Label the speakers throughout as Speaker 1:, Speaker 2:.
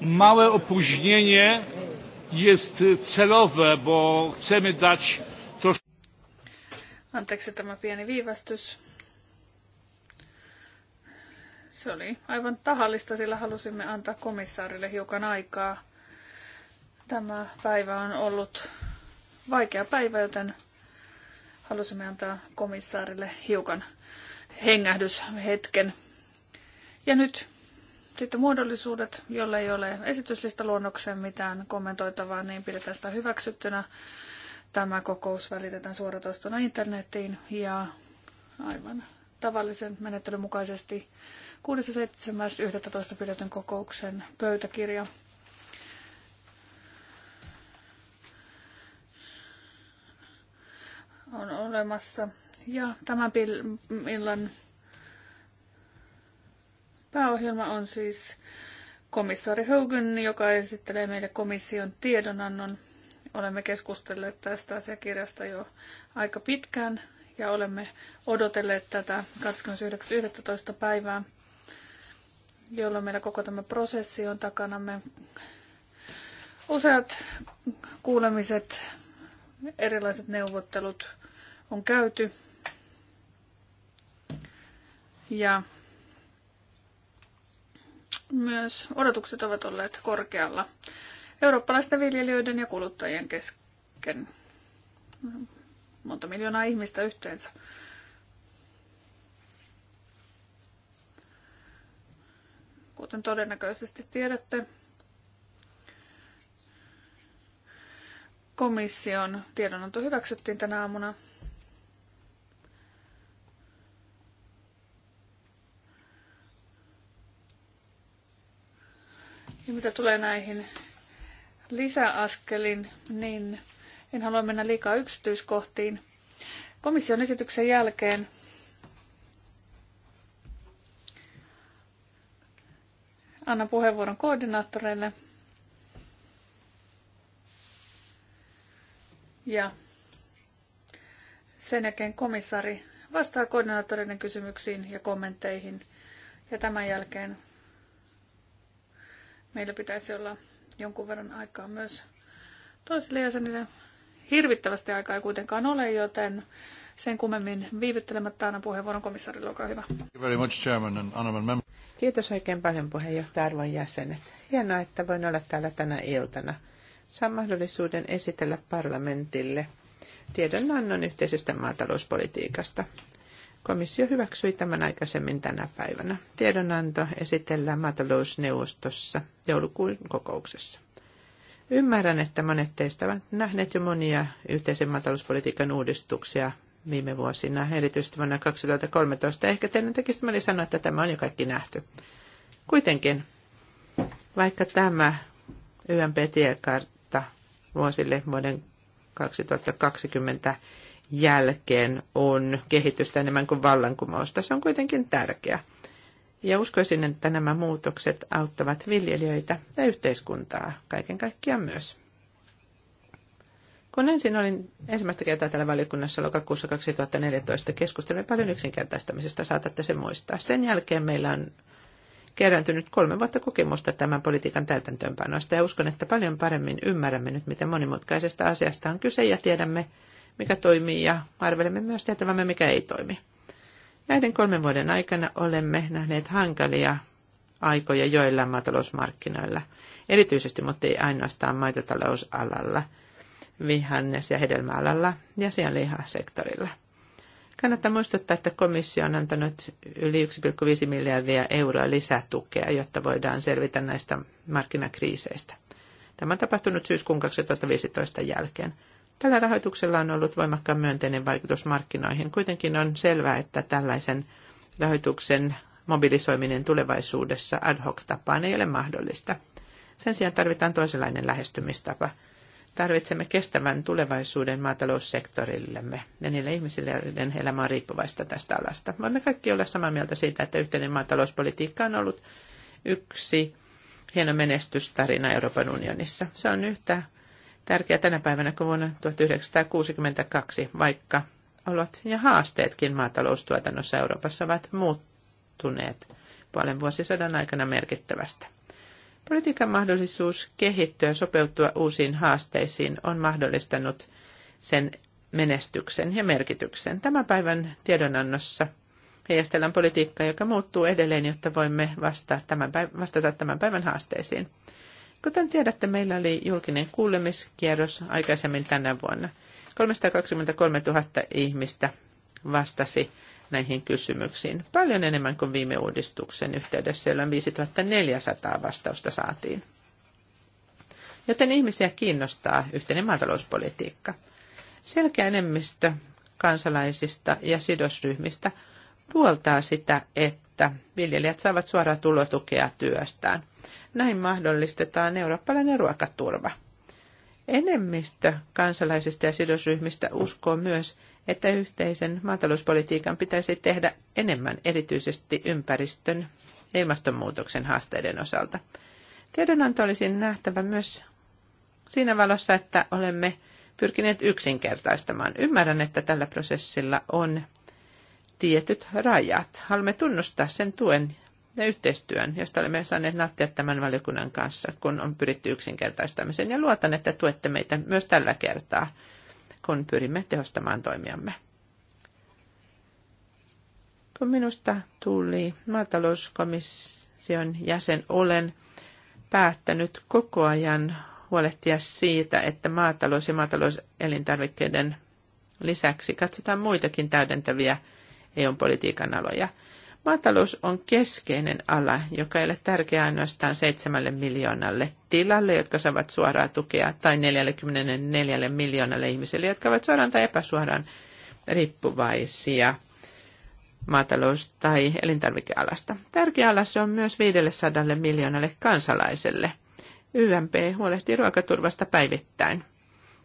Speaker 1: Małe opóźnienie jest celowe, bo chcemy dać troszkę.
Speaker 2: Anteeksi tämä pieni viivästys. Se oli aivan tahallista, sillä halusimme antaa komissaarille hiukan aikaa. Tämä päivä on ollut vaikea päivä, joten halusimme antaa komissaarille hiukan hengähdyshetken. Ja nyt sitten muodollisuudet, jolle ei ole luonnokseen mitään kommentoitavaa, niin pidetään sitä hyväksyttynä. Tämä kokous välitetään suoratoistona internetiin ja aivan tavallisen menettelyn mukaisesti 6.7.11. pidetyn kokouksen pöytäkirja. on olemassa. Ja tämän illan pääohjelma on siis komissaari Hogan, joka esittelee meille komission tiedonannon. Olemme keskustelleet tästä asiakirjasta jo aika pitkään ja olemme odotelleet tätä 29.11. päivää, jolloin meillä koko tämä prosessi on takanamme. Useat kuulemiset, erilaiset neuvottelut on käyty ja myös odotukset ovat olleet korkealla eurooppalaisten viljelijöiden ja kuluttajien kesken. Monta miljoonaa ihmistä yhteensä. Kuten todennäköisesti tiedätte, komission tiedonanto hyväksyttiin tänä aamuna Ja mitä tulee näihin lisäaskelin, niin en halua mennä liikaa yksityiskohtiin. Komission esityksen jälkeen annan puheenvuoron koordinaattoreille. Ja sen jälkeen komissaari vastaa koordinaattoreiden kysymyksiin ja kommentteihin. Ja tämän jälkeen Meillä pitäisi olla jonkun verran aikaa myös toisille jäsenille. Hirvittävästi aikaa ei kuitenkaan ole, joten sen kummemmin viivyttelemättä annan puheenvuoron komissaarille. Olkaa hyvä.
Speaker 3: Kiitos oikein paljon puheenjohtaja arvon jäsenet. Hienoa, että voin olla täällä tänä iltana. Saan mahdollisuuden esitellä parlamentille tiedonannon yhteisestä maatalouspolitiikasta. Komissio hyväksyi tämän aikaisemmin tänä päivänä. Tiedonanto esitellään maatalousneuvostossa joulukuun kokouksessa. Ymmärrän, että monet teistä ovat nähneet jo monia yhteisen maatalouspolitiikan uudistuksia viime vuosina, erityisesti vuonna 2013. Ehkä teidän tekisi mieli sanoa, että tämä on jo kaikki nähty. Kuitenkin, vaikka tämä YMP-tiekartta vuosille vuoden 2020 jälkeen on kehitystä enemmän kuin vallankumousta. Se on kuitenkin tärkeä. Ja uskoisin, että nämä muutokset auttavat viljelijöitä ja yhteiskuntaa kaiken kaikkiaan myös. Kun ensin olin ensimmäistä kertaa täällä valiokunnassa lokakuussa 2014, keskustelimme paljon yksinkertaistamisesta, saatatte sen muistaa. Sen jälkeen meillä on kerääntynyt kolme vuotta kokemusta tämän politiikan täytäntöönpanoista ja uskon, että paljon paremmin ymmärrämme nyt, miten monimutkaisesta asiasta on kyse ja tiedämme, mikä toimii ja arvelemme myös tietävämme, mikä ei toimi. Näiden kolmen vuoden aikana olemme nähneet hankalia aikoja joilla maatalousmarkkinoilla, erityisesti, mutta ei ainoastaan maitotalousalalla, vihannes- ja hedelmäalalla ja sianlihasektorilla. Kannattaa muistuttaa, että komissio on antanut yli 1,5 miljardia euroa lisätukea, jotta voidaan selvitä näistä markkinakriiseistä. Tämä on tapahtunut syyskuun 2015 jälkeen. Tällä rahoituksella on ollut voimakkaan myönteinen vaikutus markkinoihin. Kuitenkin on selvää, että tällaisen rahoituksen mobilisoiminen tulevaisuudessa ad hoc-tapaan ei ole mahdollista. Sen sijaan tarvitaan toisenlainen lähestymistapa. Tarvitsemme kestävän tulevaisuuden maataloussektorillemme ja niille ihmisille, joiden elämä on riippuvaista tästä alasta. Voimme kaikki olla samaa mieltä siitä, että yhteinen maatalouspolitiikka on ollut yksi hieno menestystarina Euroopan unionissa. Se on yhtä tärkeä tänä päivänä kuin vuonna 1962, vaikka olot ja haasteetkin maataloustuotannossa Euroopassa ovat muuttuneet puolen vuosisadan aikana merkittävästi. Politiikan mahdollisuus kehittyä ja sopeutua uusiin haasteisiin on mahdollistanut sen menestyksen ja merkityksen. Tämän päivän tiedonannossa heijastellaan politiikkaa, joka muuttuu edelleen, jotta voimme vastata tämän päivän haasteisiin. Kuten tiedätte, meillä oli julkinen kuulemiskierros aikaisemmin tänä vuonna. 323 000 ihmistä vastasi näihin kysymyksiin. Paljon enemmän kuin viime uudistuksen yhteydessä, siellä 5400 vastausta saatiin. Joten ihmisiä kiinnostaa yhteinen maatalouspolitiikka. Selkeä enemmistö kansalaisista ja sidosryhmistä puoltaa sitä, että viljelijät saavat suoraa tulotukea työstään. Näin mahdollistetaan eurooppalainen ruokaturva. Enemmistö kansalaisista ja sidosryhmistä uskoo myös, että yhteisen maatalouspolitiikan pitäisi tehdä enemmän erityisesti ympäristön ja ilmastonmuutoksen haasteiden osalta. Tiedonanto olisi nähtävä myös siinä valossa, että olemme pyrkineet yksinkertaistamaan. Ymmärrän, että tällä prosessilla on tietyt rajat. Haluamme tunnustaa sen tuen ja yhteistyön, josta olemme saaneet nauttia tämän valiokunnan kanssa, kun on pyritty yksinkertaistamiseen. Ja luotan, että tuette meitä myös tällä kertaa, kun pyrimme tehostamaan toimiamme. Kun minusta tuli maatalouskomission jäsen, olen päättänyt koko ajan huolehtia siitä, että maatalous ja maatalouselintarvikkeiden lisäksi katsotaan muitakin täydentäviä eu politiikan aloja. Maatalous on keskeinen ala, joka ei ole tärkeä ainoastaan seitsemälle miljoonalle tilalle, jotka saavat suoraa tukea, tai 44 miljoonalle ihmiselle, jotka ovat suoraan tai epäsuoraan riippuvaisia maatalous- tai elintarvikealasta. Tärkeä ala se on myös 500 miljoonalle kansalaiselle. YMP huolehtii ruokaturvasta päivittäin.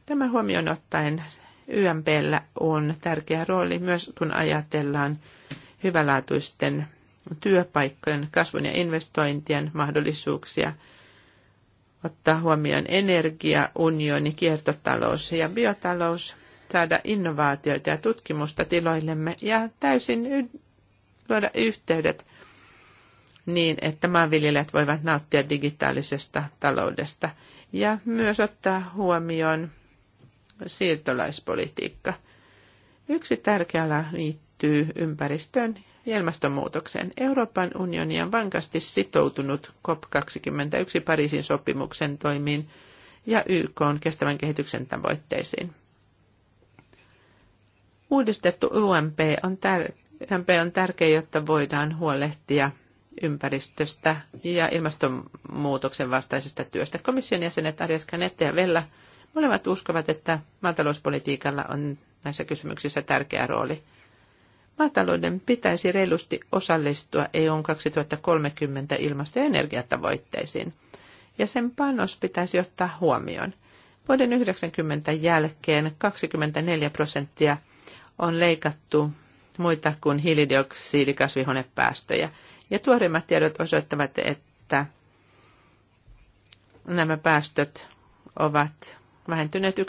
Speaker 3: Tämä huomioon ottaen YMPllä on tärkeä rooli myös, kun ajatellaan hyvälaatuisten työpaikkojen, kasvun ja investointien mahdollisuuksia ottaa huomioon energia, unioni, kiertotalous ja biotalous, saada innovaatioita ja tutkimusta tiloillemme ja täysin y- luoda yhteydet niin, että maanviljelijät voivat nauttia digitaalisesta taloudesta ja myös ottaa huomioon siirtolaispolitiikka. Yksi tärkeä ala liittyy ympäristöön ja ilmastonmuutokseen. Euroopan unioni on vankasti sitoutunut COP21 Pariisin sopimuksen toimiin ja YK on kestävän kehityksen tavoitteisiin. Uudistettu UMP on, tär- UMP on tärkeä, jotta voidaan huolehtia ympäristöstä ja ilmastonmuutoksen vastaisesta työstä. Komission jäsenet Arjas Kanette ja Vella Molemmat uskovat, että maatalouspolitiikalla on näissä kysymyksissä tärkeä rooli. Maatalouden pitäisi reilusti osallistua EUn 2030 ilmasto- ja energiatavoitteisiin, ja sen panos pitäisi ottaa huomioon. Vuoden 90 jälkeen 24 prosenttia on leikattu muita kuin hiilidioksidikasvihonepäästöjä, ja tuoreimmat tiedot osoittavat, että nämä päästöt ovat vähentyneet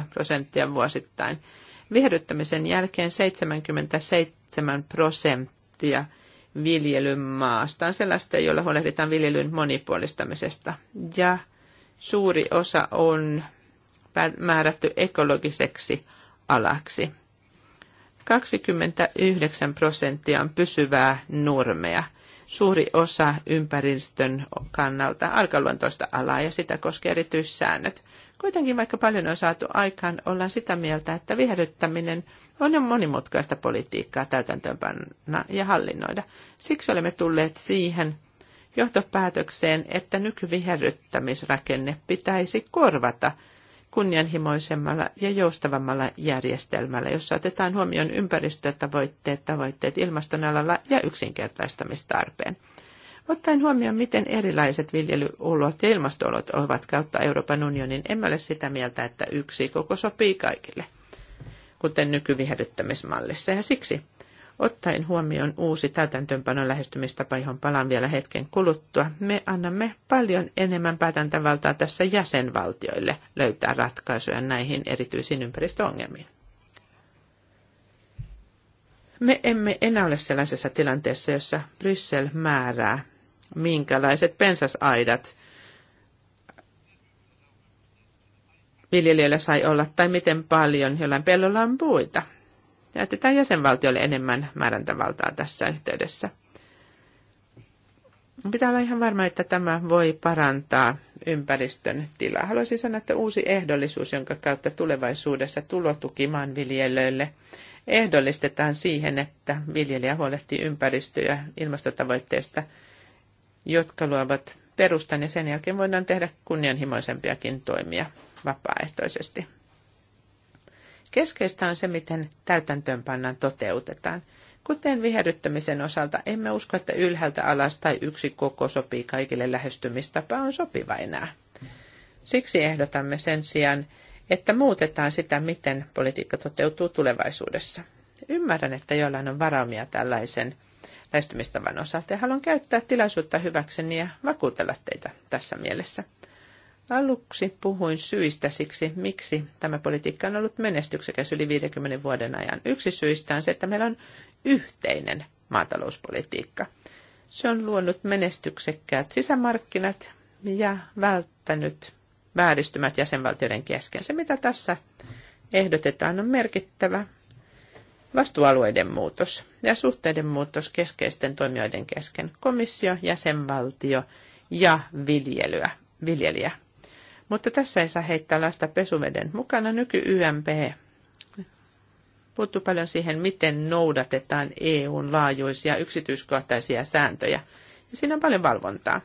Speaker 3: 1,13 prosenttia vuosittain. Viherryttämisen jälkeen 77 prosenttia viljelyn maasta on sellaista, jolla huolehditaan viljelyn monipuolistamisesta. Ja suuri osa on määrätty ekologiseksi alaksi. 29 prosenttia on pysyvää nurmea. Suuri osa ympäristön kannalta arkaluontoista alaa ja sitä koskee erityissäännöt. Kuitenkin vaikka paljon on saatu aikaan, ollaan sitä mieltä, että viherryttäminen on jo monimutkaista politiikkaa täytäntöönpanna ja hallinnoida. Siksi olemme tulleet siihen johtopäätökseen, että nykyviherryttämisrakenne pitäisi korvata kunnianhimoisemmalla ja joustavammalla järjestelmällä, jossa otetaan huomioon ympäristötavoitteet, tavoitteet ilmaston alalla ja yksinkertaistamistarpeen. Ottaen huomioon, miten erilaiset viljelyolot ja ilmastolot ovat kautta Euroopan unionin, emme ole sitä mieltä, että yksi koko sopii kaikille, kuten nykyviherryttämismallissa. Ja siksi, ottaen huomioon uusi täytäntöönpanon lähestymistapa, johon palaan vielä hetken kuluttua, me annamme paljon enemmän päätäntävaltaa tässä jäsenvaltioille löytää ratkaisuja näihin erityisiin ympäristöongelmiin. Me emme enää ole sellaisessa tilanteessa, jossa Bryssel määrää, minkälaiset pensasaidat viljelijöillä sai olla tai miten paljon jollain pellolla on puita. Jätetään jäsenvaltiolle enemmän määräntävaltaa tässä yhteydessä. Pitää olla ihan varma, että tämä voi parantaa ympäristön tilaa. Haluaisin sanoa, että uusi ehdollisuus, jonka kautta tulevaisuudessa tulotuki maanviljelijöille ehdollistetaan siihen, että viljelijä huolehtii ympäristö- ja ilmastotavoitteista – jotka luovat perustan ja sen jälkeen voidaan tehdä kunnianhimoisempiakin toimia vapaaehtoisesti. Keskeistä on se, miten täytäntöönpannan toteutetaan. Kuten viherryttämisen osalta, emme usko, että ylhäältä alas tai yksi koko sopii kaikille lähestymistapa on sopiva enää. Siksi ehdotamme sen sijaan, että muutetaan sitä, miten politiikka toteutuu tulevaisuudessa. Ymmärrän, että jollain on varaumia tällaisen lähestymistavan osalta ja haluan käyttää tilaisuutta hyväkseni ja vakuutella teitä tässä mielessä. Aluksi puhuin syistä siksi, miksi tämä politiikka on ollut menestyksekäs yli 50 vuoden ajan. Yksi syistä on se, että meillä on yhteinen maatalouspolitiikka. Se on luonut menestyksekkäät sisämarkkinat ja välttänyt vääristymät jäsenvaltioiden kesken. Se, mitä tässä ehdotetaan, on merkittävä vastuualueiden muutos ja suhteiden muutos keskeisten toimijoiden kesken, komissio, jäsenvaltio ja viljelyä, viljelijä. Mutta tässä ei saa heittää lasta pesuveden mukana. Nyky-YMP puuttuu paljon siihen, miten noudatetaan EUn laajuisia yksityiskohtaisia sääntöjä. Ja siinä on paljon valvontaa.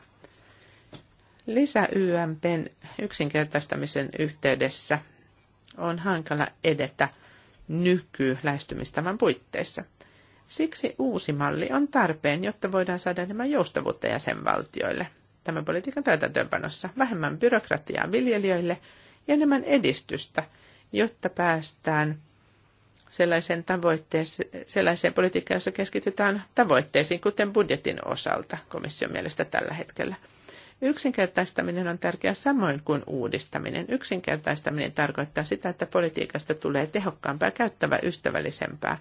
Speaker 3: Lisä YMPn yksinkertaistamisen yhteydessä on hankala edetä – nykylähestymistavan puitteissa. Siksi uusi malli on tarpeen, jotta voidaan saada enemmän joustavuutta jäsenvaltioille. Tämän politiikan täytäntöönpanossa vähemmän byrokratiaa viljelijöille ja enemmän edistystä, jotta päästään sellaiseen, sellaiseen politiikkaan, jossa keskitytään tavoitteisiin, kuten budjetin osalta komission mielestä tällä hetkellä – Yksinkertaistaminen on tärkeää samoin kuin uudistaminen. Yksinkertaistaminen tarkoittaa sitä, että politiikasta tulee tehokkaampaa, käyttävä ystävällisempää.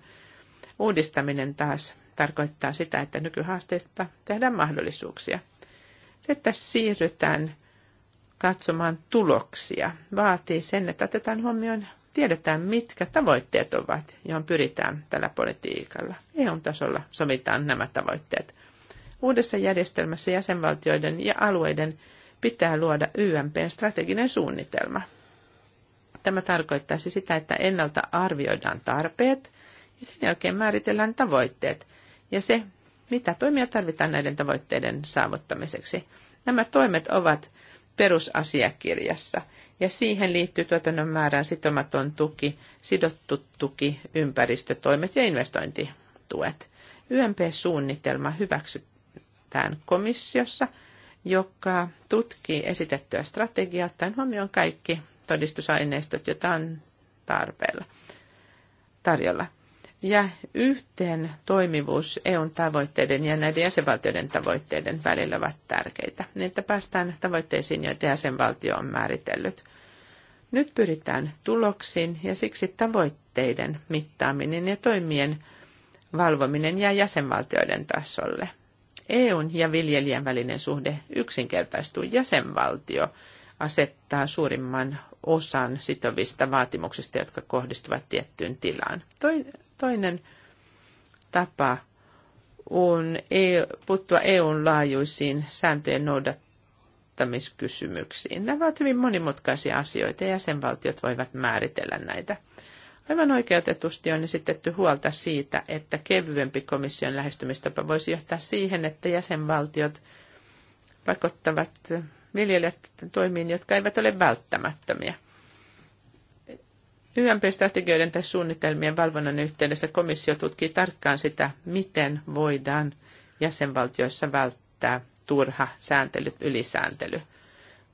Speaker 3: Uudistaminen taas tarkoittaa sitä, että nykyhaasteista tehdään mahdollisuuksia. Se, että siirrytään katsomaan tuloksia, vaatii sen, että otetaan huomioon, tiedetään mitkä tavoitteet ovat, johon pyritään tällä politiikalla. eu tasolla sovitaan nämä tavoitteet. Uudessa järjestelmässä jäsenvaltioiden ja alueiden pitää luoda YMPn strateginen suunnitelma. Tämä tarkoittaisi sitä, että ennalta arvioidaan tarpeet ja sen jälkeen määritellään tavoitteet ja se, mitä toimia tarvitaan näiden tavoitteiden saavuttamiseksi. Nämä toimet ovat perusasiakirjassa ja siihen liittyy tuotannon määrään sitomaton tuki, sidottu tuki, ympäristötoimet ja investointituet. YMP-suunnitelma hyväksyt, tämän komissiossa, joka tutkii esitettyä strategiaa ottaen huomioon kaikki todistusaineistot, joita on tarpeella tarjolla. Ja yhteen toimivuus EUn tavoitteiden ja näiden jäsenvaltioiden tavoitteiden välillä ovat tärkeitä, niin että päästään tavoitteisiin, joita jäsenvaltio on määritellyt. Nyt pyritään tuloksiin ja siksi tavoitteiden mittaaminen ja toimien valvominen jää jäsenvaltioiden tasolle – EUn ja viljelijän välinen suhde yksinkertaistuu. Jäsenvaltio asettaa suurimman osan sitovista vaatimuksista, jotka kohdistuvat tiettyyn tilaan. Toinen tapa on e-, puuttua EUn laajuisiin sääntöjen noudattamiskysymyksiin. Nämä ovat hyvin monimutkaisia asioita ja jäsenvaltiot voivat määritellä näitä. Aivan oikeutetusti on esitetty huolta siitä, että kevyempi komission lähestymistapa voisi johtaa siihen, että jäsenvaltiot pakottavat viljelijät toimiin, jotka eivät ole välttämättömiä. YMP-strategioiden tai suunnitelmien valvonnan yhteydessä komissio tutkii tarkkaan sitä, miten voidaan jäsenvaltioissa välttää turha sääntely, ylisääntely.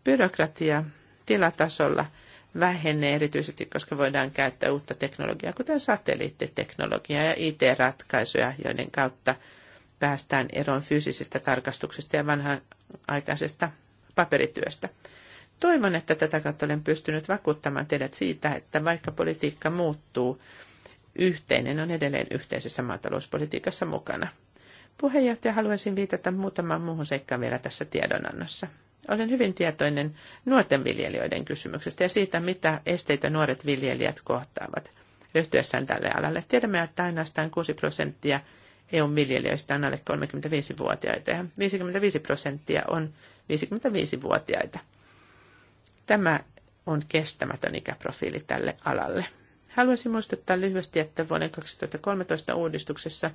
Speaker 3: Byrokratia tilatasolla – vähenee erityisesti, koska voidaan käyttää uutta teknologiaa, kuten satelliittiteknologiaa ja IT-ratkaisuja, joiden kautta päästään eroon fyysisistä tarkastuksista ja vanhanaikaisesta paperityöstä. Toivon, että tätä kautta olen pystynyt vakuuttamaan teidät siitä, että vaikka politiikka muuttuu, yhteinen on edelleen yhteisessä maatalouspolitiikassa mukana. Puheenjohtaja, haluaisin viitata muutamaan muuhun seikkaan vielä tässä tiedonannossa. Olen hyvin tietoinen nuorten viljelijöiden kysymyksestä ja siitä, mitä esteitä nuoret viljelijät kohtaavat ryhtyessään tälle alalle. Tiedämme, että ainoastaan 6 prosenttia EUn viljelijöistä on alle 35-vuotiaita ja 55 prosenttia on 55-vuotiaita. Tämä on kestämätön ikäprofiili tälle alalle. Haluaisin muistuttaa lyhyesti, että vuoden 2013 uudistuksessa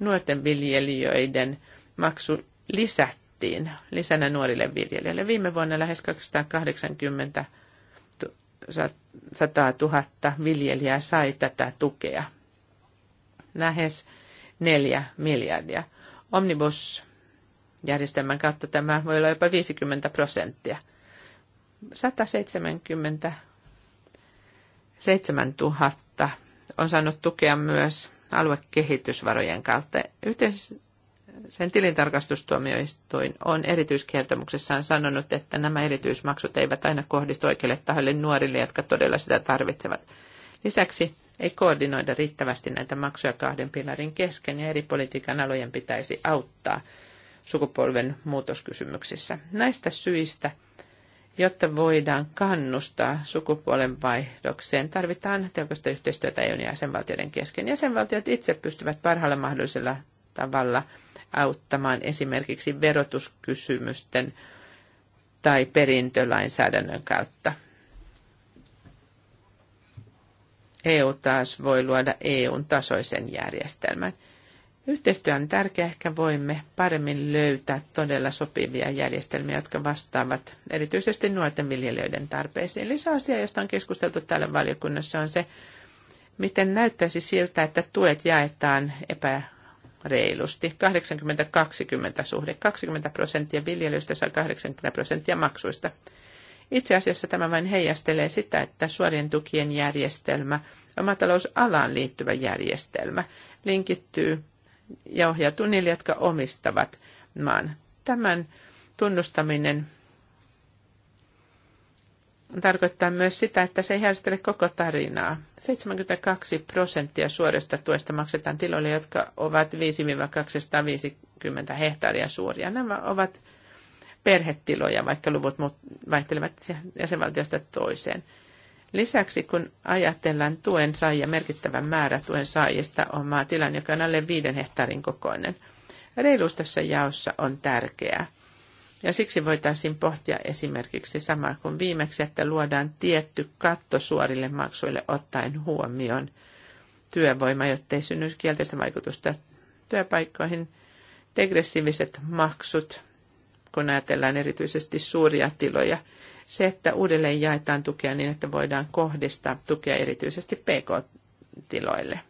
Speaker 3: nuorten viljelijöiden maksu lisättiin annettiin lisänä nuorille viljelijöille. Viime vuonna lähes 280 100 000 viljelijää sai tätä tukea. Lähes 4 miljardia. Omnibus-järjestelmän kautta tämä voi olla jopa 50 prosenttia. 177 000 on saanut tukea myös aluekehitysvarojen kautta. Yhteensä sen tilintarkastustuomioistuin on erityiskertomuksessaan sanonut, että nämä erityismaksut eivät aina kohdistu oikeille tahoille nuorille, jotka todella sitä tarvitsevat. Lisäksi ei koordinoida riittävästi näitä maksuja kahden pilarin kesken ja eri politiikan alojen pitäisi auttaa sukupolven muutoskysymyksissä. Näistä syistä, jotta voidaan kannustaa sukupolven vaihdokseen, tarvitaan tehokasta yhteistyötä EUn ja jäsenvaltioiden kesken. Jäsenvaltiot itse pystyvät parhaalla mahdollisella tavalla – auttamaan esimerkiksi verotuskysymysten tai perintölainsäädännön kautta. EU taas voi luoda EUn tasoisen järjestelmän. Yhteistyö on tärkeä, ehkä voimme paremmin löytää todella sopivia järjestelmiä, jotka vastaavat erityisesti nuorten viljelijöiden tarpeisiin. Lisäasia, josta on keskusteltu täällä valiokunnassa, on se, miten näyttäisi siltä, että tuet jaetaan epä reilusti. 80-20 suhde. 20 prosenttia viljelystä saa 80 prosenttia maksuista. Itse asiassa tämä vain heijastelee sitä, että suorien tukien järjestelmä, omatalousalaan liittyvä järjestelmä, linkittyy ja ohjautuu niille, jotka omistavat maan. Tämän tunnustaminen tarkoittaa myös sitä, että se ei heijastele koko tarinaa. 72 prosenttia suorista tuesta maksetaan tiloille, jotka ovat 5-250 hehtaaria suuria. Nämä ovat perhetiloja, vaikka luvut vaihtelevat jäsenvaltiosta toiseen. Lisäksi kun ajatellaan tuen saajia, merkittävä määrä tuen saajista on maatilan, joka on alle viiden hehtaarin kokoinen. Reiluus tässä jaossa on tärkeää. Ja siksi voitaisiin pohtia esimerkiksi samaa kuin viimeksi, että luodaan tietty katto suorille maksuille ottaen huomioon työvoima, ei synny kielteistä vaikutusta työpaikkoihin. Degressiiviset maksut, kun ajatellaan erityisesti suuria tiloja, se, että uudelleen jaetaan tukea niin, että voidaan kohdistaa tukea erityisesti pk-tiloille.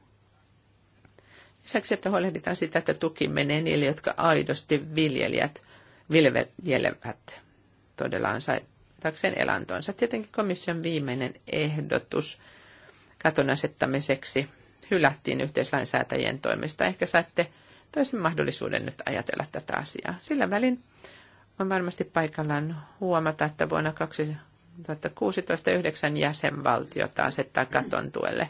Speaker 3: Lisäksi, että huolehditaan sitä, että tuki menee niille, jotka aidosti viljelijät viljelevät todella ansaitakseen elantonsa. Tietenkin komission viimeinen ehdotus katon asettamiseksi hylättiin yhteislainsäätäjien toimesta. Ehkä saatte toisen mahdollisuuden nyt ajatella tätä asiaa. Sillä välin on varmasti paikallaan huomata, että vuonna 2016 yhdeksän jäsenvaltiota asettaa katon tuelle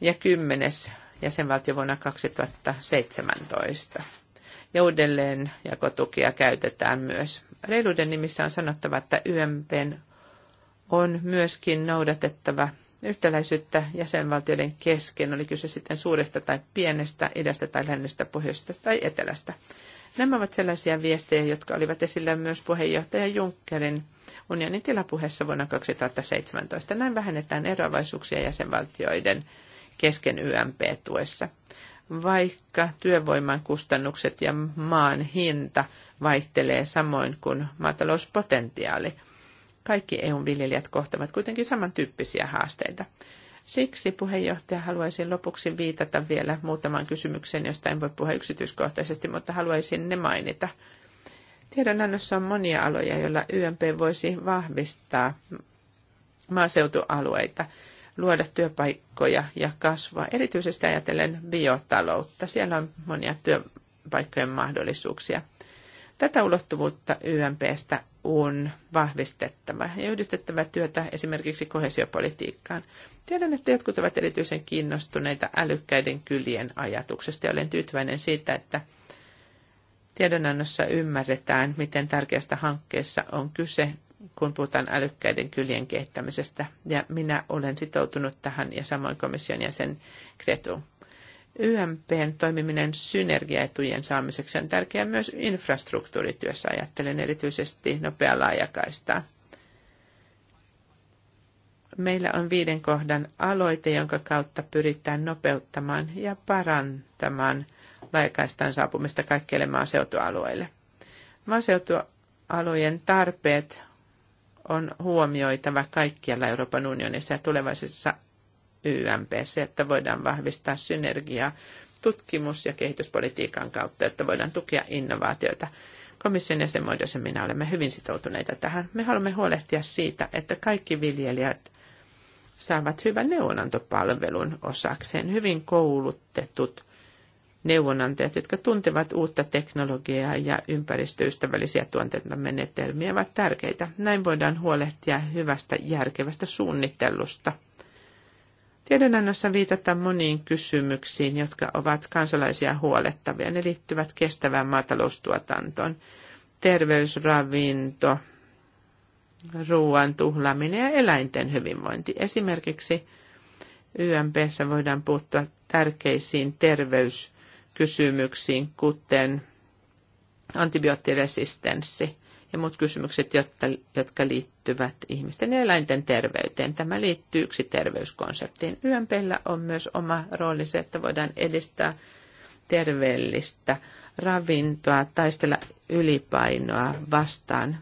Speaker 3: ja kymmenes jäsenvaltio vuonna 2017 ja uudelleen jakotukia käytetään myös. Reiluuden nimissä on sanottava, että YMPn on myöskin noudatettava yhtäläisyyttä jäsenvaltioiden kesken, oli kyse sitten suuresta tai pienestä, idästä tai lännestä, pohjoisesta tai etelästä. Nämä ovat sellaisia viestejä, jotka olivat esillä myös puheenjohtaja Junckerin unionin tilapuheessa vuonna 2017. Näin vähennetään eroavaisuuksia jäsenvaltioiden kesken YMP-tuessa vaikka työvoiman kustannukset ja maan hinta vaihtelee samoin kuin maatalouspotentiaali. Kaikki EUn viljelijät kohtavat kuitenkin samantyyppisiä haasteita. Siksi puheenjohtaja haluaisin lopuksi viitata vielä muutamaan kysymykseen, josta en voi puhua yksityiskohtaisesti, mutta haluaisin ne mainita. Tiedonannossa on monia aloja, joilla YMP voisi vahvistaa maaseutualueita luoda työpaikkoja ja kasvaa. Erityisesti ajatellen biotaloutta. Siellä on monia työpaikkojen mahdollisuuksia. Tätä ulottuvuutta YMPstä on vahvistettava ja yhdistettävä työtä esimerkiksi kohesiopolitiikkaan. Tiedän, että jotkut ovat erityisen kiinnostuneita älykkäiden kylien ajatuksesta ja olen tyytyväinen siitä, että tiedonannossa ymmärretään, miten tärkeästä hankkeessa on kyse kun puhutaan älykkäiden kylien kehittämisestä. Ja minä olen sitoutunut tähän ja samoin komission jäsen Kretu. YMPn toimiminen synergiaetujen saamiseksi on tärkeää myös infrastruktuurityössä, ajattelen erityisesti nopeaa laajakaistaa. Meillä on viiden kohdan aloite, jonka kautta pyritään nopeuttamaan ja parantamaan laajakaistan saapumista kaikkeille maaseutualueille. Maaseutualueen tarpeet on huomioitava kaikkialla Euroopan unionissa ja tulevaisuudessa YMPC, että voidaan vahvistaa synergiaa tutkimus- ja kehityspolitiikan kautta, että voidaan tukea innovaatioita. Komission jäsenmuodossa minä olemme hyvin sitoutuneita tähän. Me haluamme huolehtia siitä, että kaikki viljelijät saavat hyvän neuvonantopalvelun osakseen, hyvin koulutetut neuvonantajat, jotka tuntevat uutta teknologiaa ja ympäristöystävällisiä tuotantomenetelmiä, ovat tärkeitä. Näin voidaan huolehtia hyvästä järkevästä suunnittelusta. Tiedonannossa viitataan moniin kysymyksiin, jotka ovat kansalaisia huolettavia. Ne liittyvät kestävään maataloustuotantoon, terveysravinto, ruoan tuhlaaminen ja eläinten hyvinvointi. Esimerkiksi YMPssä voidaan puuttua tärkeisiin terveys- kysymyksiin, kuten antibioottiresistenssi ja muut kysymykset, jotka, jotka liittyvät ihmisten ja eläinten terveyteen. Tämä liittyy yksi terveyskonseptiin. YMPllä on myös oma rooli se, että voidaan edistää terveellistä ravintoa, taistella ylipainoa vastaan.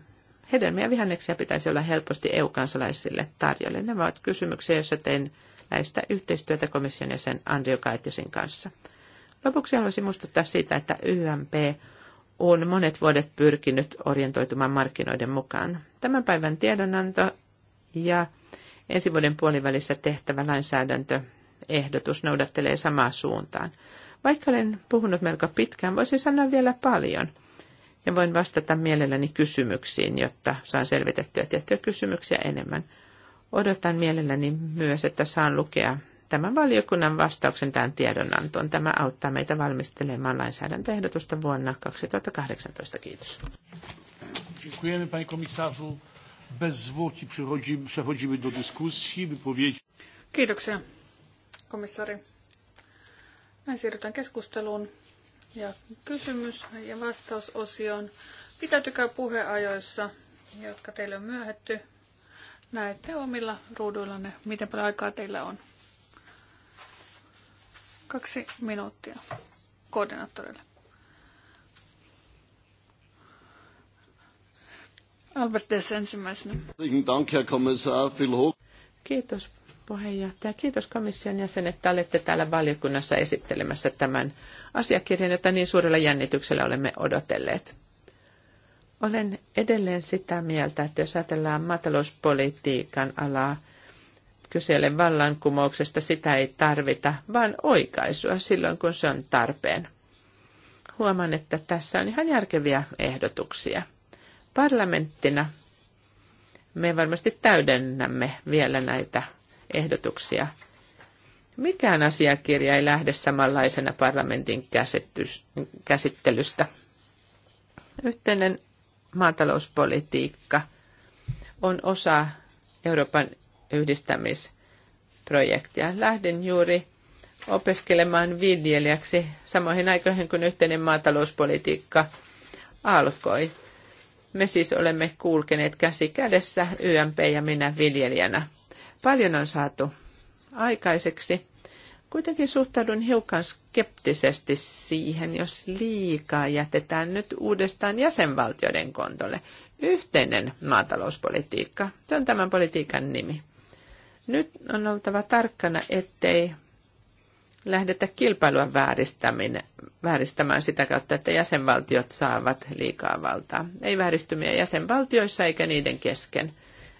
Speaker 3: Hedelmiä ja vihanneksia pitäisi olla helposti EU-kansalaisille tarjolle. Nämä ovat kysymyksiä, joissa tein näistä yhteistyötä komission sen Andrio Kaitisin kanssa. Lopuksi haluaisin muistuttaa siitä, että YMP on monet vuodet pyrkinyt orientoitumaan markkinoiden mukaan. Tämän päivän tiedonanto ja ensi vuoden puolivälissä tehtävä lainsäädäntöehdotus noudattelee samaa suuntaan. Vaikka olen puhunut melko pitkään, voisin sanoa vielä paljon. Ja voin vastata mielelläni kysymyksiin, jotta saan selvitettyä tiettyjä kysymyksiä enemmän. Odotan mielelläni myös, että saan lukea tämän valiokunnan vastauksen tähän tiedonantoon. Tämä auttaa meitä valmistelemaan lainsäädäntöehdotusta vuonna 2018. Kiitos.
Speaker 1: Dziękujemy panie komisarzu. Bez zwłoki przechodzimy do dyskusji, wypowiedzi.
Speaker 3: Kiitoksia,
Speaker 2: komissaari. Näin siirrytään keskusteluun ja kysymys- ja vastausosioon. Pitäytykää puheajoissa, jotka teille on myöhetty. Näette omilla ruuduillanne, miten paljon aikaa teillä on. Kaksi minuuttia koordinaattorille.
Speaker 3: Albert Dess ensimmäisenä. Kiitos puheenjohtaja. Kiitos komission jäsen, että olette täällä valiokunnassa esittelemässä tämän asiakirjan, jota niin suurella jännityksellä olemme odotelleet. Olen edelleen sitä mieltä, että jos ajatellaan maatalouspolitiikan alaa, kysele vallankumouksesta, sitä ei tarvita, vaan oikaisua silloin, kun se on tarpeen. Huomaan, että tässä on ihan järkeviä ehdotuksia. Parlamenttina me varmasti täydennämme vielä näitä ehdotuksia. Mikään asiakirja ei lähde samanlaisena parlamentin käsittelystä. Yhteinen maatalouspolitiikka on osa Euroopan yhdistämisprojektia. Lähdin juuri opiskelemaan viljelijäksi samoihin aikoihin, kun yhteinen maatalouspolitiikka alkoi. Me siis olemme kulkeneet käsi kädessä YMP ja minä viljelijänä. Paljon on saatu aikaiseksi. Kuitenkin suhtaudun hiukan skeptisesti siihen, jos liikaa jätetään nyt uudestaan jäsenvaltioiden kontolle. Yhteinen maatalouspolitiikka, se on tämän politiikan nimi. Nyt on oltava tarkkana, ettei lähdetä kilpailua vääristämään sitä kautta, että jäsenvaltiot saavat liikaa valtaa. Ei vääristymiä jäsenvaltioissa eikä niiden kesken.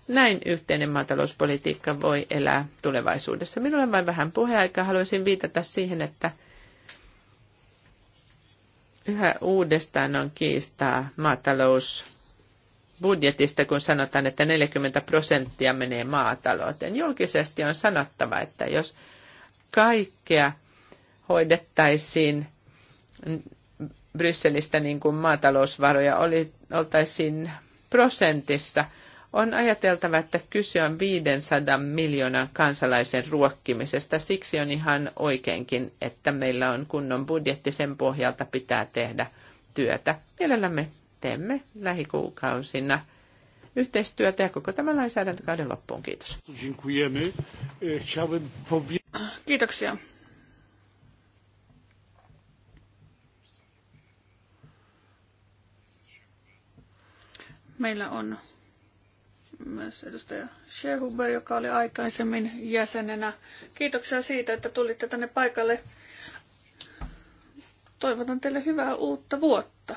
Speaker 3: Näin yhteinen maatalouspolitiikka voi elää tulevaisuudessa. Minulla on vain vähän puheaikaa. Haluaisin viitata siihen, että yhä uudestaan on kiistaa maatalous budjetista, kun sanotaan, että 40 prosenttia menee maatalouteen. Julkisesti on sanottava, että jos kaikkea hoidettaisiin Brysselistä niin kuin maatalousvaroja oli, oltaisiin prosentissa, on ajateltava, että kyse on 500 miljoonan kansalaisen ruokkimisesta. Siksi on ihan oikeinkin, että meillä on kunnon budjetti, sen pohjalta pitää tehdä työtä. Mielellämme teemme lähikuukausina yhteistyötä ja koko tämän lainsäädäntökauden loppuun. Kiitos. E,
Speaker 2: Kiitoksia. Meillä on myös edustaja Shehuber, joka oli aikaisemmin jäsenenä. Kiitoksia siitä, että tulitte tänne paikalle. Toivotan teille hyvää uutta vuotta.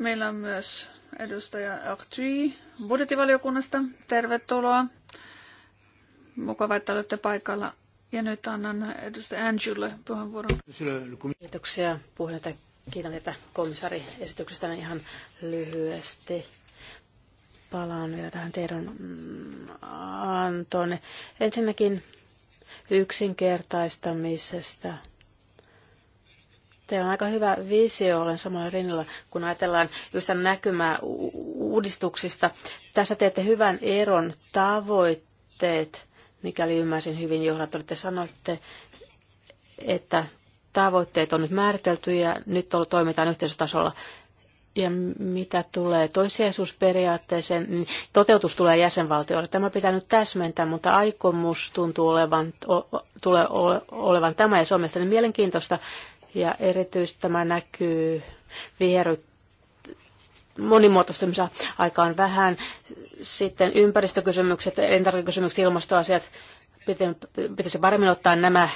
Speaker 2: Meillä on myös edustaja Artui budjettivaliokunnasta. Tervetuloa. Mukava, että olette paikalla. Ja nyt annan edustaja Angelle puheenvuoron.
Speaker 4: Kiitoksia puheenjohtaja. Kiitän tätä komissaari esityksestä ihan lyhyesti. Palaan vielä tähän tiedon mm, antoon. Ensinnäkin yksinkertaistamisesta Teillä on aika hyvä visio, olen samalla rinnalla, kun ajatellaan just näkymää uudistuksista. Tässä teette hyvän eron tavoitteet, mikäli ymmärsin hyvin johdattu, te sanoitte, että tavoitteet on nyt määritelty ja nyt toimitaan yhteisötasolla. Ja mitä tulee toissijaisuusperiaatteeseen, niin toteutus tulee jäsenvaltioille. Tämä pitää nyt täsmentää, mutta aikomus tuntuu olevan, o, ole, ole, olevan tämä ja suomesta niin mielenkiintoista. Ja erityisesti tämä näkyy vihery monimuotoistumisen aikaan vähän. Sitten ympäristökysymykset, elintarvikekysymykset, ilmastoasiat, pitäisi paremmin ottaa nämä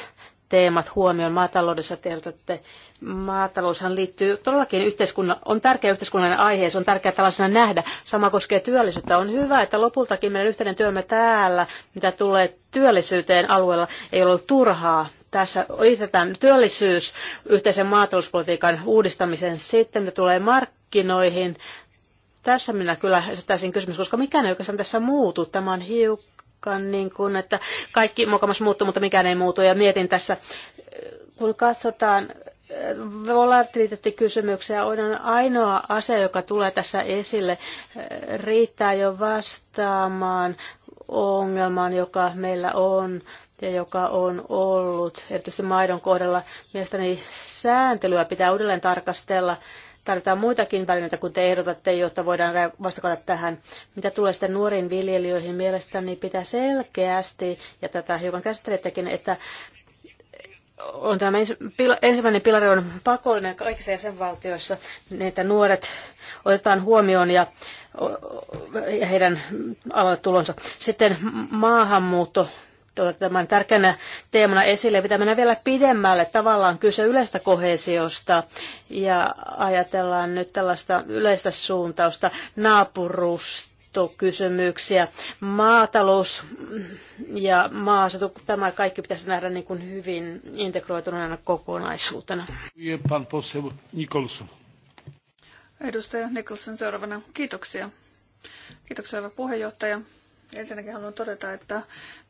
Speaker 4: teemat huomioon maataloudessa. Tiedotatte, maataloushan liittyy todellakin yhteiskunnan, on tärkeä yhteiskunnallinen aihe, se on tärkeää tällaisena nähdä. Sama koskee työllisyyttä. On hyvä, että lopultakin meidän yhteinen työmme täällä, mitä tulee työllisyyteen alueella, ei ole ollut turhaa tässä liitetään työllisyys yhteisen maatalouspolitiikan uudistamisen sitten, ne tulee markkinoihin. Tässä minä kyllä esittäisin kysymys, koska mikään ei oikeastaan tässä muutu. Tämä on hiukan niin kuin, että kaikki mukamas muuttuu, mutta mikään ei muutu. Ja mietin tässä, kun katsotaan volatiliteettikysymyksiä on ainoa asia, joka tulee tässä esille, riittää jo vastaamaan ongelman, joka meillä on ja joka on ollut erityisesti maidon kohdalla. Mielestäni sääntelyä pitää uudelleen tarkastella. Tarvitaan muitakin välineitä kuin te ehdotatte, jotta voidaan vastata tähän. Mitä tulee sitten nuoriin viljelijöihin, mielestäni pitää selkeästi, ja tätä hiukan käsittelettekin, että on tämä ensimmäinen pilari on pakollinen kaikissa jäsenvaltioissa, niin että nuoret otetaan huomioon ja, ja heidän alalle tulonsa. Sitten maahanmuutto tämän tärkeänä teemana esille. Pitää mennä vielä pidemmälle. Tavallaan kyse yleistä kohesiosta ja ajatellaan nyt tällaista yleistä suuntausta naapurusta kysymyksiä, maatalous ja maaseutu, tämä kaikki pitäisi nähdä niin kuin hyvin integroituneena kokonaisuutena.
Speaker 2: Edustaja Nicholson seuraavana. Kiitoksia. Kiitoksia, puheenjohtaja. Ensinnäkin haluan todeta, että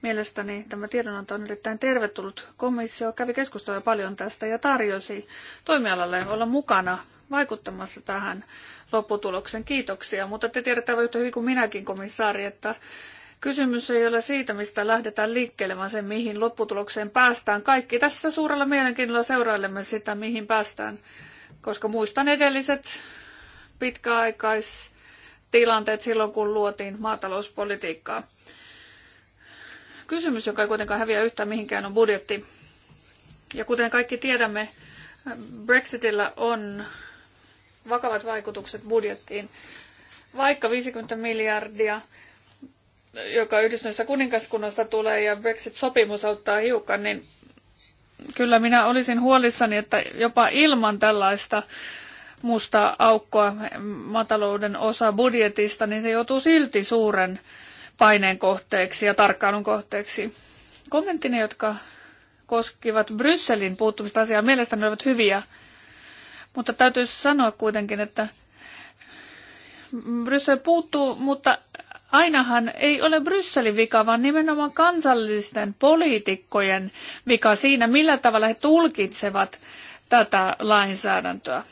Speaker 2: mielestäni tämä tiedonanto on erittäin tervetullut. Komissio kävi keskustelua paljon tästä ja tarjosi toimialalle olla mukana vaikuttamassa tähän lopputuloksen. Kiitoksia, mutta te tiedätte yhtä hyvin kuin minäkin, komissaari, että Kysymys ei ole siitä, mistä lähdetään liikkeelle, vaan se, mihin lopputulokseen päästään. Kaikki tässä suurella mielenkiinnolla seurailemme sitä, mihin päästään, koska muistan edelliset pitkäaikais tilanteet silloin, kun luotiin maatalouspolitiikkaa. Kysymys, joka ei kuitenkaan häviä yhtään mihinkään, on budjetti. Ja kuten kaikki tiedämme, Brexitillä on vakavat vaikutukset budjettiin. Vaikka 50 miljardia, joka yhdistyneessä kuningaskunnasta tulee ja Brexit-sopimus auttaa hiukan, niin kyllä minä olisin huolissani, että jopa ilman tällaista mustaa aukkoa maatalouden osa budjetista, niin se joutuu silti suuren paineen kohteeksi ja tarkkailun kohteeksi. Kommenttini, jotka koskivat Brysselin puuttumista asiaan, mielestäni olivat hyviä, mutta täytyy sanoa kuitenkin, että Bryssel puuttuu, mutta ainahan ei ole Brysselin vika, vaan nimenomaan kansallisten poliitikkojen vika siinä, millä tavalla he tulkitsevat tätä lainsäädäntöä.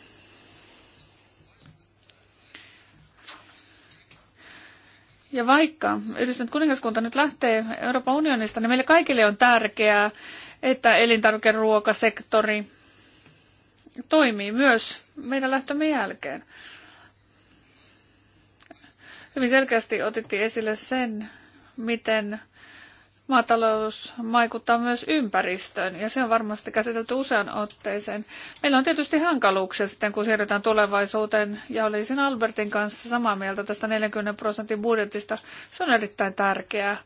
Speaker 2: Ja vaikka yhdistynyt kuningaskunta nyt lähtee Euroopan unionista, niin meille kaikille on tärkeää, että elintarvikeruokasektori toimii myös meidän lähtömme jälkeen. Hyvin selkeästi otettiin esille sen, miten maatalous vaikuttaa myös ympäristöön ja se on varmasti käsitelty usean otteeseen. Meillä on tietysti hankaluuksia sitten, kun siirrytään tulevaisuuteen ja olisin Albertin kanssa samaa mieltä tästä 40 prosentin budjetista. Se on erittäin tärkeää.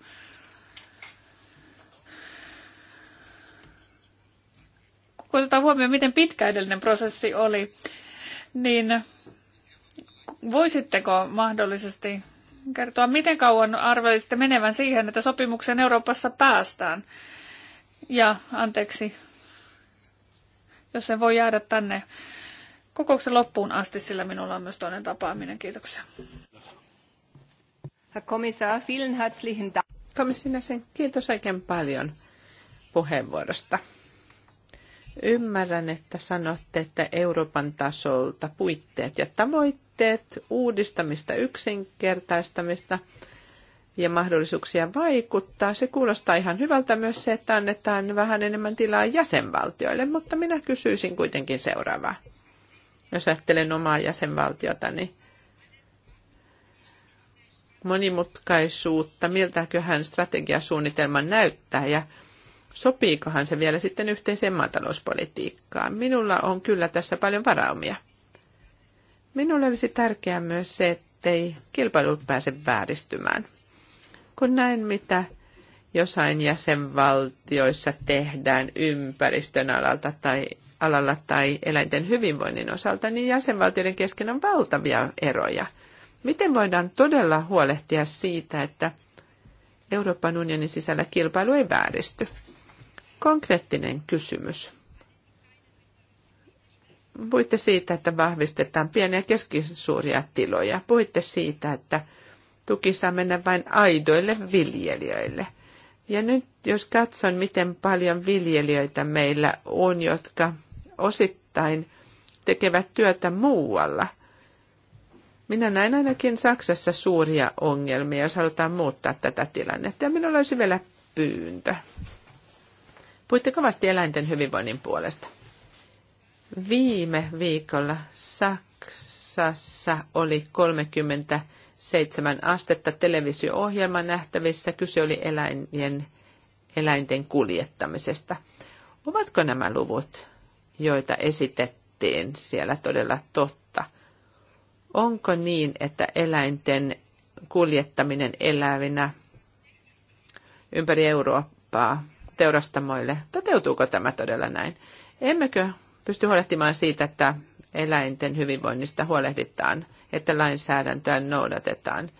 Speaker 2: Kun otetaan huomioon, miten pitkä edellinen prosessi oli, niin voisitteko mahdollisesti kertoa, miten kauan arvelisitte menevän siihen, että sopimukseen Euroopassa päästään? Ja anteeksi, jos en voi jäädä tänne kokouksen loppuun asti, sillä minulla on myös toinen tapaaminen. Kiitoksia.
Speaker 3: Herr Kommissar, vielen herzlichen Dank. Komission kiitos oikein paljon puheenvuorosta. Ymmärrän, että sanotte, että Euroopan tasolta puitteet ja tavoitteet, uudistamista, yksinkertaistamista ja mahdollisuuksia vaikuttaa. Se kuulostaa ihan hyvältä myös se, että annetaan vähän enemmän tilaa jäsenvaltioille, mutta minä kysyisin kuitenkin seuraavaa. Jos ajattelen omaa jäsenvaltiota, niin monimutkaisuutta, miltäköhän strategiasuunnitelma näyttää ja sopiikohan se vielä sitten yhteiseen maatalouspolitiikkaan. Minulla on kyllä tässä paljon varaumia. Minulle olisi tärkeää myös se, ettei kilpailu pääse vääristymään. Kun näin, mitä jossain jäsenvaltioissa tehdään ympäristön alalta tai alalla tai eläinten hyvinvoinnin osalta, niin jäsenvaltioiden kesken on valtavia eroja. Miten voidaan todella huolehtia siitä, että Euroopan unionin sisällä kilpailu ei vääristy? Konkreettinen kysymys. Puhuitte siitä, että vahvistetaan pieniä ja keskisuuria tiloja. Puhuitte siitä, että tuki saa mennä vain aidoille viljelijöille. Ja nyt jos katson, miten paljon viljelijöitä meillä on, jotka osittain tekevät työtä muualla. Minä näen ainakin Saksassa suuria ongelmia, jos halutaan muuttaa tätä tilannetta. Ja minulla olisi vielä pyyntö. Puitte kovasti eläinten hyvinvoinnin puolesta. Viime viikolla Saksassa oli 37 astetta televisio-ohjelma nähtävissä. Kyse oli eläinien, eläinten kuljettamisesta. Ovatko nämä luvut, joita esitettiin siellä todella totta? Onko niin, että eläinten kuljettaminen elävinä ympäri Eurooppaa teurastamoille. Toteutuuko tämä todella näin? Emmekö pysty huolehtimaan siitä, että eläinten hyvinvoinnista huolehditaan, että lainsäädäntöä noudatetaan?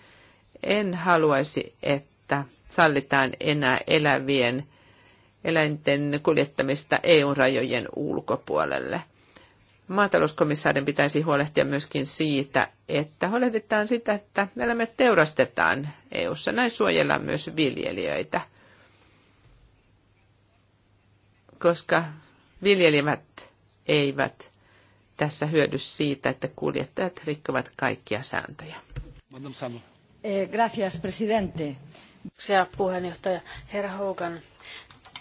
Speaker 3: En haluaisi, että sallitaan enää elävien eläinten kuljettamista EU-rajojen ulkopuolelle. Maatalouskomissaarin pitäisi huolehtia myöskin siitä, että huolehditaan sitä, että eläimet teurastetaan EU-ssa. Näin suojellaan myös viljelijöitä. koska viljelimät eivät tässä hyödy siitä, että kuljettajat rikkovat kaikkia sääntöjä.
Speaker 4: Eh, gracias, presidente. puheenjohtaja Herra Hogan,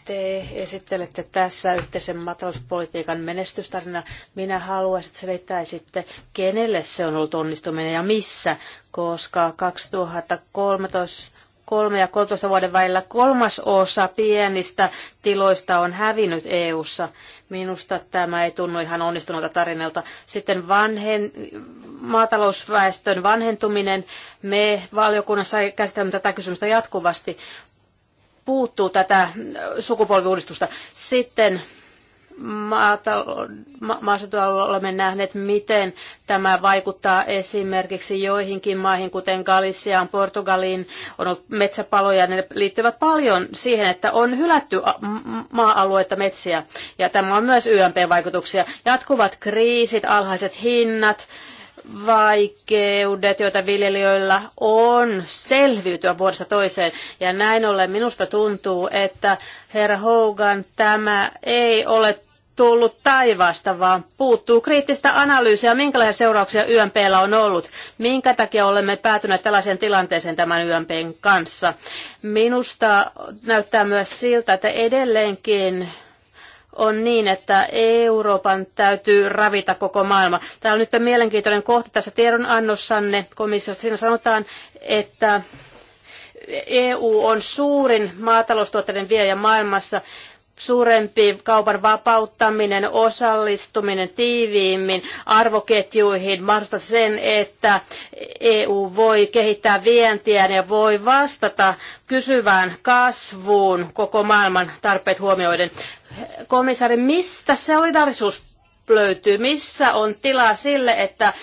Speaker 4: te esittelette tässä yhteisen maatalouspolitiikan menestystarina. Minä haluaisin, että selittäisitte, kenelle se on ollut onnistuminen ja missä, koska 2013 3 ja 13 vuoden välillä kolmas osa pienistä tiloista on hävinnyt EU-ssa. Minusta tämä ei tunnu ihan onnistunutta tarinalta. Sitten vanhen, maatalousväestön vanhentuminen. Me valiokunnassa käsittelemme tätä kysymystä jatkuvasti. Puuttuu tätä sukupolviuudistusta. Sitten maaseutualueella olemme nähneet, miten tämä vaikuttaa esimerkiksi joihinkin maihin, kuten Galisiaan, Portugaliin, on ollut metsäpaloja, ne liittyvät paljon siihen, että on hylätty maa-alueita metsiä. Ja tämä on myös YMP-vaikutuksia. Jatkuvat kriisit, alhaiset hinnat, vaikeudet, joita viljelijöillä on selviytyä vuodesta toiseen. Ja näin ollen minusta tuntuu, että herra Hogan, tämä ei ole tullut taivaasta, vaan puuttuu kriittistä analyysiä, minkälaisia seurauksia YMPllä on ollut, minkä takia olemme päätyneet tällaiseen tilanteeseen tämän YMPn kanssa. Minusta näyttää myös siltä, että edelleenkin on niin, että Euroopan täytyy ravita koko maailma. Tämä on nyt mielenkiintoinen kohta tässä tiedonannossanne komissiosta. Siinä sanotaan, että EU on suurin maataloustuotteiden viejä maailmassa Suurempi kaupan vapauttaminen, osallistuminen tiiviimmin arvoketjuihin mahdollistaa sen, että EU voi kehittää vientiä ja voi vastata kysyvään kasvuun koko maailman tarpeet huomioiden. Komissaari, mistä solidaarisuus löytyy? Missä on tilaa sille, että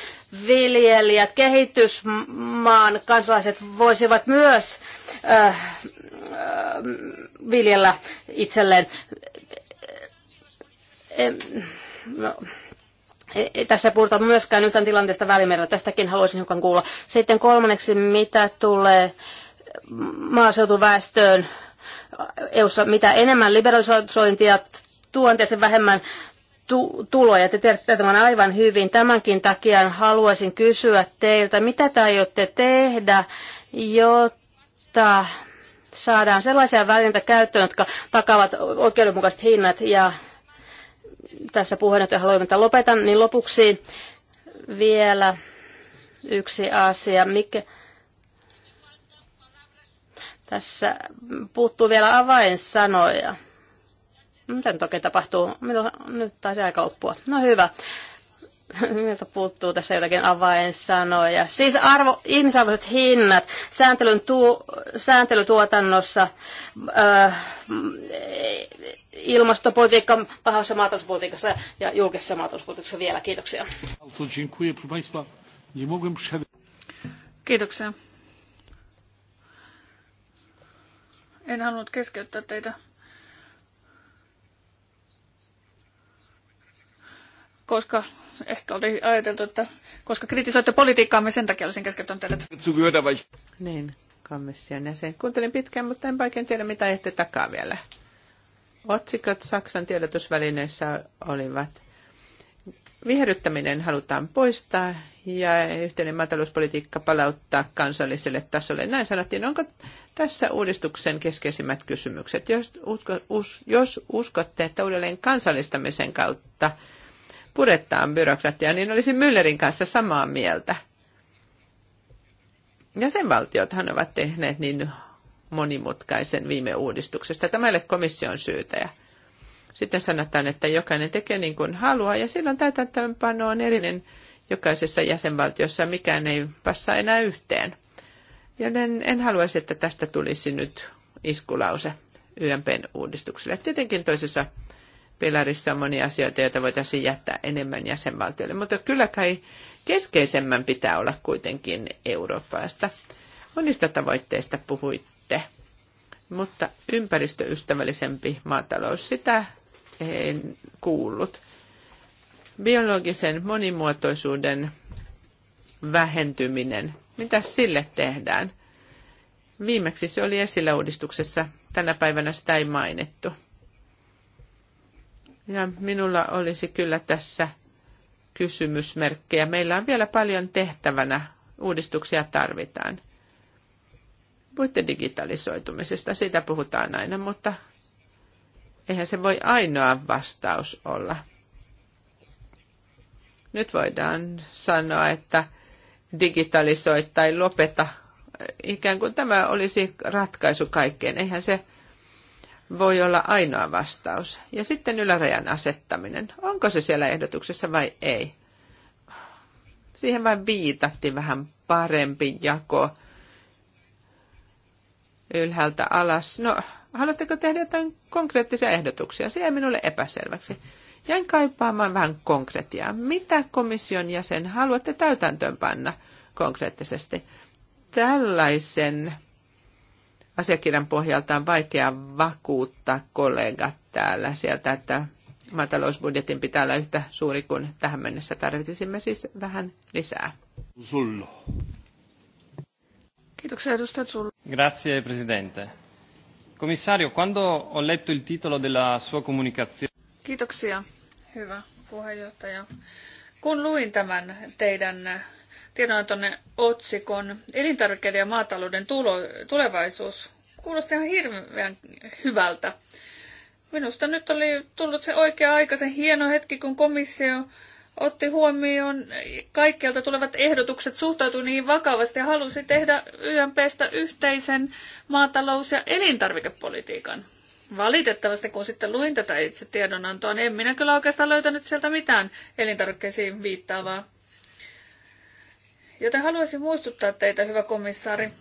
Speaker 4: viljelijät, kehitysmaan kansalaiset voisivat myös äh, Äh, viljellä itselleen. No, ei tässä puhuta myöskään yhtään tilanteesta välimerellä. Tästäkin haluaisin hiukan kuulla. Sitten kolmanneksi, mitä tulee maaseutuväestöön, EUssa mitä enemmän liberalisointia ja sen vähemmän tu- tuloja. Te tiedätte tämän aivan hyvin. Tämänkin takia haluaisin kysyä teiltä, mitä te aiotte tehdä, jotta saadaan sellaisia välineitä käyttöön, jotka takavat oikeudenmukaiset hinnat. Ja tässä puheenjohtaja haluan, että lopetan, niin lopuksi vielä yksi asia. Mikä, tässä puuttuu vielä avainsanoja. Miten toki tapahtuu? Minulla nyt taisi aika loppua. No hyvä. Miltä puuttuu tässä jotakin avainsanoja? Siis arvo, ihmisarvoiset hinnat, sääntelyn tuu, sääntelytuotannossa, öö, ilmastopolitiikka, pahassa maatalouspolitiikassa ja julkisessa maatalouspolitiikassa vielä. Kiitoksia.
Speaker 2: Kiitoksia. En halunnut keskeyttää teitä. Koska ehkä oli ajateltu, että koska kritisoitte me sen takia olisin keskittynyt
Speaker 3: teille. Niin, komission jäsen. Kuuntelin pitkään, mutta en oikein tiedä, mitä ehti takaa vielä. Otsikot Saksan tiedotusvälineissä olivat viherryttäminen halutaan poistaa ja yhteinen maatalouspolitiikka palauttaa kansalliselle tasolle. Näin sanottiin, onko tässä uudistuksen keskeisimmät kysymykset? Jos, usko, us, jos uskotte, että uudelleen kansallistamisen kautta puretaan byrokratiaa, niin olisi Müllerin kanssa samaa mieltä. Jäsenvaltiothan ovat tehneet niin monimutkaisen viime uudistuksesta. Tämä ei ole komission syytä. Ja sitten sanotaan, että jokainen tekee niin kuin haluaa, ja silloin täytäntöönpano on erinen jokaisessa jäsenvaltiossa, mikään ei passaa enää yhteen. Joten en haluaisi, että tästä tulisi nyt iskulause YMPn uudistukselle. Tietenkin toisessa pilarissa on monia asioita, joita voitaisiin jättää enemmän jäsenvaltioille. Mutta kyllä kai keskeisemmän pitää olla kuitenkin Euroopasta. Monista tavoitteista puhuitte, mutta ympäristöystävällisempi maatalous, sitä en kuullut. Biologisen monimuotoisuuden vähentyminen, mitä sille tehdään? Viimeksi se oli esillä uudistuksessa, tänä päivänä sitä ei mainittu ja minulla olisi kyllä tässä kysymysmerkkejä. Meillä on vielä paljon tehtävänä. Uudistuksia tarvitaan. Puhutte digitalisoitumisesta, siitä puhutaan aina, mutta eihän se voi ainoa vastaus olla. Nyt voidaan sanoa, että digitalisoi tai lopeta. Ikään kuin tämä olisi ratkaisu kaikkeen. Eihän se voi olla ainoa vastaus. Ja sitten ylärajan asettaminen. Onko se siellä ehdotuksessa vai ei? Siihen vain viitattiin vähän parempi jako ylhäältä alas. No, haluatteko tehdä jotain konkreettisia ehdotuksia? Se jäi minulle epäselväksi. Jäin kaipaamaan vähän konkretiaa. Mitä komission jäsen haluatte täytäntöönpanna konkreettisesti? Tällaisen asiakirjan pohjalta on vaikea vakuuttaa kollegat täällä sieltä, että maatalousbudjetin pitää olla yhtä suuri kuin tähän mennessä. Tarvitsisimme siis vähän lisää.
Speaker 1: Zullo.
Speaker 3: Kiitoksia edustaja Zullo.
Speaker 4: Grazie presidente. Commissario, quando ho letto il titolo della sua comunicazione...
Speaker 2: Kiitoksia, hyvä puheenjohtaja. Kun luin tämän teidän tuonne otsikon Elintarvikkeiden ja maatalouden tulo, tulevaisuus. Kuulosti ihan hirveän hyvältä. Minusta nyt oli tullut se oikea aika, se hieno hetki, kun komissio otti huomioon kaikkialta tulevat ehdotukset, suhtautui niin vakavasti ja halusi tehdä YMPstä yhteisen maatalous- ja elintarvikepolitiikan. Valitettavasti, kun sitten luin tätä itse tiedonantoa, niin en minä kyllä oikeastaan löytänyt sieltä mitään elintarvikkeisiin viittaavaa Joten haluaisin muistuttaa teitä, hyvä komissaari,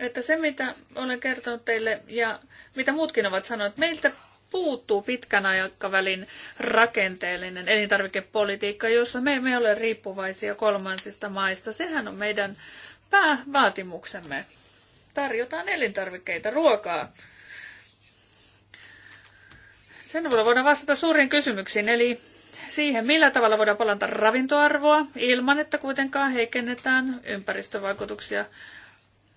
Speaker 2: että se mitä olen kertonut teille ja mitä muutkin ovat sanoneet, meiltä puuttuu pitkän aikavälin rakenteellinen elintarvikepolitiikka, jossa me emme ole riippuvaisia kolmansista maista. Sehän on meidän päävaatimuksemme. Tarjotaan elintarvikkeita, ruokaa. Sen avulla voidaan vastata suuriin kysymyksiin, eli siihen, millä tavalla voidaan palantaa ravintoarvoa ilman, että kuitenkaan heikennetään ympäristövaikutuksia.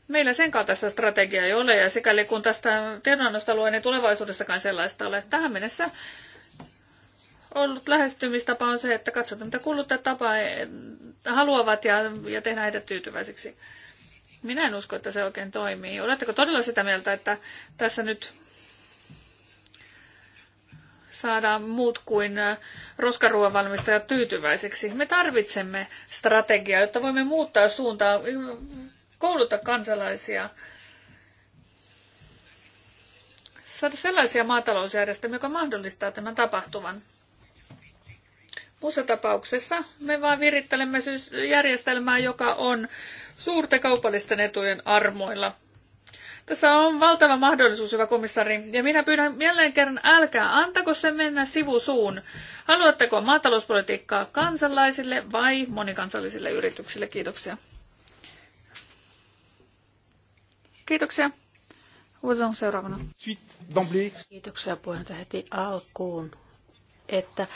Speaker 2: Meillä sen kaltaista strategiaa ei ole, ja sikäli kun tästä tiedonannosta luen, niin tulevaisuudessakaan sellaista ole. Tähän mennessä ollut lähestymistapa on se, että katsotaan, mitä kuluttajat tapa haluavat ja, ja tehdään heidät tyytyväisiksi. Minä en usko, että se oikein toimii. Oletteko todella sitä mieltä, että tässä nyt saada muut kuin äh, roskaruoan valmistajat tyytyväiseksi. Me tarvitsemme strategiaa, jotta voimme muuttaa suuntaa, kouluttaa kansalaisia, saada sellaisia maatalousjärjestelmiä, jotka mahdollistaa tämän tapahtuvan. Muussa tapauksessa me vain virittelemme siis järjestelmää, joka on suurten kaupallisten etujen armoilla. Tässä on valtava mahdollisuus, hyvä komissari. Ja minä pyydän jälleen kerran, älkää antako se mennä sivusuun. Haluatteko maatalouspolitiikkaa kansalaisille vai monikansallisille yrityksille? Kiitoksia. Kiitoksia. Usan seuraavana.
Speaker 4: Kiitoksia puheenjohtaja heti alkuun. Että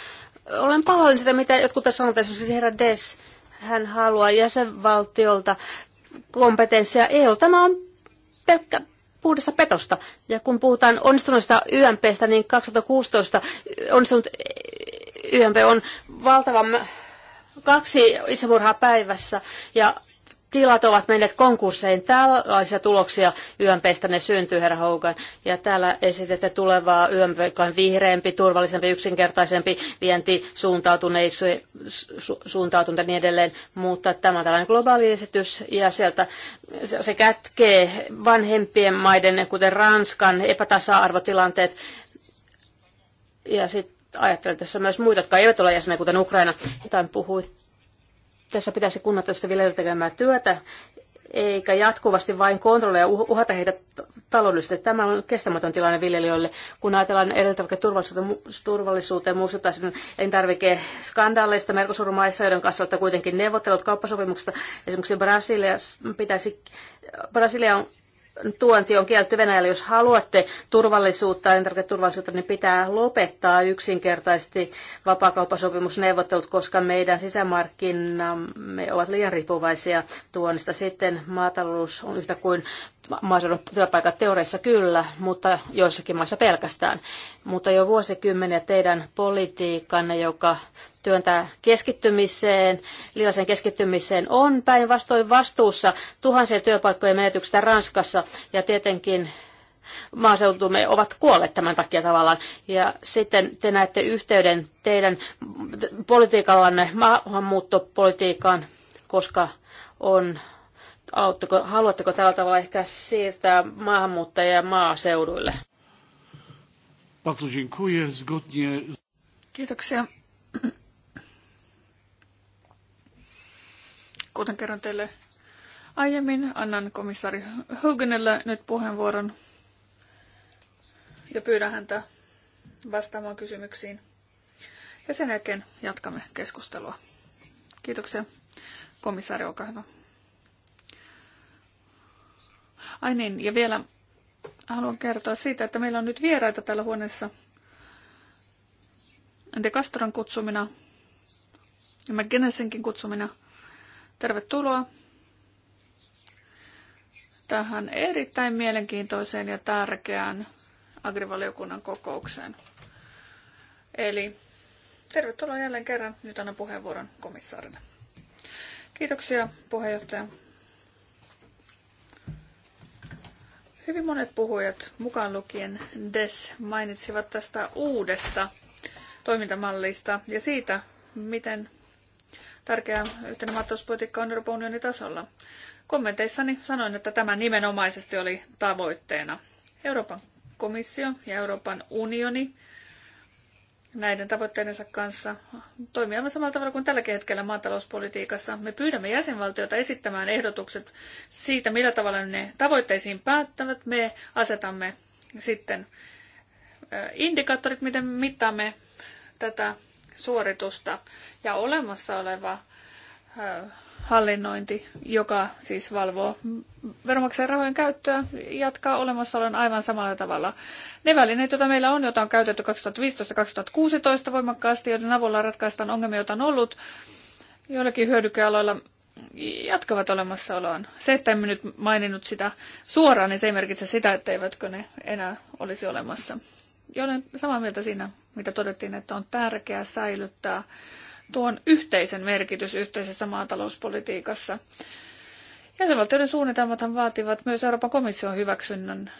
Speaker 4: olen pahoillani sitä, mitä jotkut tässä sanovat, esimerkiksi herra Des, hän haluaa jäsenvaltiolta kompetenssia EU. Tämä on pelkkä puhdasta petosta. Ja kun puhutaan onnistuneesta YMPstä, niin 2016 onnistunut YMP on valtava kaksi itsemurhaa päivässä ja tilat ovat menneet konkursseihin. Tällaisia tuloksia YMPstä ne syntyy, herra Hogan. Ja täällä esitetään tulevaa YMP, joka on vihreämpi, turvallisempi, yksinkertaisempi, vienti suuntautuneisuus, ja niin edelleen. Mutta tämä on tällainen globaali esitys ja sieltä se kätkee vanhempien maiden, kuten Ranskan, epätasa-arvotilanteet. Ja sitten ajattelen tässä myös muita, jotka eivät ole jäseniä, kuten Ukraina. Jotain puhuitte. Tässä pitäisi kunnat tästä viljelijöitä tekemään työtä, eikä jatkuvasti vain kontrolloida ja uhata heitä taloudellisesti. Tämä on kestämätön tilanne viljelijöille. Kun ajatellaan edeltäväkin turvallisuuteen, turvallisuuteen muistuttaisin elintarvikeskandaaleista merkosurmaissa, joiden kanssa kuitenkin neuvottelut kauppasopimuksesta. Esimerkiksi Brasilia pitäisi, Brasilia on tuonti on kielletty Venäjälle. Jos haluatte turvallisuutta, elintarviketurvallisuutta, niin pitää lopettaa yksinkertaisesti vapaakauppasopimusneuvottelut, koska meidän sisämarkkinamme ovat liian riippuvaisia tuonnista. Sitten maatalous on yhtä kuin maaseudun työpaikat teoreissa kyllä, mutta joissakin maissa pelkästään. Mutta jo vuosikymmeniä teidän politiikkanne, joka työntää keskittymiseen, liiallisen keskittymiseen, on päinvastoin vastuussa tuhansien työpaikkojen menetyksestä Ranskassa ja tietenkin maaseutumme ovat kuolleet tämän takia tavallaan. Ja sitten te näette yhteyden teidän politiikallanne maahanmuuttopolitiikkaan, koska on Auttako, haluatteko tällä tavalla ehkä siirtää maahanmuuttajia maaseuduille? Kiitoksia.
Speaker 2: Kuten kerron teille aiemmin, annan komissaari Hugenelle nyt puheenvuoron ja pyydän häntä vastaamaan kysymyksiin. Ja sen jälkeen jatkamme keskustelua. Kiitoksia. Komissaari, olkaa hyvä. Ai niin, ja vielä haluan kertoa siitä, että meillä on nyt vieraita täällä huoneessa. De Castron kutsumina ja McGinnessinkin kutsumina. Tervetuloa tähän erittäin mielenkiintoiseen ja tärkeään agrivaliokunnan kokoukseen. Eli tervetuloa jälleen kerran. Nyt annan puheenvuoron komissaarille. Kiitoksia puheenjohtaja. Hyvin monet puhujat, mukaan lukien Des, mainitsivat tästä uudesta toimintamallista ja siitä, miten tärkeä yhtenä maatalouspolitiikka on Euroopan unionin tasolla. Kommenteissani sanoin, että tämä nimenomaisesti oli tavoitteena. Euroopan komissio ja Euroopan unioni näiden tavoitteidensa kanssa toimimme samalla tavalla kuin tälläkin hetkellä maatalouspolitiikassa. Me pyydämme jäsenvaltioita esittämään ehdotukset siitä, millä tavalla ne tavoitteisiin päättävät. Me asetamme sitten indikaattorit, miten mittaamme tätä suoritusta ja olemassa oleva hallinnointi, joka siis valvoo veronmaksajan rahojen käyttöä, jatkaa olemassaolon aivan samalla tavalla. Ne välineet, joita meillä on, joita on käytetty 2015-2016 voimakkaasti, joiden avulla ratkaistaan ongelmia, joita on ollut joillakin hyödykealoilla, jatkavat olemassaoloaan. Se, että emme nyt maininnut sitä suoraan, niin se ei merkitse sitä, etteivätkö ne enää olisi olemassa. Ja olen samaa mieltä siinä, mitä todettiin, että on tärkeää säilyttää tuon yhteisen merkitys yhteisessä maatalouspolitiikassa. Jäsenvaltioiden suunnitelmathan vaativat myös Euroopan komission hyväksynnän,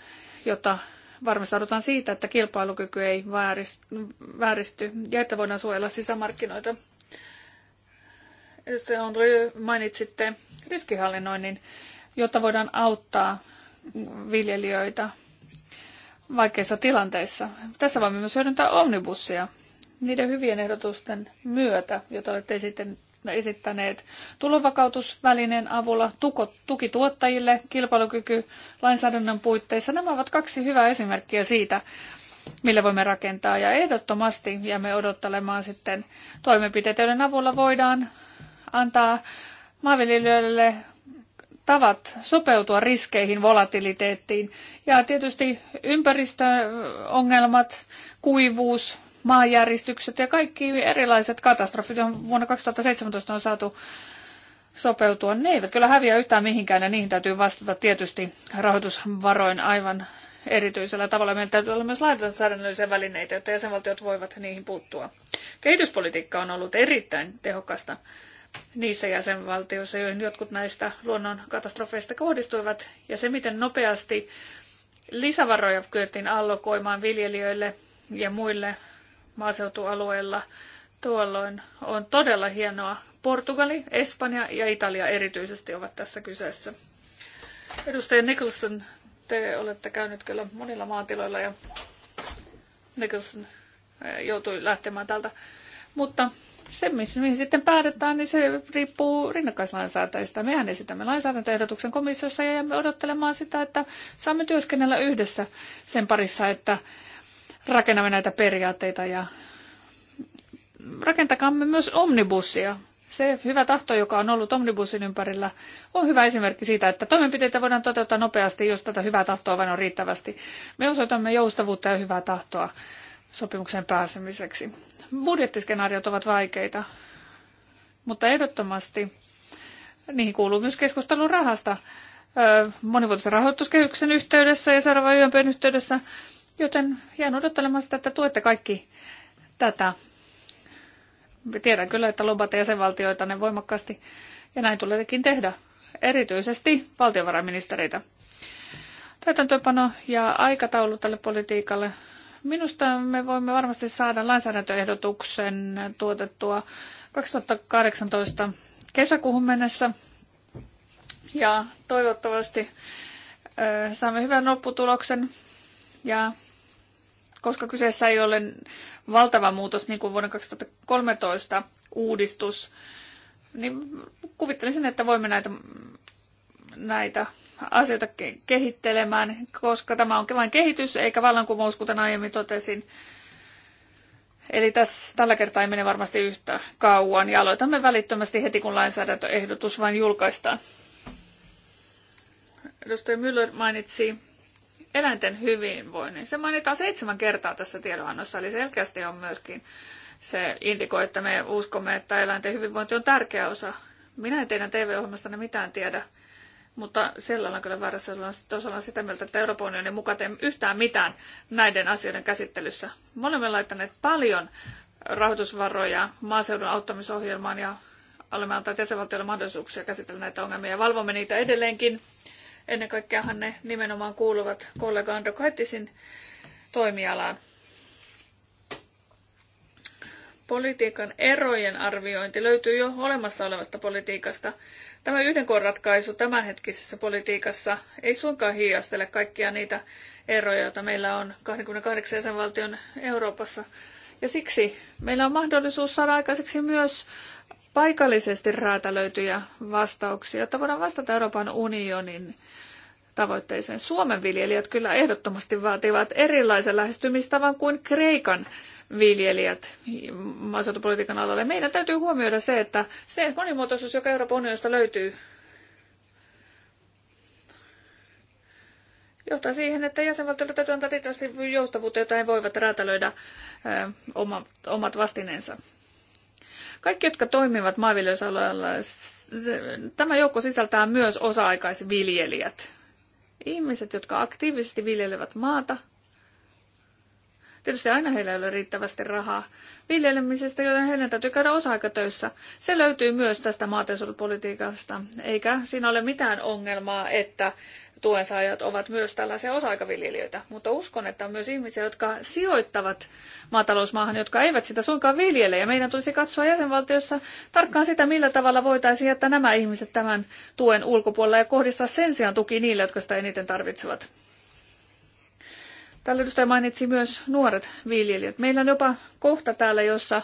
Speaker 2: jotta varmistaudutaan siitä, että kilpailukyky ei vääristy ja että voidaan suojella sisämarkkinoita. Edustaja Andrew, mainitsitte riskihallinnoinnin, jotta voidaan auttaa viljelijöitä vaikeissa tilanteissa. Tässä voimme myös hyödyntää omnibussia, niiden hyvien ehdotusten myötä, joita olette no, esittäneet tulovakautusvälineen avulla, tuko, tuki tuottajille, kilpailukyky lainsäädännön puitteissa. Nämä ovat kaksi hyvää esimerkkiä siitä, millä voimme rakentaa ja ehdottomasti jäämme odottelemaan sitten toimenpiteitä, joiden avulla voidaan antaa maanviljelijöille tavat sopeutua riskeihin, volatiliteettiin ja tietysti ympäristöongelmat, kuivuus, maanjäristykset ja kaikki erilaiset katastrofit, joihin vuonna 2017 on saatu sopeutua. Ne eivät kyllä häviä yhtään mihinkään ja niihin täytyy vastata tietysti rahoitusvaroin aivan erityisellä tavalla. Meillä täytyy olla myös lainsäädännöllisiä välineitä, jotta jäsenvaltiot voivat niihin puuttua. Kehityspolitiikka on ollut erittäin tehokasta niissä jäsenvaltioissa, joihin jotkut näistä luonnonkatastrofeista kohdistuivat. Ja se, miten nopeasti lisävaroja kyettiin allokoimaan viljelijöille ja muille maaseutualueella Tuolloin on todella hienoa. Portugali, Espanja ja Italia erityisesti ovat tässä kyseessä. Edustaja Nicholson, te olette käynyt kyllä monilla maatiloilla ja Nicholson eh, joutui lähtemään täältä. Mutta se, mihin sitten päädytään, niin se riippuu rinnakkaislainsäätäjistä. Mehän esitämme lainsäädäntöehdotuksen komissiossa ja jäämme odottelemaan sitä, että saamme työskennellä yhdessä sen parissa, että rakennamme näitä periaatteita ja rakentakaamme myös omnibussia. Se hyvä tahto, joka on ollut omnibussin ympärillä, on hyvä esimerkki siitä, että toimenpiteitä voidaan toteuttaa nopeasti, jos tätä hyvää tahtoa vain on riittävästi. Me osoitamme joustavuutta ja hyvää tahtoa sopimukseen pääsemiseksi. Budjettiskenaariot ovat vaikeita, mutta ehdottomasti niihin kuuluu myös keskustelu rahasta monivuotisen rahoituskehyksen yhteydessä ja seuraavan YMPn yhteydessä Joten jään odottelemaan sitä, että tuette kaikki tätä. Tiedän kyllä, että lobatte jäsenvaltioita ne voimakkaasti, ja näin tuleekin tehdä, erityisesti valtiovarainministeriitä. Täytäntöpano ja aikataulu tälle politiikalle. Minusta me voimme varmasti saada lainsäädäntöehdotuksen tuotettua 2018 kesäkuuhun mennessä. Ja toivottavasti saamme hyvän lopputuloksen ja koska kyseessä ei ole valtava muutos, niin kuin vuoden 2013 uudistus, niin kuvittelisin, että voimme näitä, näitä asioita kehittelemään, koska tämä on vain kehitys eikä vallankumous, kuten aiemmin totesin. Eli tässä, tällä kertaa ei mene varmasti yhtä kauan ja aloitamme välittömästi heti, kun lainsäädäntöehdotus vain julkaistaan. Edustaja Müller mainitsi eläinten hyvinvoinnin. Se mainitaan seitsemän kertaa tässä tiedonannossa, eli selkeästi on myöskin se indikoi, että me uskomme, että eläinten hyvinvointi on tärkeä osa. Minä en teidän TV-ohjelmastanne mitään tiedä, mutta siellä on kyllä väärässä, jos ollaan sitä mieltä, että Euroopan unionin mukaan ei yhtään mitään näiden asioiden käsittelyssä. Me olemme laittaneet paljon rahoitusvaroja maaseudun auttamisohjelmaan ja olemme antaneet jäsenvaltioille mahdollisuuksia käsitellä näitä ongelmia ja valvomme niitä edelleenkin. Ennen kaikkeahan ne nimenomaan kuuluvat kollega Andro toimialaan. Politiikan erojen arviointi löytyy jo olemassa olevasta politiikasta. Tämä yhden koon ratkaisu tämänhetkisessä politiikassa ei suinkaan hiiastele kaikkia niitä eroja, joita meillä on 28 jäsenvaltion Euroopassa. Ja siksi meillä on mahdollisuus saada aikaiseksi myös paikallisesti räätälöityjä vastauksia, jotta voidaan vastata Euroopan unionin tavoitteeseen. Suomen viljelijät kyllä ehdottomasti vaativat erilaisen lähestymistavan kuin Kreikan viljelijät maaseutupolitiikan alalle. Meidän täytyy huomioida se, että se monimuotoisuus, joka Euroopan unionista löytyy, johtaa siihen, että jäsenvaltioille täytyy antaa riittävästi joustavuutta, jota he voivat räätälöidä omat vastineensa. Kaikki, jotka toimivat maanviljelysalueella, tämä joukko sisältää myös osa-aikaisviljelijät. Ihmiset, jotka aktiivisesti viljelevät maata. Tietysti aina heillä ei ole riittävästi rahaa viljelemisestä, joten heidän täytyy käydä osa-aikatöissä. Se löytyy myös tästä maatiesuuspolitiikasta, eikä siinä ole mitään ongelmaa, että tuensaajat ovat myös tällaisia osa-aikaviljelijöitä, mutta uskon, että on myös ihmisiä, jotka sijoittavat maatalousmaahan, jotka eivät sitä suinkaan viljele. Ja meidän tulisi katsoa jäsenvaltiossa tarkkaan sitä, millä tavalla voitaisiin jättää nämä ihmiset tämän tuen ulkopuolella ja kohdistaa sen sijaan tuki niille, jotka sitä eniten tarvitsevat. Tällä edustaja mainitsi myös nuoret viljelijät. Meillä on jopa kohta täällä, jossa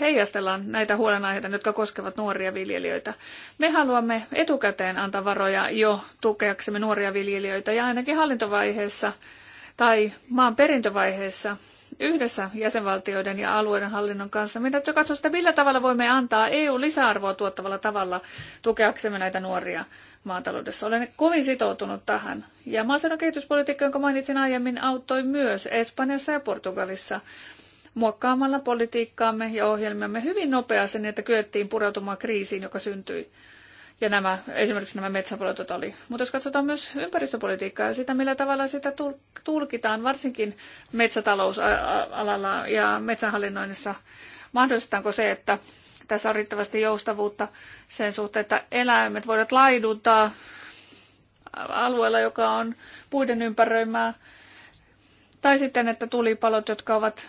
Speaker 2: heijastellaan näitä huolenaiheita, jotka koskevat nuoria viljelijöitä. Me haluamme etukäteen antaa varoja jo tukeaksemme nuoria viljelijöitä ja ainakin hallintovaiheessa tai maan perintövaiheessa yhdessä jäsenvaltioiden ja alueiden hallinnon kanssa. Meidän täytyy katsoa sitä, millä tavalla voimme antaa EU-lisäarvoa tuottavalla tavalla tukeaksemme näitä nuoria maataloudessa. Olen kovin sitoutunut tähän. Ja maaseudun kehityspolitiikka, jonka mainitsin aiemmin, auttoi myös Espanjassa ja Portugalissa muokkaamalla politiikkaamme ja ohjelmiamme hyvin nopeasti niin, että kyettiin pureutumaan kriisiin, joka syntyi. Ja nämä, esimerkiksi nämä metsäpalotot oli. Mutta jos katsotaan myös ympäristöpolitiikkaa ja sitä, millä tavalla sitä tulkitaan, varsinkin metsätalousalalla ja metsähallinnoinnissa. mahdollistetaanko se, että tässä on riittävästi joustavuutta sen suhteen, että eläimet voivat laiduntaa alueella, joka on puiden ympäröimää, tai sitten, että tulipalot, jotka ovat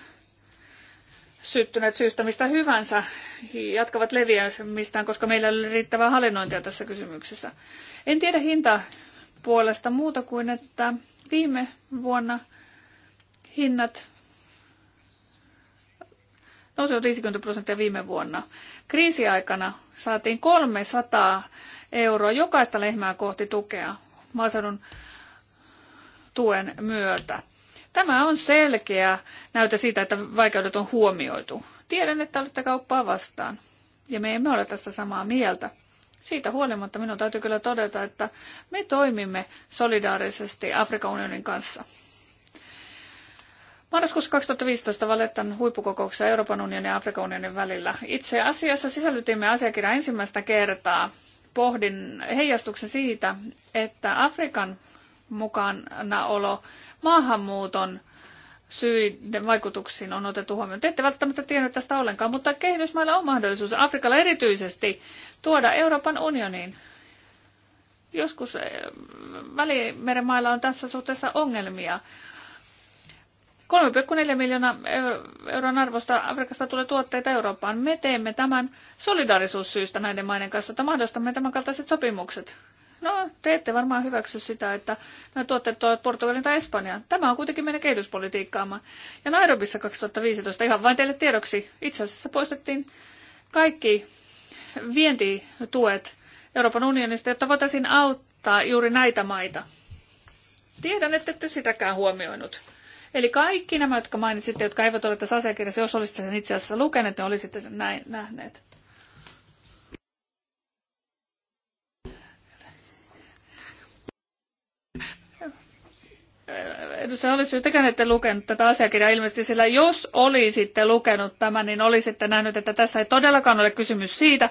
Speaker 2: syttyneet syystä mistä hyvänsä jatkavat leviämistään, koska meillä ei ole riittävää hallinnointia tässä kysymyksessä. En tiedä hinta puolesta muuta kuin, että viime vuonna hinnat nousivat 50 prosenttia viime vuonna. Kriisiaikana saatiin 300 euroa jokaista lehmää kohti tukea maaseudun tuen myötä. Tämä on selkeä näyte siitä, että vaikeudet on huomioitu. Tiedän, että olette kauppaa vastaan. Ja me emme ole tästä samaa mieltä. Siitä huolimatta minun täytyy kyllä todeta, että me toimimme solidaarisesti Afrikan unionin kanssa. Marraskuussa 2015 Valettan huippukokouksessa Euroopan unionin ja Afrikan unionin välillä. Itse asiassa sisällytimme asiakirjan ensimmäistä kertaa pohdin heijastuksen siitä, että Afrikan mukanaolo maahanmuuton syiden vaikutuksiin on otettu huomioon. Te ette välttämättä tiennyt tästä ollenkaan, mutta kehitysmailla on mahdollisuus, Afrikalla erityisesti, tuoda Euroopan unioniin. Joskus eh, välimeren mailla on tässä suhteessa ongelmia. 3,4 miljoonaa euron arvosta Afrikasta tulee tuotteita Eurooppaan. Me teemme tämän solidaarisuussyistä näiden maiden kanssa, että mahdollistamme tämän kaltaiset sopimukset. No, te ette varmaan hyväksy sitä, että nämä tuotteet tuovat Portugalin tai Espanjaan. Tämä on kuitenkin meidän kehityspolitiikkaamme. Ja Nairobissa 2015, ihan vain teille tiedoksi, itse asiassa poistettiin kaikki vientituet Euroopan unionista, jotta voitaisiin auttaa juuri näitä maita. Tiedän, että ette sitäkään huomioinut. Eli kaikki nämä, jotka mainitsitte, jotka eivät ole tässä asiakirjassa, jos olisitte sen itse asiassa lukeneet, ne niin olisitte sen näin, nähneet. edustaja Hallissa, tekään että lukenut tätä asiakirjaa ilmeisesti, sillä jos olisitte lukenut tämän, niin olisitte nähnyt, että tässä ei todellakaan ole kysymys siitä,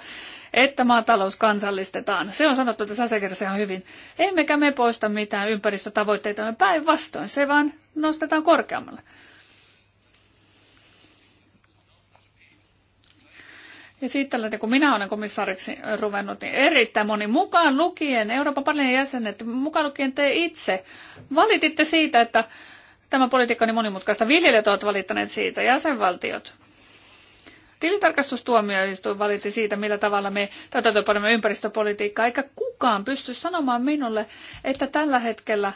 Speaker 2: että maatalous kansallistetaan. Se on sanottu tässä asiakirjassa ihan hyvin. Emmekä me poista mitään ympäristötavoitteita, me päinvastoin se vaan nostetaan korkeammalle. Ja siitä että kun minä olen komissaariksi ruvennut, niin erittäin moni mukaan lukien, Euroopan parlamentin jäsenet, mukaan lukien te itse, valititte siitä, että tämä politiikka on niin monimutkaista. Viljelijät ovat valittaneet siitä, jäsenvaltiot. Tilintarkastustuomioistuin valitti siitä, millä tavalla me täytäntöönpanemme ympäristöpolitiikkaa, eikä kukaan pysty sanomaan minulle, että tällä hetkellä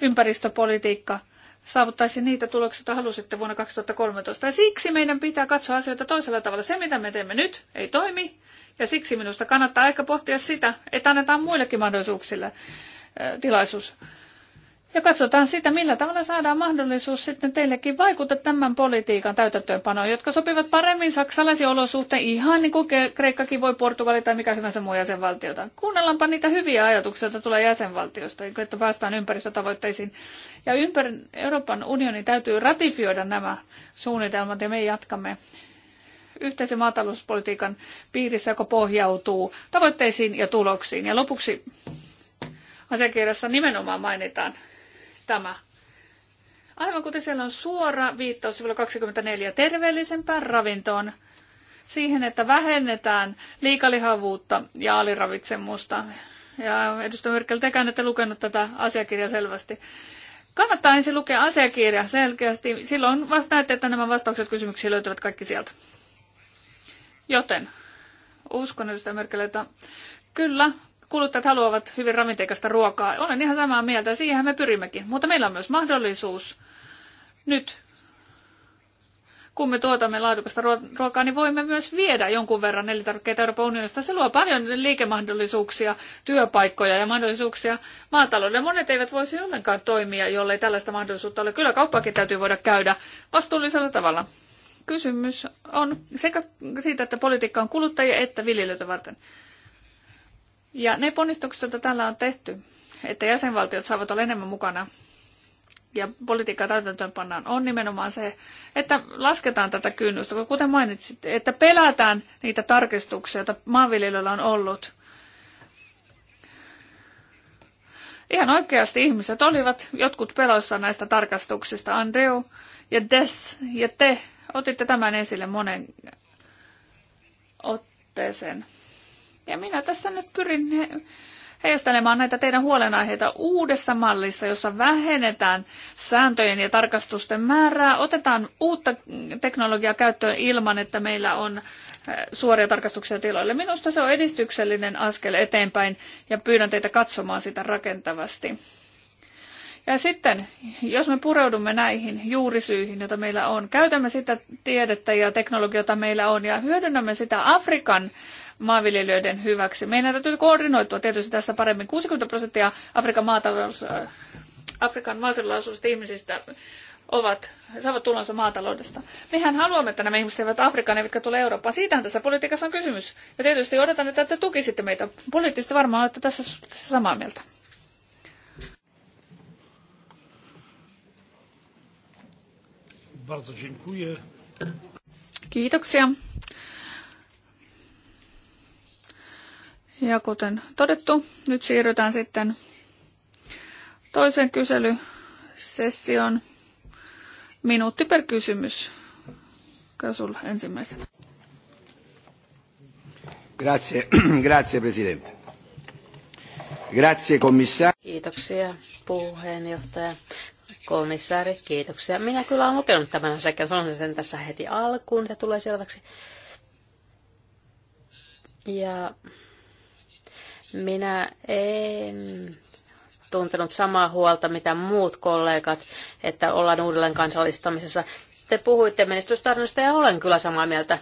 Speaker 2: ympäristöpolitiikka – saavuttaisi niitä tuloksia, joita halusitte vuonna 2013. Ja siksi meidän pitää katsoa asioita toisella tavalla. Se, mitä me teemme nyt, ei toimi. Ja siksi minusta kannattaa aika pohtia sitä, että annetaan muillekin mahdollisuuksille tilaisuus ja katsotaan sitä, millä tavalla saadaan mahdollisuus sitten teillekin vaikuttaa tämän politiikan täytäntöönpanoon, jotka sopivat paremmin saksalaisiin olosuhteen ihan niin kuin Kreikkakin voi Portugali tai mikä hyvänsä muu jäsenvaltiota. Kuunnellaanpa niitä hyviä ajatuksia, joita tulee jäsenvaltiosta, että päästään ympäristötavoitteisiin. Ja ympäri Euroopan unioni täytyy ratifioida nämä suunnitelmat ja me jatkamme yhteisen maatalouspolitiikan piirissä, joka pohjautuu tavoitteisiin ja tuloksiin. Ja lopuksi asiakirjassa nimenomaan mainitaan tämä. Aivan kuten siellä on suora viittaus sivulla 24 terveellisempään ravintoon, siihen, että vähennetään liikalihavuutta ja aliravitsemusta. Ja edustaja Merkel, tekään ette lukenut tätä asiakirjaa selvästi. Kannattaa ensin lukea asiakirja selkeästi. Silloin vasta näette, että nämä vastaukset kysymyksiin löytyvät kaikki sieltä. Joten uskon edustaja Merkel, että kyllä, kuluttajat haluavat hyvin ravinteikasta ruokaa. Olen ihan samaa mieltä, siihen me pyrimmekin. Mutta meillä on myös mahdollisuus nyt, kun me tuotamme laadukasta ruokaa, niin voimme myös viedä jonkun verran elintarvikkeita Euroopan unionista. Se luo paljon liikemahdollisuuksia, työpaikkoja ja mahdollisuuksia maataloudelle. Monet eivät voisi ollenkaan toimia, jollei tällaista mahdollisuutta ole. Kyllä kauppakin täytyy voida käydä vastuullisella tavalla kysymys on sekä siitä, että politiikka on kuluttajia että viljelijöitä varten. Ja ne ponnistukset, joita tällä on tehty, että jäsenvaltiot saavat olla enemmän mukana ja politiikkaa täytäntöönpannaan, on nimenomaan se, että lasketaan tätä kynnystä. Kuten mainitsit, että pelätään niitä tarkistuksia, joita maanviljelijöillä on ollut. Ihan oikeasti ihmiset olivat jotkut peloissaan näistä tarkastuksista. Andreu ja Des ja te otitte tämän esille monen otteeseen. Ja minä tässä nyt pyrin heijastelemaan näitä teidän huolenaiheita uudessa mallissa, jossa vähennetään sääntöjen ja tarkastusten määrää, otetaan uutta teknologiaa käyttöön ilman, että meillä on eh, suoria tarkastuksia tiloille. Minusta se on edistyksellinen askel eteenpäin ja pyydän teitä katsomaan sitä rakentavasti. Ja sitten, jos me pureudumme näihin juurisyihin, joita meillä on, käytämme sitä tiedettä ja teknologiota meillä on ja hyödynnämme sitä Afrikan maanviljelijöiden hyväksi. Meidän täytyy koordinoitua tietysti tässä paremmin. 60 prosenttia Afrikan, maatalous, äh, Afrikan maaseudulla asuvista ihmisistä ovat, saavat tulonsa maataloudesta. Mehän haluamme, että nämä ihmiset eivät Afrikaan eivätkä tule Eurooppaan. Siitähän tässä politiikassa on kysymys. Ja tietysti odotan, että te tukisitte meitä. Poliittisesti varmaan olette tässä, tässä samaa mieltä. Kiitoksia. Ja kuten todettu, nyt siirrytään sitten toisen kyselysession. Minuutti per kysymys. Kasul ensimmäisenä.
Speaker 5: Grazie, grazie presidente. Grazie commissario.
Speaker 4: Kiitoksia puheenjohtaja. Komissaari, kiitoksia. Minä kyllä olen lukenut tämän sekä sanon sen tässä heti alkuun, että tulee selväksi. Ja minä en tuntenut samaa huolta, mitä muut kollegat, että ollaan uudelleen kansallistamisessa. Te puhuitte menestystarinasta ja olen kyllä samaa mieltä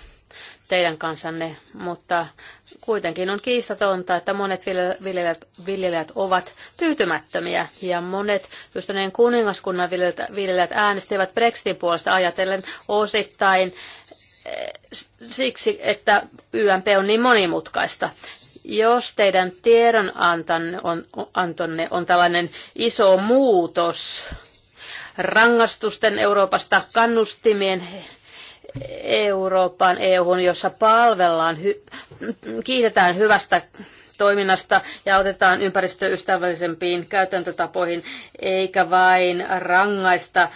Speaker 4: teidän kansanne, mutta kuitenkin on kiistatonta, että monet viljelijät, viljelijät ovat tyytymättömiä ja monet just kuningaskunnan kuningaskunnan viljelijät äänestivät Brexitin puolesta ajatellen osittain eh, siksi, että YMP on niin monimutkaista. Jos teidän tiedonantonne on, antonne on tällainen iso muutos rangaistusten Euroopasta kannustimien Eurooppaan, EUhun, jossa palvellaan, hy, kiitetään hyvästä toiminnasta ja otetaan ympäristöystävällisempiin käytäntötapoihin, eikä vain rangaista äh,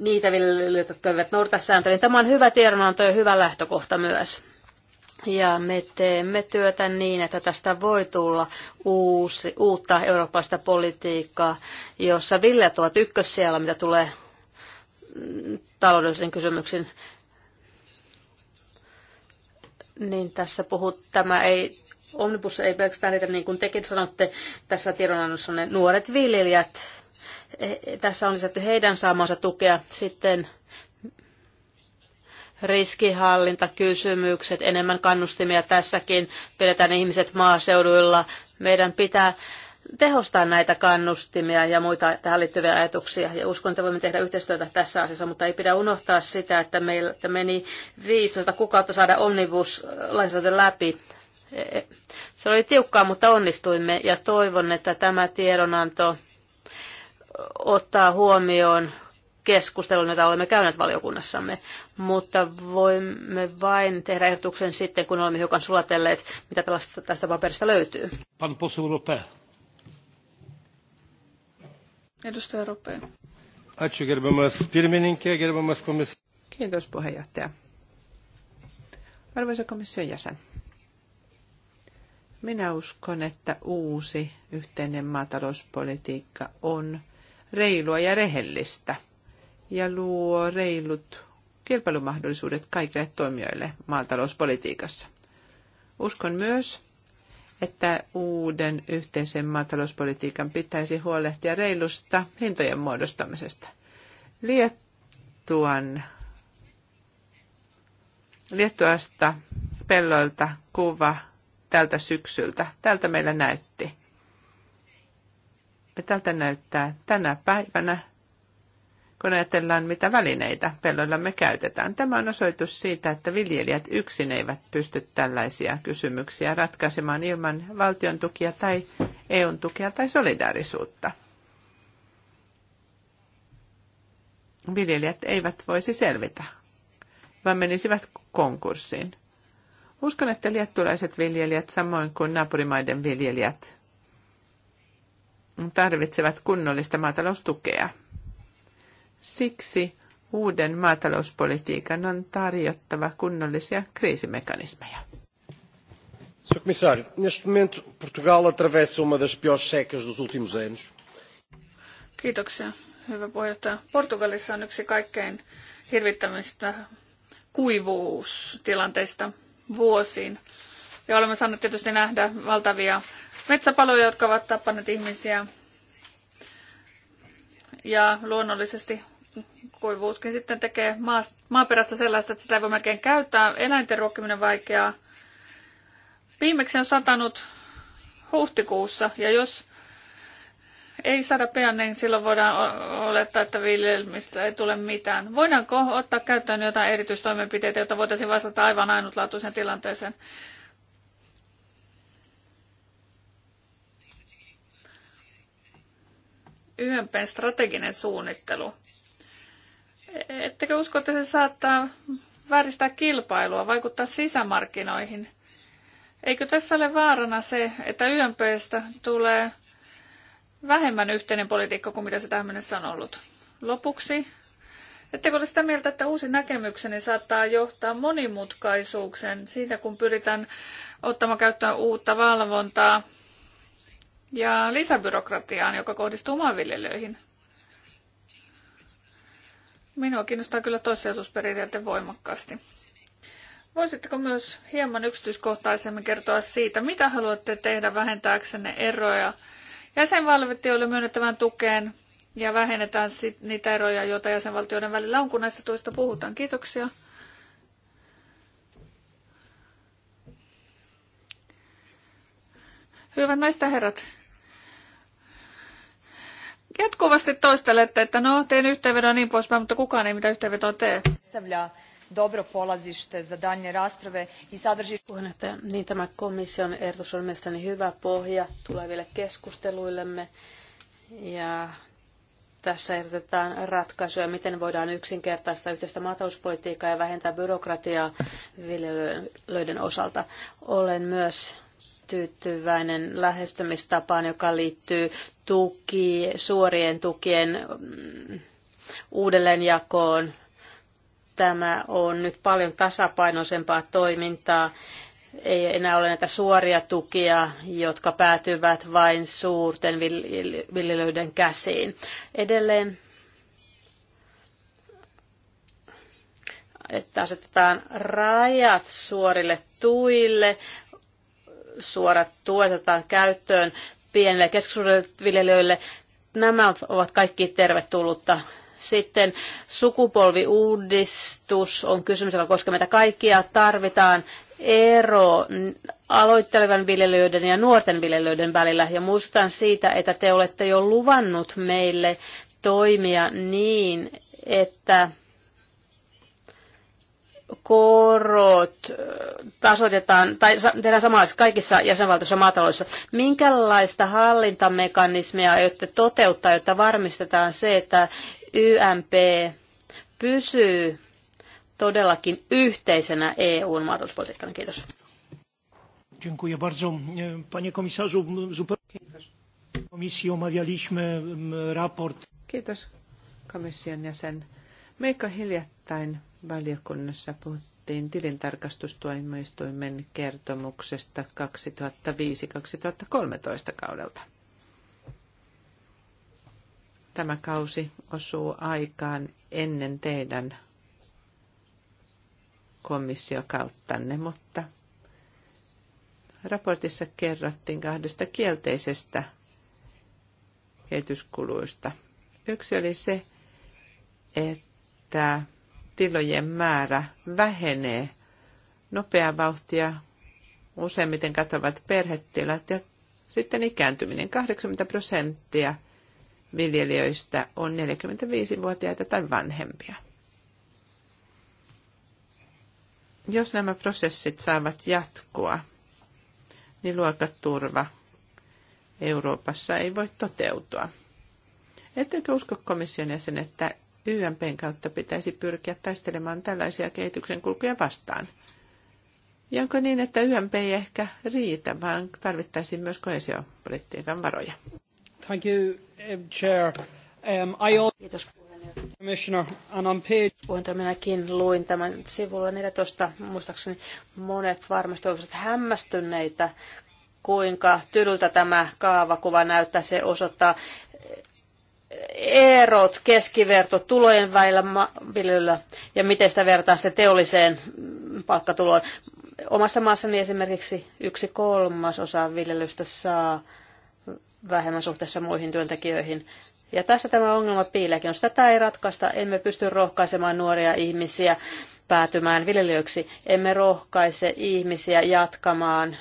Speaker 4: niitä viljelijöitä, jotka eivät noudata sääntöjä. Tämä on hyvä tiedonanto ja hyvä lähtökohta myös. Ja me teemme työtä niin, että tästä voi tulla uusi, uutta eurooppalaista politiikkaa, jossa Ville tuot ykkös siellä, mitä tulee taloudellisiin kysymyksiin. Niin tässä puhut, tämä ei, Omnibus ei pelkästään niitä, niin kuin tekin sanotte tässä tiedonannossa, ne nuoret viljelijät, e, tässä on lisätty heidän saamansa tukea sitten riskihallintakysymykset, enemmän kannustimia tässäkin, pidetään ihmiset maaseuduilla. Meidän pitää tehostaa näitä kannustimia ja muita tähän liittyviä ajatuksia. Ja uskon, että voimme tehdä yhteistyötä tässä asiassa, mutta ei pidä unohtaa sitä, että meillä meni 15 kuukautta saada omnibus-lainsäädäntö läpi. Se oli tiukkaa, mutta onnistuimme ja toivon, että tämä tiedonanto ottaa huomioon keskustelun, jota olemme käyneet valiokunnassamme, mutta voimme vain tehdä ehdotuksen sitten, kun olemme hiukan sulatelleet, mitä tällaista, tästä paperista löytyy.
Speaker 1: Pan Lope.
Speaker 4: Edustaja Rope.
Speaker 3: Kiitos puheenjohtaja. Arvoisa komission jäsen. Minä uskon, että uusi yhteinen maatalouspolitiikka on reilua ja rehellistä – ja luo reilut kilpailumahdollisuudet kaikille toimijoille maatalouspolitiikassa. Uskon myös, että uuden yhteisen maatalouspolitiikan pitäisi huolehtia reilusta hintojen muodostamisesta. Liettuan, Liettuasta pelloilta kuva tältä syksyltä. Tältä meillä näytti. Ja tältä näyttää tänä päivänä kun ajatellaan, mitä välineitä pelloillamme käytetään. Tämä on osoitus siitä, että viljelijät yksin eivät pysty tällaisia kysymyksiä ratkaisemaan ilman valtion tukia tai EUn tukia tai solidaarisuutta. Viljelijät eivät voisi selvitä, vaan menisivät konkurssiin. Uskon, että liettulaiset viljelijät samoin kuin naapurimaiden viljelijät tarvitsevat kunnollista maataloustukea – Siksi uuden maatalouspolitiikan on tarjottava kunnollisia kriisimekanismeja. Sr. Comissário, neste momento Portugal
Speaker 1: atravessa uma das piores secas dos últimos anos.
Speaker 2: Kiitoksia, hyvä puheenjohtaja. Portugalissa on yksi kaikkein hirvittävistä kuivuustilanteista vuosiin. Ja olemme saaneet tietysti nähdä valtavia metsäpaloja, jotka ovat tappaneet ihmisiä ja luonnollisesti kuivuuskin sitten tekee maaperästä sellaista, että sitä ei voi melkein käyttää. Eläinten ruokkiminen vaikeaa. Viimeksi on satanut huhtikuussa ja jos ei saada pian, niin silloin voidaan olettaa, että viljelmistä ei tule mitään. Voidaanko ottaa käyttöön jotain erityistoimenpiteitä, jotta voitaisiin vastata aivan ainutlaatuisen tilanteeseen? YMPn strateginen suunnittelu. Ettekö usko, että se saattaa vääristää kilpailua, vaikuttaa sisämarkkinoihin? Eikö tässä ole vaarana se, että YMPstä tulee vähemmän yhteinen politiikka kuin mitä se tähän mennessä on ollut? Lopuksi, ettekö ole sitä mieltä, että uusi näkemykseni saattaa johtaa monimutkaisuukseen siitä, kun pyritään ottamaan käyttöön uutta valvontaa, ja lisäbyrokratiaan, joka kohdistuu maanviljelijöihin. Minua kiinnostaa kyllä toissijaisuusperiaate voimakkaasti. Voisitteko myös hieman yksityiskohtaisemmin kertoa siitä, mitä haluatte tehdä vähentääksenne eroja jäsenvaltioille myönnettävään tukeen ja vähennetään sit niitä eroja, joita jäsenvaltioiden välillä on, kun näistä tuista puhutaan. Kiitoksia. Hyvät näistä herrat, jatkuvasti toistelette, että no, teen yhteenvedon niin poispäin, mutta kukaan ei mitä yhteenvetoa tee.
Speaker 4: dobro polazište za daljnje rasprave i sadrži... Puheenjohtaja, niin tämä komission ehdotus on mielestäni hyvä pohja tuleville keskusteluillemme ja tässä ehdotetaan ratkaisuja, miten voidaan yksinkertaistaa yhteistä maatalouspolitiikkaa ja vähentää byrokratiaa viljelijöiden osalta. Olen myös tyytyväinen lähestymistapaan, joka liittyy tuki, suorien tukien mm, uudelleenjakoon. Tämä on nyt paljon tasapainoisempaa toimintaa. Ei enää ole näitä suoria tukia, jotka päätyvät vain suurten viljelyiden käsiin. Edelleen että asetetaan rajat suorille tuille, suorat tuet otetaan käyttöön pienille ja keskisuurille viljelijöille. Nämä ovat kaikki tervetullutta sitten sukupolviuudistus on kysymys, joka koskee meitä kaikkia. Tarvitaan ero aloittelevan viljelijöiden ja nuorten viljelijöiden välillä. Ja muistutan siitä, että te olette jo luvannut meille toimia niin, että korot tasoitetaan tai tehdään samanlaisessa kaikissa jäsenvaltioissa maataloudessa. Minkälaista hallintamekanismia jotta toteuttaa, jotta varmistetaan se, että YMP pysyy todellakin yhteisenä EUn maatalouspolitiikkana? Kiitos.
Speaker 1: Dziękuję bardzo. Panie komisarzu,
Speaker 3: Kiitos. komisji omawialiśmy mm, raport. Kiitos komission jäsen. Meikö hiljattain valiokunnassa puhuttiin tilintarkastustoimistoimen kertomuksesta 2005-2013 kaudelta. Tämä kausi osuu aikaan ennen teidän komissiokauttanne, mutta raportissa kerrottiin kahdesta kielteisestä kehityskuluista. Yksi oli se, että tilojen määrä vähenee nopeaa vauhtia. Useimmiten katsovat perhetilat ja sitten ikääntyminen. 80 prosenttia viljelijöistä on 45-vuotiaita tai vanhempia. Jos nämä prosessit saavat jatkua, niin luokaturva Euroopassa ei voi toteutua. Ettekö usko komission jäsen, että YMPn kautta pitäisi pyrkiä taistelemaan tällaisia kehityksen kulkuja vastaan. Ja onko niin, että YMP ei ehkä riitä, vaan tarvittaisiin myös kohesiopolitiikan varoja?
Speaker 4: Thank you, um, Chair. Um, I... all... Kiitos Commissioner, minäkin luin tämän sivulla 14. Muistaakseni monet varmasti olivat hämmästyneitä kuinka tylyltä tämä kaavakuva näyttää. Se osoittaa erot keskiverto tulojen välillä viljelyllä ja miten sitä vertaa sitten teolliseen palkkatuloon. Omassa maassani esimerkiksi yksi kolmas osa viljelystä saa vähemmän suhteessa muihin työntekijöihin. Ja tässä tämä ongelma piileekin. Jos tätä ei ratkaista, emme pysty rohkaisemaan nuoria ihmisiä päätymään viljelijöiksi. Emme rohkaise ihmisiä jatkamaan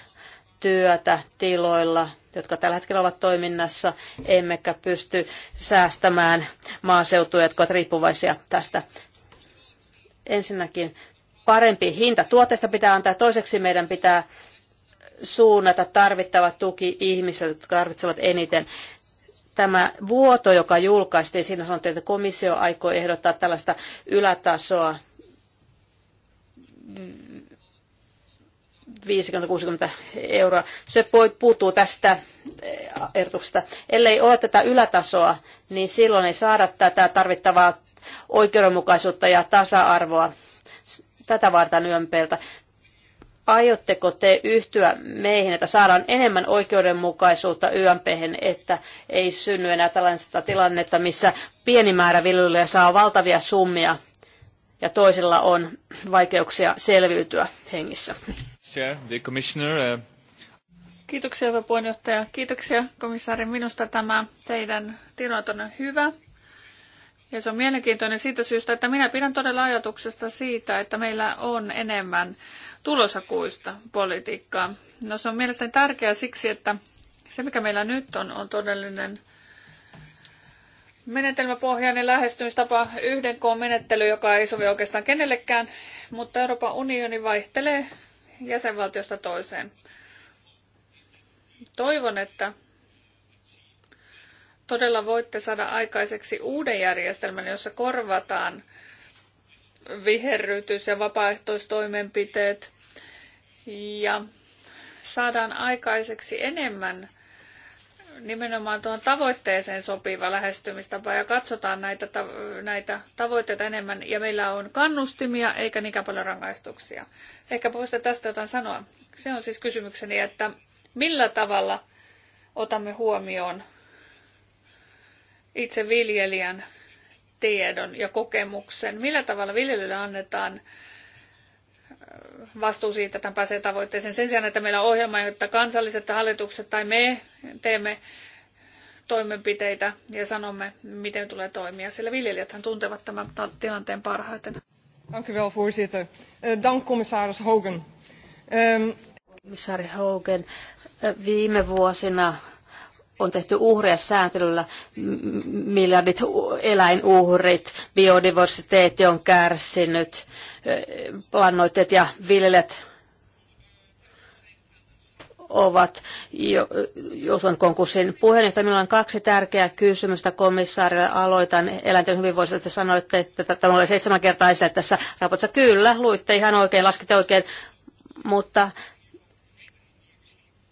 Speaker 4: työtä tiloilla – jotka tällä hetkellä ovat toiminnassa, emmekä pysty säästämään maaseutuja, jotka ovat riippuvaisia tästä. Ensinnäkin parempi hinta tuotteesta pitää antaa, toiseksi meidän pitää suunnata tarvittava tuki ihmisille, jotka tarvitsevat eniten. Tämä vuoto, joka julkaistiin, siinä sanottiin, että komissio aikoo ehdottaa tällaista ylätasoa 50-60 euroa. Se puuttuu tästä eh, ehdotuksesta. Ellei ole tätä ylätasoa, niin silloin ei saada tätä tarvittavaa oikeudenmukaisuutta ja tasa-arvoa. Tätä varten ympäriltä. Aiotteko te yhtyä meihin, että saadaan enemmän oikeudenmukaisuutta YMP, että ei synny enää tällaista tilannetta, missä pieni määrä viljelijöitä saa valtavia summia ja toisilla on vaikeuksia selviytyä hengissä?
Speaker 5: Chair, the Commissioner. Uh,
Speaker 2: Kiitoksia, hyvä puheenjohtaja. Kiitoksia, komissaari. Minusta tämä teidän tilat on hyvä. Ja se on mielenkiintoinen siitä syystä, että minä pidän todella ajatuksesta siitä, että meillä on enemmän tulosakuista politiikkaa. No se on mielestäni tärkeää siksi, että se mikä meillä nyt on, on todellinen menetelmäpohjainen lähestymistapa, yhden koon menettely, joka ei sovi oikeastaan kenellekään, mutta Euroopan unioni vaihtelee jäsenvaltiosta toiseen. Toivon, että todella voitte saada aikaiseksi uuden järjestelmän, jossa korvataan viherrytys ja vapaaehtoistoimenpiteet ja saadaan aikaiseksi enemmän nimenomaan tuon tavoitteeseen sopiva lähestymistapa ja katsotaan näitä, näitä tavoitteita enemmän ja meillä on kannustimia eikä niinkään paljon rangaistuksia. Ehkä voisitte tästä jotain sanoa. Se on siis kysymykseni, että millä tavalla otamme huomioon itse viljelijän tiedon ja kokemuksen, millä tavalla viljelijöille annetaan vastuu siitä, että pääsee tavoitteeseen. Sen sijaan, että meillä on ohjelma, jotta kansalliset hallitukset tai me teemme toimenpiteitä ja sanomme, miten tulee toimia, sillä viljelijäthän tuntevat tämän tilanteen parhaiten.
Speaker 4: Dank u wel, voorzitter. Eh, dank commissaris Hogan. Ehm, Komissaari Hogan, eh, viime vuosina on tehty uhreja sääntelyllä, miljardit eläinuhrit, biodiversiteetti on kärsinyt lannoitteet ja viljelijät ovat jo, joutuneet konkurssin Puheenjohtaja, minulla on kaksi tärkeää kysymystä komissaarille. Aloitan eläinten hyvinvoinnista. että sanoitte, että tämä oli seitsemän kertaa esille tässä raportissa. Kyllä, luitte ihan oikein, laskitte oikein, mutta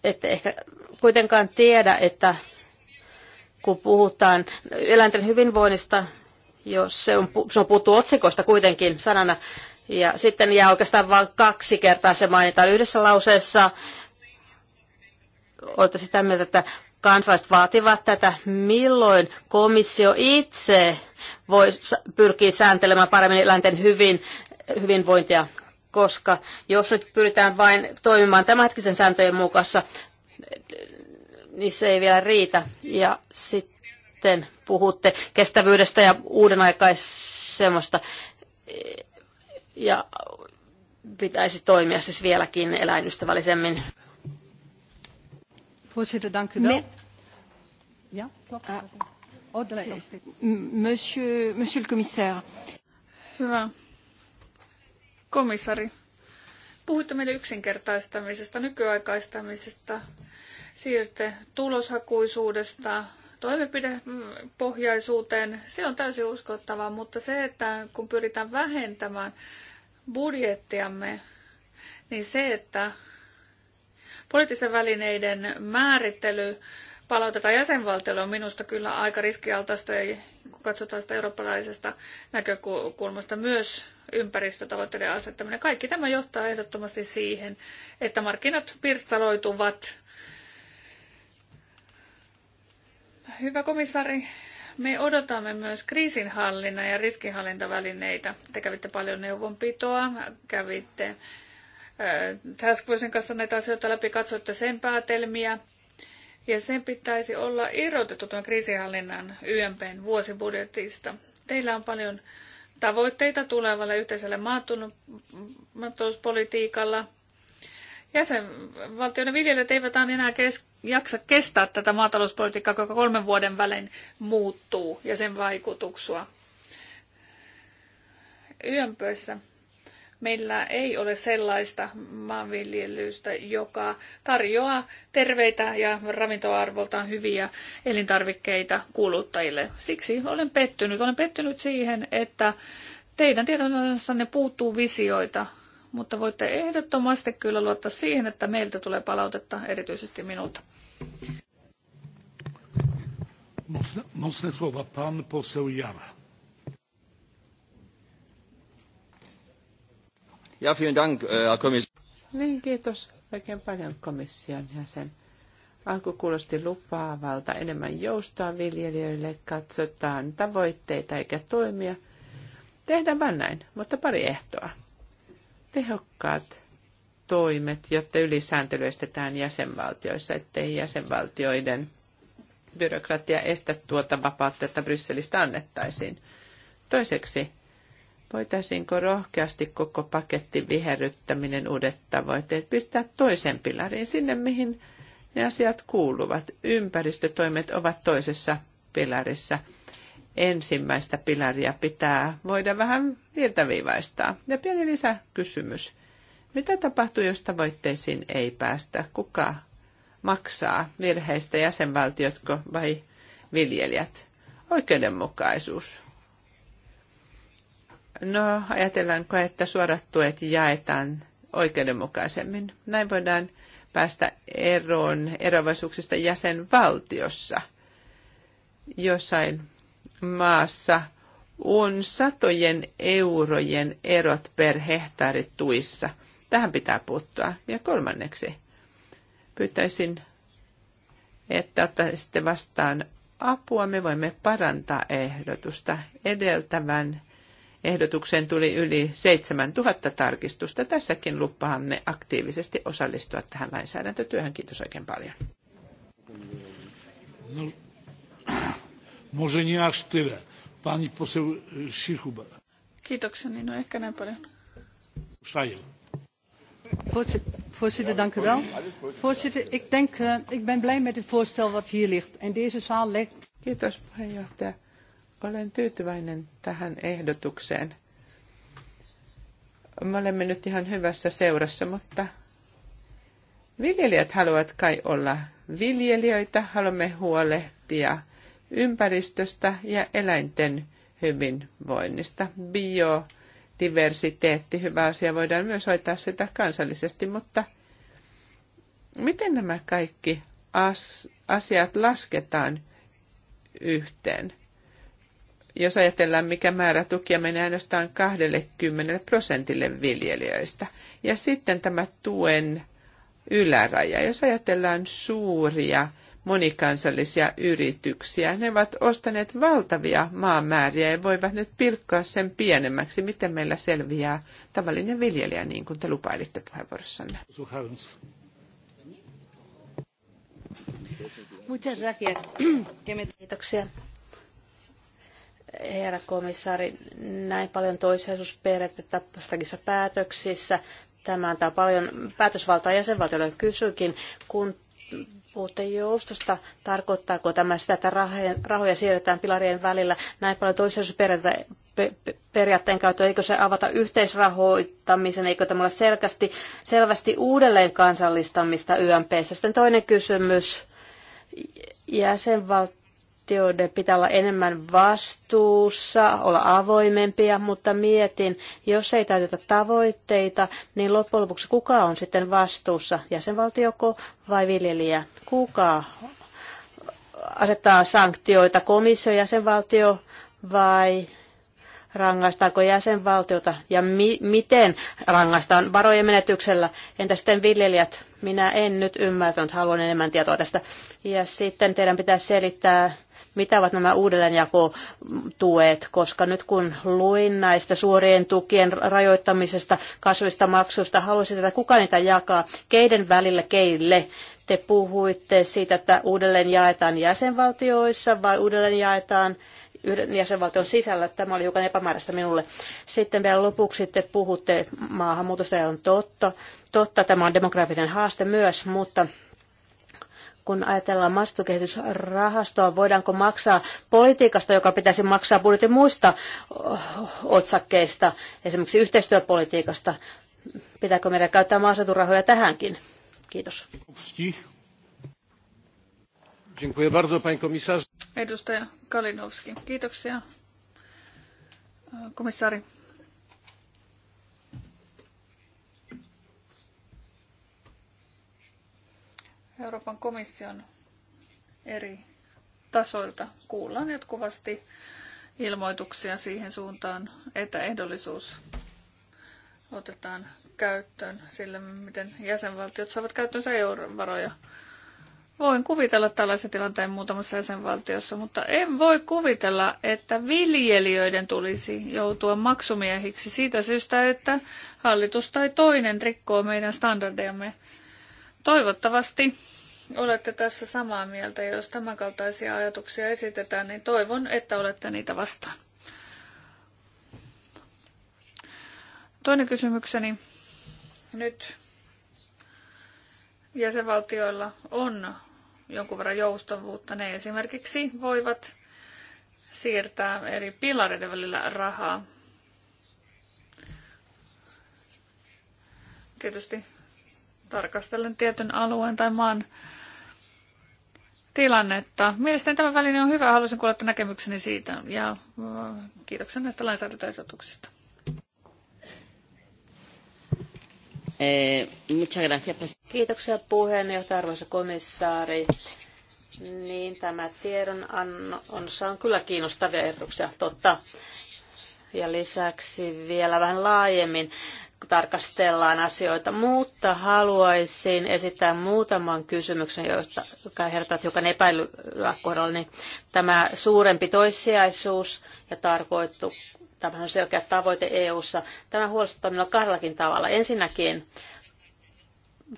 Speaker 4: ette ehkä kuitenkaan tiedä, että kun puhutaan eläinten hyvinvoinnista, jos se on, se on puhuttu otsikosta kuitenkin sanana, ja sitten jää oikeastaan vain kaksi kertaa se mainitaan yhdessä lauseessa. Olette sitä mieltä, että kansalaiset vaativat tätä, milloin komissio itse voi pyrkiä sääntelemään paremmin eläinten hyvin, hyvinvointia, koska jos nyt pyritään vain toimimaan tämänhetkisen sääntöjen mukassa, niin se ei vielä riitä. Ja sitten puhutte kestävyydestä ja uudenaikaisemmasta ja pitäisi toimia siis vieläkin eläinystävällisemmin. Voorzitter, dank u
Speaker 5: wel.
Speaker 2: Ja, ah. oh,
Speaker 4: monsieur,
Speaker 5: monsieur le commissaire.
Speaker 2: Hyvä. Komissari, puhuitte meille yksinkertaistamisesta, nykyaikaistamisesta, siirte tuloshakuisuudesta, toimenpidepohjaisuuteen. Se on täysin uskottavaa, mutta se, että kun pyritään vähentämään budjettiamme, niin se, että poliittisen välineiden määrittely palautetaan jäsenvaltiolle on minusta kyllä aika riskialtaista, kun katsotaan sitä eurooppalaisesta näkökulmasta myös ympäristötavoitteiden asettaminen. Kaikki tämä johtaa ehdottomasti siihen, että markkinat pirstaloituvat. Hyvä komissaari, me odotamme myös kriisinhallinnan ja riskinhallintavälineitä. Te kävitte paljon neuvonpitoa, kävitte Task kanssa näitä asioita läpi, katsoitte sen päätelmiä. Ja sen pitäisi olla irrotettu tuon kriisinhallinnan YMPn vuosibudjetista. Teillä on paljon tavoitteita tulevalle yhteiselle maatunnuspolitiikalla, Jäsenvaltioiden viljelijät eivät enää kes- jaksa kestää tätä maatalouspolitiikkaa, joka kolmen vuoden välein muuttuu ja sen vaikutuksua Yömpöissä meillä ei ole sellaista maanviljelystä, joka tarjoaa terveitä ja ravintoarvoltaan hyviä elintarvikkeita kuluttajille. Siksi olen pettynyt. Olen pettynyt siihen, että teidän tiedonannossanne puuttuu visioita mutta voitte ehdottomasti kyllä luottaa siihen, että meiltä tulee palautetta, erityisesti minulta.
Speaker 1: Mocne słowa. Pan poseł Jara.
Speaker 2: Ja, vielen Dank, äh, Herr
Speaker 3: Kommissar. Niin, kiitos oikein paljon komission jäsen. Alku kuulosti lupaavalta enemmän joustoa viljelijöille, katsotaan tavoitteita eikä toimia. Tehdään vain näin, mutta pari ehtoa tehokkaat toimet, jotta ylisääntely estetään jäsenvaltioissa, ettei jäsenvaltioiden byrokratia estä tuota vapautta, jota Brysselistä annettaisiin. Toiseksi, voitaisiinko rohkeasti koko paketti viherryttäminen, uudet tavoitteet pistää toisen pilariin sinne, mihin ne asiat kuuluvat. Ympäristötoimet ovat toisessa pilarissa – ensimmäistä pilaria pitää voida vähän virtaviivaistaa. Ja pieni lisäkysymys. Mitä tapahtuu, jos tavoitteisiin ei päästä? Kuka maksaa virheistä, jäsenvaltiotko vai viljelijät? Oikeudenmukaisuus. No, ajatellaanko, että suorat tuet jaetaan oikeudenmukaisemmin? Näin voidaan päästä eroon eroavaisuuksista jäsenvaltiossa. Jossain maassa on satojen eurojen erot per hehtaari tuissa. Tähän pitää puuttua. Ja kolmanneksi pyytäisin, että ottaisitte vastaan apua. Me voimme parantaa ehdotusta. Edeltävän ehdotukseen tuli yli 7000 tarkistusta. Tässäkin lupaamme aktiivisesti osallistua tähän lainsäädäntötyöhön. Kiitos oikein paljon.
Speaker 1: No. Może nie aż tyle. Pani poseł e, Schirchuber.
Speaker 2: Kiitoksia, niin no ehkä näin paljon.
Speaker 1: Schreier.
Speaker 3: Voorzitter, dank u wel. Voorzitter, ik, denk, uh, ik ben blij met het voorstel wat hier ligt. En deze zaal legt... Kiitos puheenjohtaja. Olen tyytyväinen tähän ehdotukseen. Me olemme nyt ihan hyvässä seurassa, mutta viljelijät haluavat kai olla viljelijöitä. Haluamme huolehtia ympäristöstä ja eläinten hyvinvoinnista. Biodiversiteetti, hyvä asia, voidaan myös hoitaa sitä kansallisesti, mutta miten nämä kaikki as- asiat lasketaan yhteen? Jos ajatellaan, mikä määrä tukia menee ainoastaan 20 prosentille viljelijöistä. Ja sitten tämä tuen yläraja. Jos ajatellaan suuria monikansallisia yrityksiä. Ne ovat ostaneet valtavia maamääriä ja voivat nyt pilkkoa sen pienemmäksi. Miten meillä selviää tavallinen viljelijä, niin kuin te lupailitte puheenvuorossanne?
Speaker 4: Kiitoksia. Herra komissaari, näin paljon toisaisuusperiaatetta kaikissa päätöksissä. Tämä antaa paljon päätösvaltaa jäsenvaltioille. Kysyykin, kun Puhutte joustosta. Tarkoittaako tämä sitä, että rahoja siirretään pilarien välillä näin paljon toisellisuusperiaatteen kautta Eikö se avata yhteisrahoittamisen? Eikö tämä ole selkeästi, selvästi uudelleen kansallistamista YMPssä? Sitten toinen kysymys. Jäsenvaltio valtioiden pitää olla enemmän vastuussa, olla avoimempia, mutta mietin, jos ei täytetä tavoitteita, niin loppujen lopuksi kuka on sitten vastuussa, jäsenvaltioko vai viljelijä? Kuka asettaa sanktioita, komissio, jäsenvaltio vai rangaistaanko jäsenvaltiota ja mi- miten rangaistaan varojen menetyksellä. Entä sitten viljelijät? Minä en nyt ymmärtänyt, haluan enemmän tietoa tästä. Ja sitten teidän pitää selittää mitä ovat nämä uudelleenjakotuet, koska nyt kun luin näistä suorien tukien rajoittamisesta, kasvista maksusta, haluaisin tätä, kuka niitä jakaa, keiden välillä, keille. Te puhuitte siitä, että uudelleen jaetaan jäsenvaltioissa vai uudelleen jaetaan yhden jäsenvaltion sisällä. Tämä oli hiukan epämääräistä minulle. Sitten vielä lopuksi te puhutte maahanmuutosta ja on totta. Totta, tämä on demografinen haaste myös, mutta kun ajatellaan maastokehitysrahastoa, voidaanko maksaa politiikasta, joka pitäisi maksaa budjetin muista oh, otsakkeista, esimerkiksi yhteistyöpolitiikasta. Pitääkö meidän käyttää maaseuturahoja tähänkin? Kiitos.
Speaker 2: Edustaja Kalinowski, kiitoksia. Komissaari. Euroopan komission eri tasoilta kuullaan jatkuvasti ilmoituksia siihen suuntaan, että ehdollisuus otetaan käyttöön sillä, miten jäsenvaltiot saavat käyttöönsä eurovaroja. Voin kuvitella tällaisen tilanteen muutamassa jäsenvaltiossa, mutta en voi kuvitella, että viljelijöiden tulisi joutua maksumiehiksi siitä syystä, että hallitus tai toinen rikkoo meidän standardejamme Toivottavasti olette tässä samaa mieltä. Jos tämänkaltaisia ajatuksia esitetään, niin toivon, että olette niitä vastaan. Toinen kysymykseni nyt jäsenvaltioilla on jonkun verran joustavuutta. Ne esimerkiksi voivat siirtää eri pilareiden välillä rahaa. Tietysti tarkastellen tietyn alueen tai maan tilannetta. Mielestäni tämä väline on hyvä. Haluaisin kuulla näkemykseni siitä ja äh, kiitoksia
Speaker 4: näistä lainsäädäntöehdotuksista. Eh, kiitoksia puheenjohtaja, arvoisa komissaari. Niin, tämä tiedonannossa on kyllä kiinnostavia ehdotuksia, totta. Ja lisäksi vielä vähän laajemmin tarkastellaan asioita, mutta haluaisin esittää muutaman kysymyksen, joista, jotka herättävät hiukan epäilyä kohdalla. Niin tämä suurempi toissijaisuus ja tarkoittu, tämä on selkeä tavoite EU-ssa. Tämä huolestuttaa minua kahdellakin tavalla. Ensinnäkin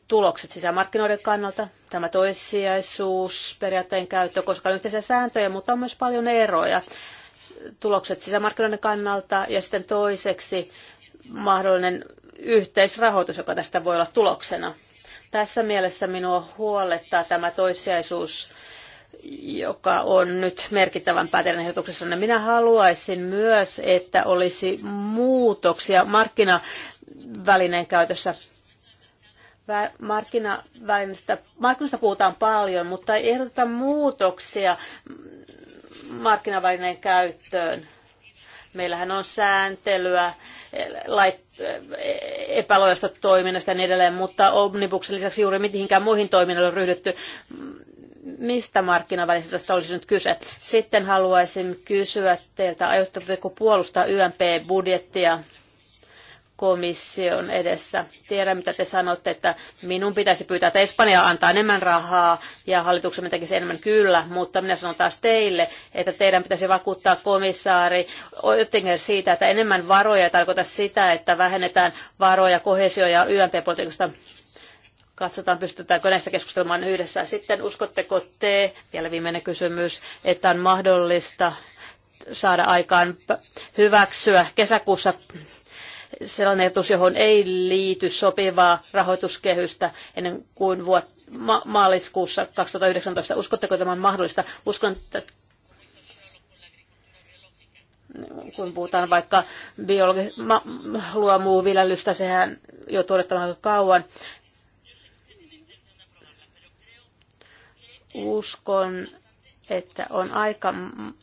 Speaker 4: tulokset sisämarkkinoiden kannalta, tämä toissijaisuus, periaatteen käyttö, koska on yhteisiä sääntöjä, mutta on myös paljon eroja tulokset sisämarkkinoiden kannalta ja sitten toiseksi mahdollinen yhteisrahoitus, joka tästä voi olla tuloksena. Tässä mielessä minua huolettaa tämä toissijaisuus, joka on nyt merkittävän päätelmän ehdotuksessa. Minä haluaisin myös, että olisi muutoksia markkinavälineen käytössä markkinavälineistä, markkinoista puhutaan paljon, mutta ei ehdoteta muutoksia markkinavälineen käyttöön. Meillähän on sääntelyä epäloista toiminnasta ja niin edelleen, mutta Omnibuksen lisäksi juuri mihinkään muihin toiminnoille on ryhdytty. Mistä markkinavälisestä tästä olisi nyt kyse? Sitten haluaisin kysyä teiltä, aiotteko puolustaa YMP-budjettia komission edessä. Tiedän, mitä te sanotte, että minun pitäisi pyytää, että Espanja antaa enemmän rahaa ja hallituksemme tekisi enemmän kyllä, mutta minä sanon taas teille, että teidän pitäisi vakuuttaa komissaari Oettinger siitä, että enemmän varoja tarkoita sitä, että vähennetään varoja kohesio- ja YMP-politiikasta. Katsotaan, pystytäänkö näistä keskustelemaan yhdessä. Sitten uskotteko te, vielä viimeinen kysymys, että on mahdollista saada aikaan hyväksyä kesäkuussa sellainen etus, johon ei liity sopivaa rahoituskehystä ennen kuin vuot ma- maaliskuussa 2019. Uskotteko tämän mahdollista? Uskon, että kun puhutaan vaikka biologi- ma- luomuviljelystä, sehän jo aika kauan. Uskon, että on aika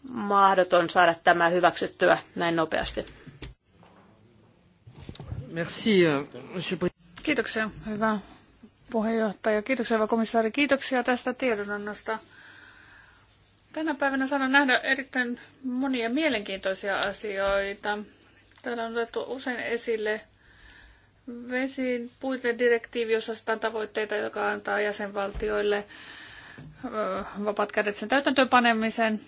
Speaker 4: mahdoton saada tämä hyväksyttyä näin nopeasti.
Speaker 1: Merci, euh,
Speaker 4: Kiitoksia,
Speaker 2: hyvä puheenjohtaja. Kiitoksia, hyvä komissaari. Kiitoksia tästä tiedonannosta. Tänä päivänä saadaan nähdä erittäin monia mielenkiintoisia asioita. Täällä on otettu usein esille vesin jossa asetetaan tavoitteita, joka antaa jäsenvaltioille vapaat kädet sen täytäntöönpanemisen.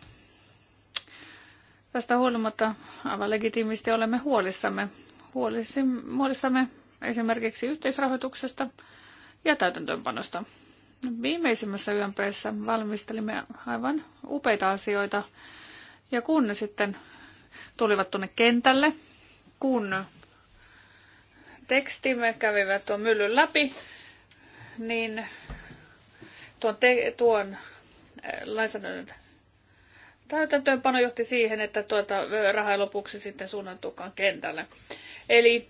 Speaker 2: Tästä huolimatta aivan legitiimisti olemme huolissamme huolissamme esimerkiksi yhteisrahoituksesta ja täytäntöönpanosta. Viimeisimmässä YMPssä valmistelimme aivan upeita asioita, ja kun ne sitten tulivat tuonne kentälle, kun tekstimme kävivät tuon myllyn läpi, niin tuon, te- tuon lainsäädännön täytäntöönpano johti siihen, että tuota rahaa lopuksi sitten suunnattukaan kentälle. Eli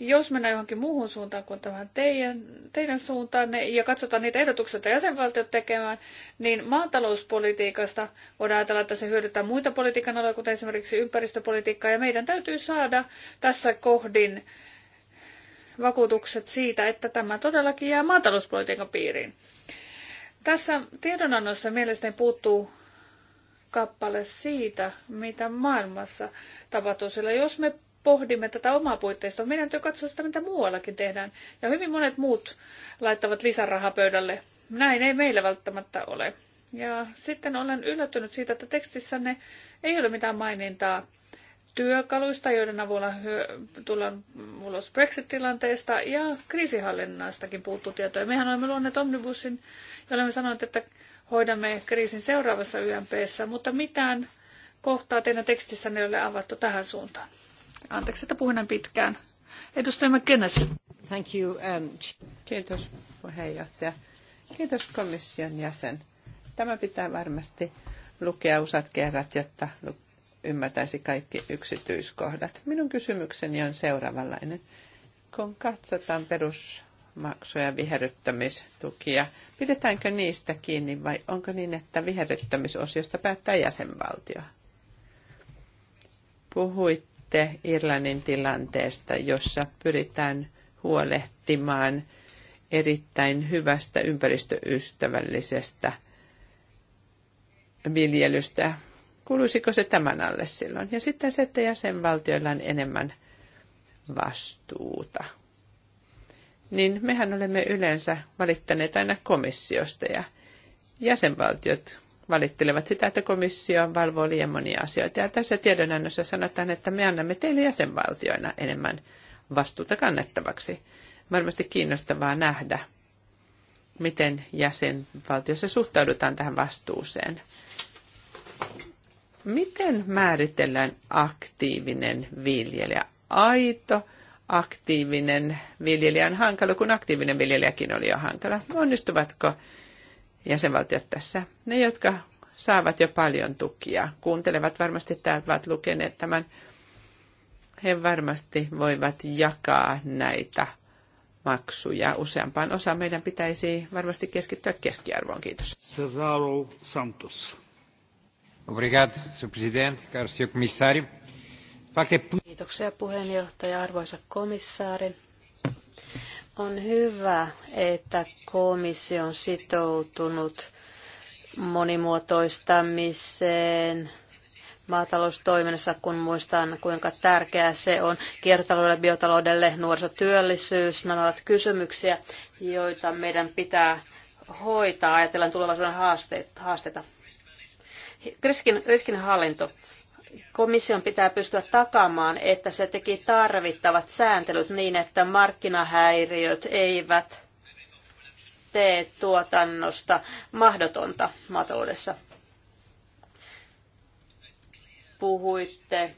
Speaker 2: jos mennään johonkin muuhun suuntaan kuin tähän teidän, teidän suuntaan ja katsotaan niitä ehdotuksia, joita jäsenvaltiot tekemään, niin maatalouspolitiikasta voidaan ajatella, että se hyödyttää muita politiikan aloja, kuten esimerkiksi ympäristöpolitiikkaa, ja meidän täytyy saada tässä kohdin vakuutukset siitä, että tämä todellakin jää maatalouspolitiikan piiriin. Tässä tiedonannossa mielestäni puuttuu kappale siitä, mitä maailmassa tapahtuu. Sillä jos me pohdimme tätä omaa puitteistoa, meidän täytyy katsoa sitä, mitä muuallakin tehdään. Ja hyvin monet muut laittavat lisärahaa pöydälle. Näin ei meillä välttämättä ole. Ja sitten olen yllättynyt siitä, että tekstissänne ei ole mitään mainintaa työkaluista, joiden avulla hyö, tullaan ulos Brexit-tilanteesta ja kriisihallinnastakin puuttuu tietoja. Mehän olemme luoneet omnibusin ja olemme sanoneet, että hoidamme kriisin seuraavassa YMPssä, mutta mitään kohtaa teidän tekstissänne ei ole avattu tähän suuntaan. Anteeksi, että puhuin pitkään.
Speaker 3: Edustaja McGuinness. Thank you. Um, kiitos puheenjohtaja. Kiitos komission jäsen. Tämä pitää varmasti lukea usat kerrat, jotta ymmärtäisi kaikki yksityiskohdat. Minun kysymykseni on seuraavanlainen. Kun katsotaan perus maksuja viherryttämistukia. Pidetäänkö niistä kiinni vai onko niin, että viherryttämisosiosta päättää jäsenvaltio? Puhuitte Irlannin tilanteesta, jossa pyritään huolehtimaan erittäin hyvästä ympäristöystävällisestä viljelystä. Kuuluisiko se tämän alle silloin? Ja sitten se, että jäsenvaltioilla on enemmän vastuuta niin mehän olemme yleensä valittaneet aina komissiosta ja jäsenvaltiot valittelevat sitä, että komissio valvoo liian monia asioita. Ja tässä tiedonannossa sanotaan, että me annamme teille jäsenvaltioina enemmän vastuuta kannettavaksi. Varmasti kiinnostavaa nähdä, miten jäsenvaltiossa suhtaudutaan tähän vastuuseen. Miten määritellään aktiivinen viljelijä? Aito, aktiivinen viljelijä on hankala, kun aktiivinen viljelijäkin oli jo hankala. Onnistuvatko jäsenvaltiot tässä? Ne, jotka saavat jo paljon tukia, kuuntelevat varmasti täältä, ovat lukeneet tämän. He varmasti voivat jakaa näitä maksuja useampaan osaan. Meidän pitäisi varmasti keskittyä keskiarvoon. Kiitos. Santos.
Speaker 1: Obrigado, Presidente, caro Comissário.
Speaker 4: Kiitoksia puheenjohtaja, arvoisa komissaari. On hyvä, että komissio on sitoutunut monimuotoistamiseen maataloustoiminnassa, kun muistan, kuinka tärkeää se on kiertotaloudelle, biotaloudelle, nuorisotyöllisyys. Nämä ovat kysymyksiä, joita meidän pitää hoitaa, ajatellaan tulevaisuuden haasteita. riskin, riskinhallinto komission pitää pystyä takaamaan, että se teki tarvittavat sääntelyt niin, että markkinahäiriöt eivät tee tuotannosta mahdotonta maataloudessa. Puhuitte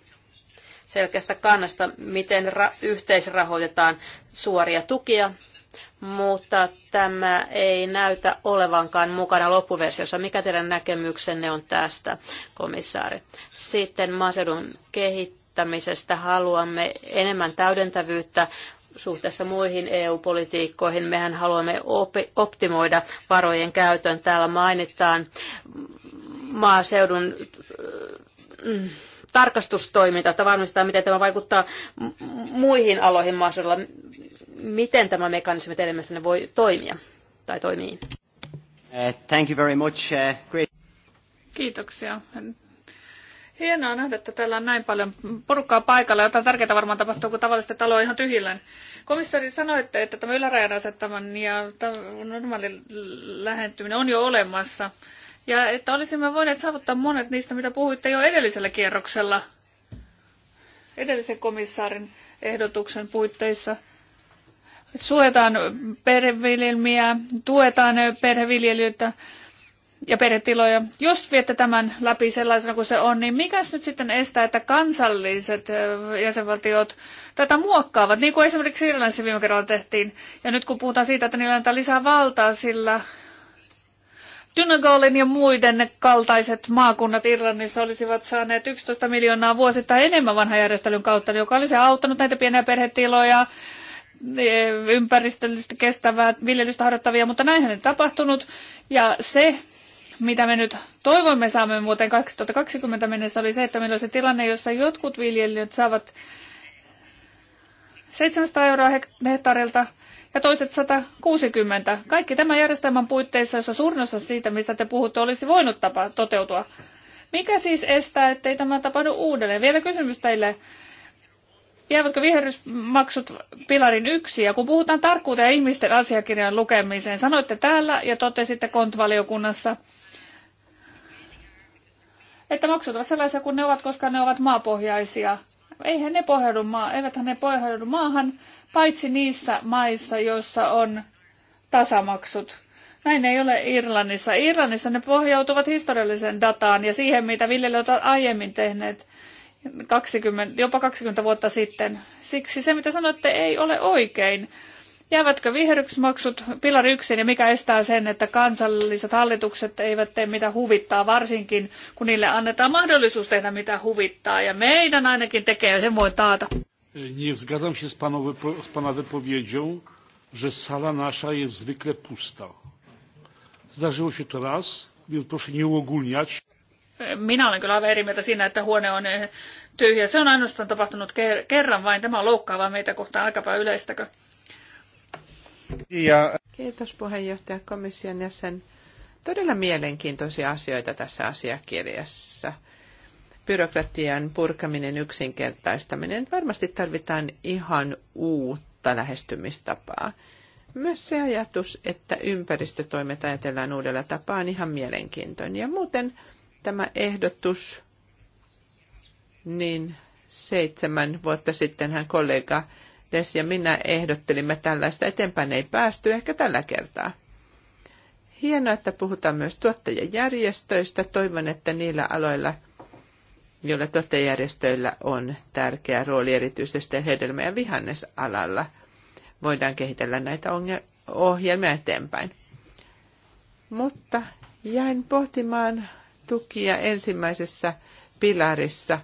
Speaker 4: selkeästä kannasta, miten ra- yhteisrahoitetaan suoria tukia mutta tämä ei näytä olevankaan mukana loppuversiossa. Mikä teidän näkemyksenne on tästä, komissaari? Sitten maaseudun kehittämisestä haluamme enemmän täydentävyyttä suhteessa muihin EU-politiikkoihin. Mehän haluamme optimoida varojen käytön. Täällä mainitaan maaseudun mm, tarkastustoiminta, että varmistetaan, miten tämä vaikuttaa muihin aloihin maaseudulla miten tämä mekanismi teidän mielestänne voi toimia tai toimii?
Speaker 3: Uh, thank you very much. Uh, great.
Speaker 2: Kiitoksia. Hienoa nähdä, että täällä on näin paljon porukkaa paikalla. Jotain tärkeää varmaan tapahtuu, kun tavallista talo on ihan tyhjillään. Komissari sanoitte, että tämä ylärajan asettaman ja normaali lähentyminen on jo olemassa. Ja että olisimme voineet saavuttaa monet niistä, mitä puhuitte jo edellisellä kierroksella, edellisen komissaarin ehdotuksen puitteissa – suojataan perheviljelmiä, tuetaan perheviljelijöitä ja perhetiloja. Jos viette tämän läpi sellaisena kuin se on, niin mikäs nyt sitten estää, että kansalliset jäsenvaltiot tätä muokkaavat, niin kuin esimerkiksi Irlannissa viime kerralla tehtiin. Ja nyt kun puhutaan siitä, että niillä annetaan lisää valtaa, sillä Dynagolin ja muiden kaltaiset maakunnat Irlannissa olisivat saaneet 11 miljoonaa vuosittain enemmän vanhan järjestelyn kautta, joka olisi auttanut näitä pieniä perhetiloja, E, ympäristöllisesti kestävää viljelystä harjoittavia, mutta näinhän ei tapahtunut. Ja se, mitä me nyt toivomme saamme vuoteen 2020 mennessä, oli se, että meillä on se tilanne, jossa jotkut viljelijät saavat 700 euroa hehtaarilta ja toiset 160. Kaikki tämän järjestelmän puitteissa, jossa suurin osa siitä, mistä te puhutte, olisi voinut tapa toteutua. Mikä siis estää, ettei tämä tapahdu uudelleen? Vielä kysymys teille. Jäävätkö viherysmaksut pilarin yksi? Ja kun puhutaan tarkkuuteen ja ihmisten asiakirjan lukemiseen, sanoitte täällä ja totesitte kontvaliokunnassa, että maksut ovat sellaisia kuin ne ovat, koska ne ovat maapohjaisia. Eihän ne pohjaudu maa, eiväthän ne pohjaudu maahan, paitsi niissä maissa, joissa on tasamaksut. Näin ei ole Irlannissa. Irlannissa ne pohjautuvat historialliseen dataan ja siihen, mitä viljelijät ovat aiemmin tehneet. 20, jopa 20 vuotta sitten. Siksi se, mitä sanoitte, ei ole oikein. Jäävätkö viherryksmaksut pilari yksin ja mikä estää sen, että kansalliset hallitukset eivät tee mitä huvittaa, varsinkin kun niille annetaan mahdollisuus tehdä mitä huvittaa ja meidän ainakin tekee, sen voi taata.
Speaker 1: Nie zgadzam się z, panowy z pana wypowiedzią, że sala nasza jest zwykle pusta. Zdarzyło się to raz, więc proszę nie uogólniać.
Speaker 2: Minä olen kyllä aivan eri mieltä siinä, että huone on eh, tyhjä. Se on ainoastaan tapahtunut kerran vain. Tämä on loukkaavaa meitä kohtaan Aikapa yleistäkö.
Speaker 3: Ja... Kiitos puheenjohtaja komission jäsen. Todella mielenkiintoisia asioita tässä asiakirjassa. Byrokratian purkaminen, yksinkertaistaminen. Varmasti tarvitaan ihan uutta lähestymistapaa. Myös se ajatus, että ympäristötoimet ajatellaan uudella tapaa, on ihan mielenkiintoinen. Ja muuten tämä ehdotus, niin seitsemän vuotta sitten hän kollega Des ja minä ehdottelimme tällaista. Eteenpäin ei päästy ehkä tällä kertaa. Hienoa, että puhutaan myös tuottajajärjestöistä. Toivon, että niillä aloilla, joilla tuottajajärjestöillä on tärkeä rooli, erityisesti hedelmä- ja vihannesalalla, voidaan kehitellä näitä ohjelmia eteenpäin. Mutta jäin pohtimaan tukia ensimmäisessä pilarissa.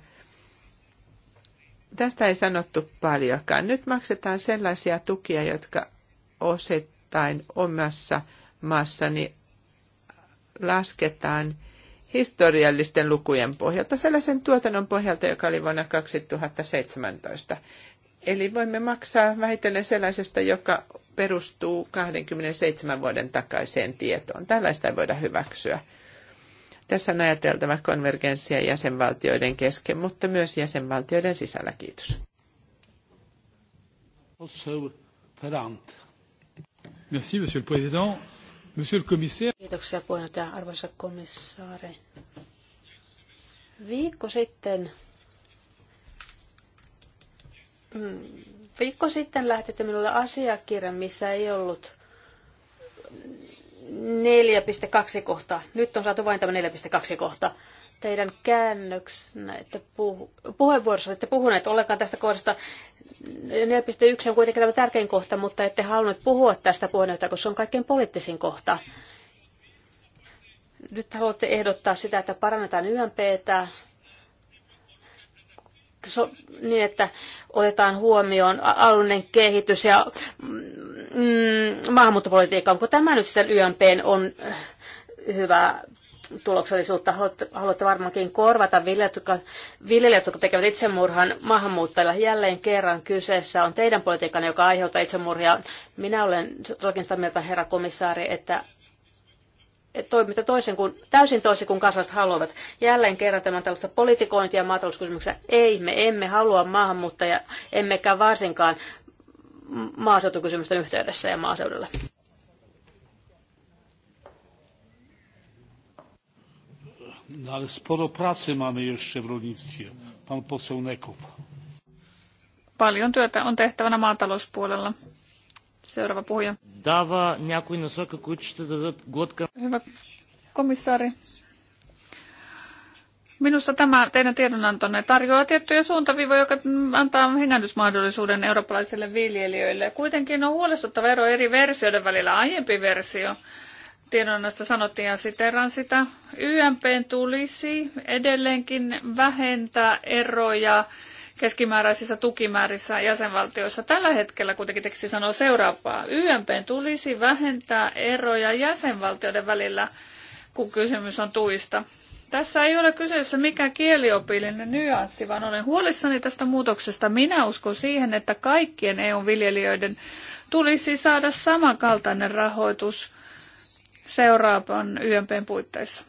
Speaker 3: Tästä ei sanottu paljonkaan. Nyt maksetaan sellaisia tukia, jotka osittain omassa maassani lasketaan historiallisten lukujen pohjalta, sellaisen tuotannon pohjalta, joka oli vuonna 2017. Eli voimme maksaa vähitellen sellaisesta, joka perustuu 27 vuoden takaiseen tietoon. Tällaista ei voida hyväksyä. Tässä on ajateltava konvergenssia jäsenvaltioiden kesken, mutta myös jäsenvaltioiden sisällä. Kiitos.
Speaker 1: Merci, monsieur le président. Monsieur le
Speaker 4: commissaire. Kiitoksia puheenjohtaja, arvoisa komissaari. Viikko sitten mm, Viikko sitten lähetitte minulle asiakirjan, missä ei ollut 4.2 kohta. Nyt on saatu vain tämä 4.2 kohta. Teidän käännöksenä, että puhu, puheenvuorossa olette puhuneet ollenkaan tästä kohdasta. 4.1 on kuitenkin tämä tärkein kohta, mutta ette halunnut puhua tästä puheenjohtaja, koska se on kaikkein poliittisin kohta. Nyt haluatte ehdottaa sitä, että parannetaan YMPtä, so, niin, että otetaan huomioon alunen kehitys ja mm, mm, maahanmuuttopolitiikka. Onko tämä nyt sitten YMP on äh, hyvää tuloksellisuutta? Haluatte, haluatte varmaankin korvata viljelijät jotka, viljelijät, jotka tekevät itsemurhan maahanmuuttajilla. Jälleen kerran kyseessä on teidän politiikanne, joka aiheuttaa itsemurhia. Minä olen todellakin sitä mieltä, herra komissaari, että toimitte toisen kuin, täysin toisin kuin kansalaiset haluavat. Jälleen kerran tämän tällaista politikointia maatalouskysymyksessä. Ei, me emme halua maahanmuuttajia, emmekä varsinkaan maaseutukysymysten yhteydessä ja maaseudulla.
Speaker 1: No, ale sporo pracy mamy jeszcze w rolnictwie. Pan poseł Paljon
Speaker 2: työtä on tehtävänä
Speaker 1: maatalouspuolella.
Speaker 2: Seuraava puhuja.
Speaker 1: Dava някои насока, които ще дадат глътка. Hyvä
Speaker 2: komissaari. Minusta tämä teidän tiedonantonne tarjoaa tiettyjä suuntaviivoja, joka antaa hengähdysmahdollisuuden eurooppalaisille viljelijöille. Kuitenkin on huolestuttava ero eri versioiden välillä. Aiempi versio tiedonannosta sanottiin ja siteran sitä. YMP tulisi edelleenkin vähentää eroja keskimääräisissä tukimäärissä jäsenvaltioissa. Tällä hetkellä kuitenkin teksti sanoo seuraavaa. YMPn tulisi vähentää eroja jäsenvaltioiden välillä, kun kysymys on tuista. Tässä ei ole kyseessä mikään kieliopillinen nyanssi, vaan olen huolissani tästä muutoksesta. Minä uskon siihen, että kaikkien EU-viljelijöiden tulisi saada samankaltainen rahoitus seuraavan YMPn puitteissa.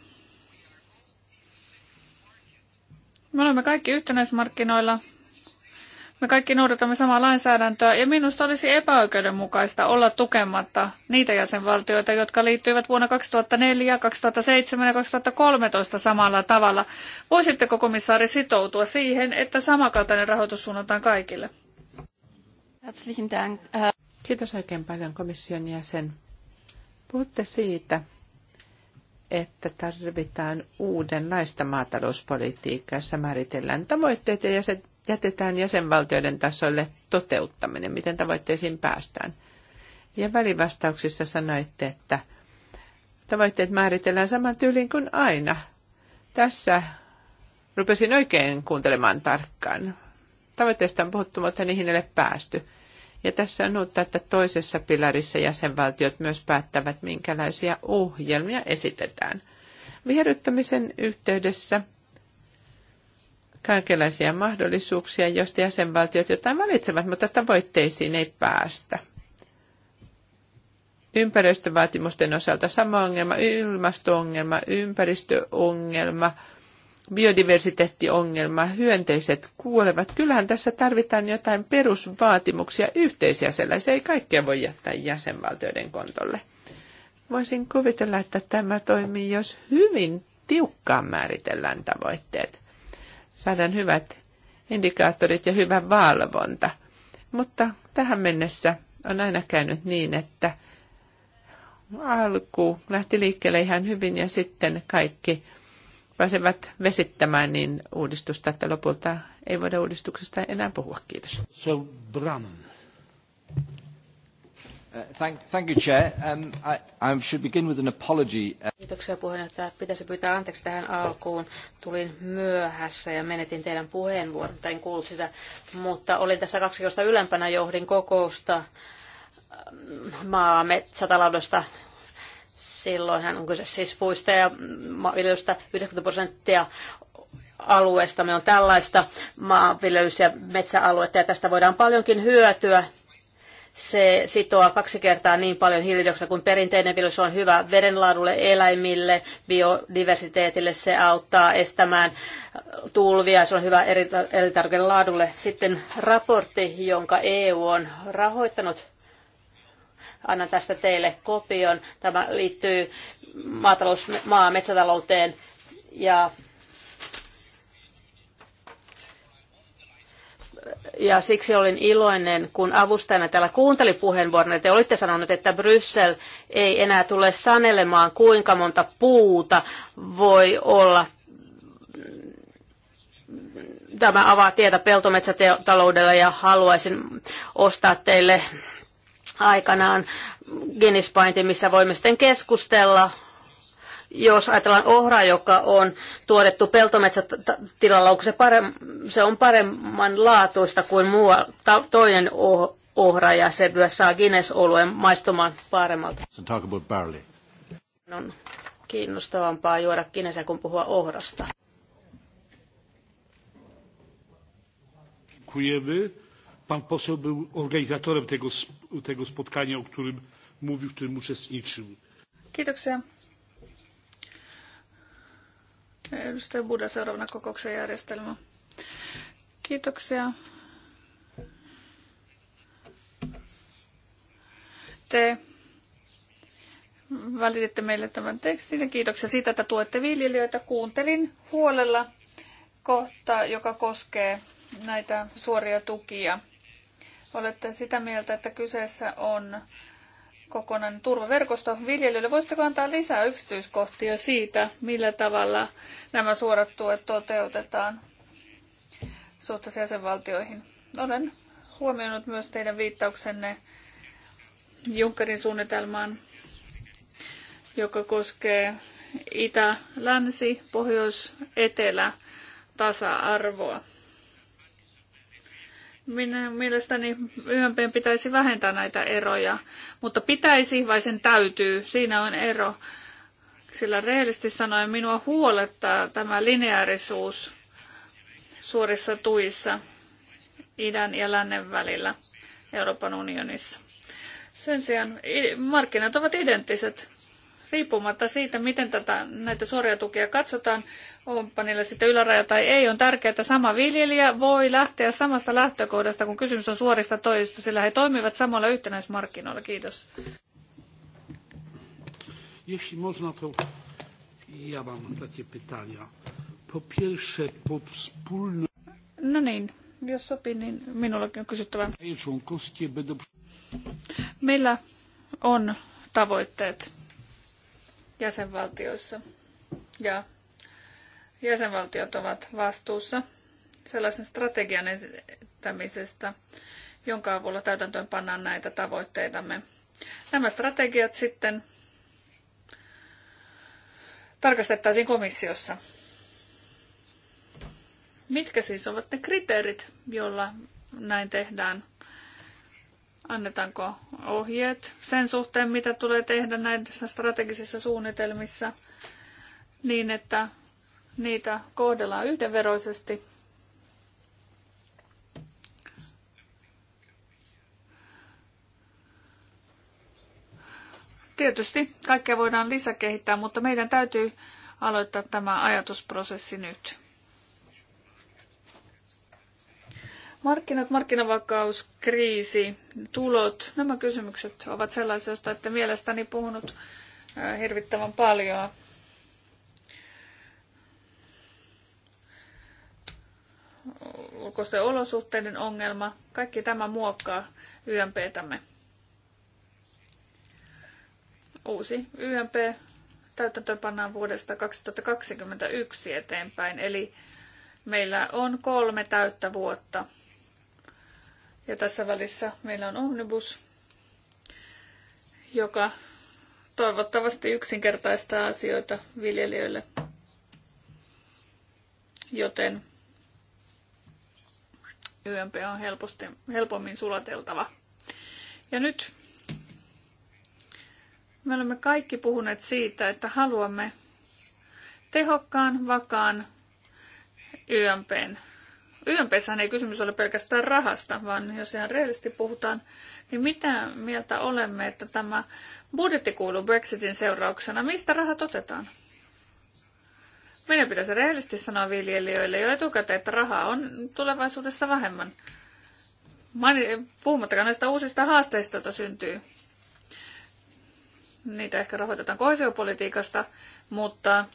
Speaker 2: Me olemme kaikki yhtenäismarkkinoilla me kaikki noudatamme samaa lainsäädäntöä ja minusta olisi epäoikeudenmukaista olla tukematta niitä jäsenvaltioita, jotka liittyivät vuonna 2004, 2007 ja 2013 samalla tavalla. Voisitteko komissaari sitoutua siihen, että samankaltainen rahoitus suunnataan kaikille?
Speaker 3: Äh, Kiitos oikein paljon komission jäsen. Puhutte siitä, että tarvitaan uudenlaista maatalouspolitiikkaa, jossa määritellään tavoitteet ja jäsen jätetään jäsenvaltioiden tasolle toteuttaminen, miten tavoitteisiin päästään. Ja välivastauksissa sanoitte, että tavoitteet määritellään saman tyyliin kuin aina. Tässä rupesin oikein kuuntelemaan tarkkaan. Tavoitteista on puhuttu, mutta niihin ei ole päästy. Ja tässä on uutta, että toisessa pilarissa jäsenvaltiot myös päättävät, minkälaisia ohjelmia esitetään. Viherryttämisen yhteydessä – kaikenlaisia mahdollisuuksia, joista jäsenvaltiot jotain valitsevat, mutta tavoitteisiin ei päästä. Ympäristövaatimusten osalta sama ongelma, ilmastoongelma, ympäristöongelma, biodiversiteettiongelma, hyönteiset kuolevat. Kyllähän tässä tarvitaan jotain perusvaatimuksia yhteisiä sellaisia. Ei kaikkea voi jättää jäsenvaltioiden kontolle. Voisin kuvitella, että tämä toimii, jos hyvin tiukkaan määritellään tavoitteet saadaan hyvät indikaattorit ja hyvä valvonta. Mutta tähän mennessä on aina käynyt niin, että alku lähti liikkeelle ihan hyvin ja sitten kaikki pääsevät vesittämään niin uudistusta, että lopulta ei voida uudistuksesta enää puhua. Kiitos. So,
Speaker 5: Uh, thank, thank you, Chair. Um, I, should begin with an apology. Uh,
Speaker 4: Kiitoksia puheenjohtaja. Pitäisi pyytää anteeksi tähän alkuun. Tulin myöhässä ja menetin teidän puheenvuoron, tai en kuullut sitä, mutta olin tässä kaksi kertaa ylempänä, johdin kokousta um, maametsätaloudesta. Silloinhan on kyse siis puista ja maanviljelystä. 90 prosenttia alueesta. on tällaista maanviljelys- ja metsäaluetta ja tästä voidaan paljonkin hyötyä se sitoo kaksi kertaa niin paljon hiilidioksidia kuin perinteinen viljely. Se on hyvä verenlaadulle, eläimille, biodiversiteetille. Se auttaa estämään tulvia. Se on hyvä elintarvikelaadulle. Sitten raportti, jonka EU on rahoittanut annan tästä teille kopion. Tämä liittyy maatalous, maa- ja metsätalouteen ja ja siksi olin iloinen, kun avustajana täällä kuunteli puheenvuoron, te olitte sanonut, että Bryssel ei enää tule sanelemaan, kuinka monta puuta voi olla. Tämä avaa tietä peltometsätaloudella ja haluaisin ostaa teille aikanaan Guinness Pointin, missä voimme sitten keskustella jos ajatellaan ohraa, joka on tuotettu peltometsätilalla, onko se, parem- se on paremman laatuista kuin muu ta- toinen oh- ohra, ja se myös saa Guinness-oluen maistumaan paremmalta.
Speaker 1: On
Speaker 4: no, kiinnostavampaa juoda Guinnessia kuin puhua ohrasta.
Speaker 1: Dziękujemy. Pan poseł był organizatorem tego, tego spotkania, o którym mówił, w którym uczestniczył.
Speaker 2: Kiitoksia. Edustaja Buda seuraavana kokouksen järjestelmä. Kiitoksia. Te välititte meille tämän tekstin ja kiitoksia siitä, että tuette viljelijöitä. Kuuntelin huolella kohta, joka koskee näitä suoria tukia. Olette sitä mieltä, että kyseessä on kokonainen turvaverkosto viljelijöille. Voisitteko antaa lisää yksityiskohtia siitä, millä tavalla nämä suorat tuet toteutetaan suhteessa jäsenvaltioihin? Olen huomioinut myös teidän viittauksenne Junckerin suunnitelmaan, joka koskee itä, länsi, pohjois, etelä tasa-arvoa. Minä mielestäni YMP pitäisi vähentää näitä eroja, mutta pitäisi vai sen täytyy, siinä on ero. Sillä rehellisesti sanoen minua huolettaa tämä lineaarisuus suorissa tuissa idän ja lännen välillä Euroopan unionissa. Sen sijaan markkinat ovat identtiset riippumatta siitä, miten tätä, näitä suoria tukia katsotaan, onpa niillä sitten yläraja tai ei, on tärkeää, että sama viljelijä voi lähteä samasta lähtökohdasta, kun kysymys on suorista toista, sillä he toimivat samalla yhtenäismarkkinoilla. Kiitos.
Speaker 1: Jeśli można, to ja mam takie pytania. Po pierwsze, wspólne...
Speaker 2: No niin, jos sopii, niin
Speaker 1: minullakin on kysyttävä.
Speaker 2: Meillä on tavoitteet jäsenvaltioissa. Ja jäsenvaltiot ovat vastuussa sellaisen strategian esittämisestä, jonka avulla täytäntöön pannaan näitä tavoitteitamme. Nämä strategiat sitten tarkastettaisiin komissiossa. Mitkä siis ovat ne kriteerit, joilla näin tehdään? Annetaanko ohjeet sen suhteen, mitä tulee tehdä näissä strategisissa suunnitelmissa niin, että niitä kohdellaan yhdenveroisesti tietysti kaikkea voidaan lisäkehittää, mutta meidän täytyy aloittaa tämä ajatusprosessi nyt. Markkinat, markkinavakaus, kriisi, tulot, nämä kysymykset ovat sellaisia, joista olette mielestäni puhunut hirvittävän paljon. Ulkoisten olosuhteiden ongelma, kaikki tämä muokkaa YMPtämme. Uusi YMP täytäntöön vuodesta 2021 eteenpäin, eli meillä on kolme täyttä vuotta – ja tässä välissä meillä on Omnibus, joka toivottavasti yksinkertaistaa asioita viljelijöille. Joten YMP on helposti, helpommin sulateltava. Ja nyt me olemme kaikki puhuneet siitä, että haluamme tehokkaan, vakaan YMPn Yönpesään ei kysymys ole pelkästään rahasta, vaan jos ihan reellisesti puhutaan, niin mitä mieltä olemme, että tämä budjetti kuuluu Brexitin seurauksena? Mistä rahat otetaan? Meidän pitäisi rehellisesti sanoa viljelijöille jo etukäteen, että rahaa on tulevaisuudessa vähemmän. Puhumattakaan näistä uusista haasteista, joita syntyy. Niitä ehkä rahoitetaan kohesiopolitiikasta, mutta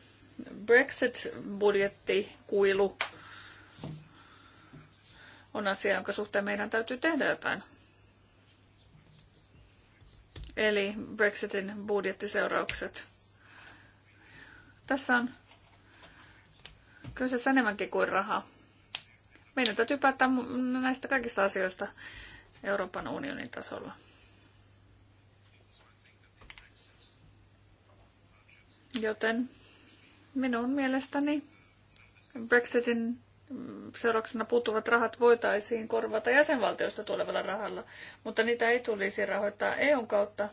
Speaker 2: Brexit-budjettikuilu kuilu on asia, jonka suhteen meidän täytyy tehdä jotain. Eli Brexitin budjettiseuraukset. Tässä on kyseessä enemmänkin kuin rahaa. Meidän täytyy päättää näistä kaikista asioista Euroopan unionin tasolla. Joten minun mielestäni Brexitin seurauksena puuttuvat rahat voitaisiin korvata jäsenvaltioista tulevalla rahalla, mutta niitä ei tulisi rahoittaa EUn kautta.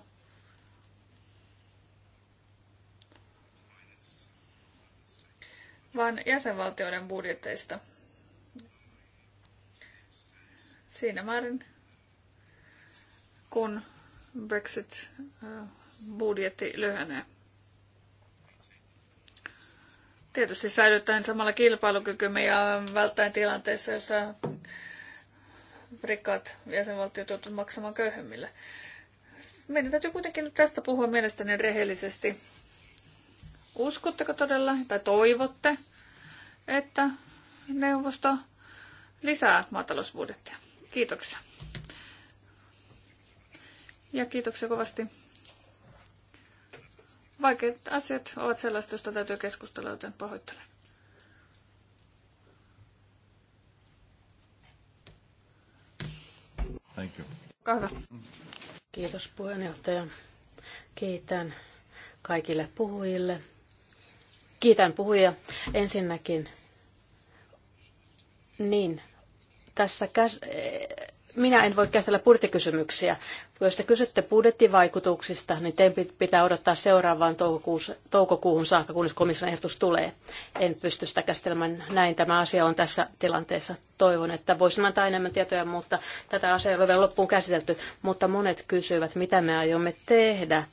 Speaker 2: vaan jäsenvaltioiden budjeteista. Siinä määrin, kun Brexit-budjetti lyhenee. Tietysti säilyttäen samalla kilpailukykymme ja välttäen tilanteessa, jossa rikkaat jäsenvaltiot joutuvat maksamaan köyhemmille. Meidän täytyy kuitenkin nyt tästä puhua mielestäni rehellisesti. Uskotteko todella tai toivotte, että neuvosto lisää maatalousbudjettia? Kiitoksia. Ja kiitoksia kovasti Vaikeat asiat ovat sellaista, josta täytyy keskustella, joten pahoittelen.
Speaker 5: Thank you.
Speaker 4: Olkaa Kiitos puheenjohtaja. Kiitän kaikille puhujille. Kiitän puhujia ensinnäkin. Niin, tässä käs- minä en voi käsitellä budjettikysymyksiä, jos te kysytte budjettivaikutuksista, niin teidän pitää odottaa seuraavaan toukokuuhun saakka, kunnes komission ehdotus tulee. En pysty sitä käsittelemään näin. Tämä asia on tässä tilanteessa. Toivon, että voisin antaa enemmän tietoja, mutta tätä asiaa ei ole vielä loppuun käsitelty. Mutta monet kysyivät, mitä me aiomme tehdä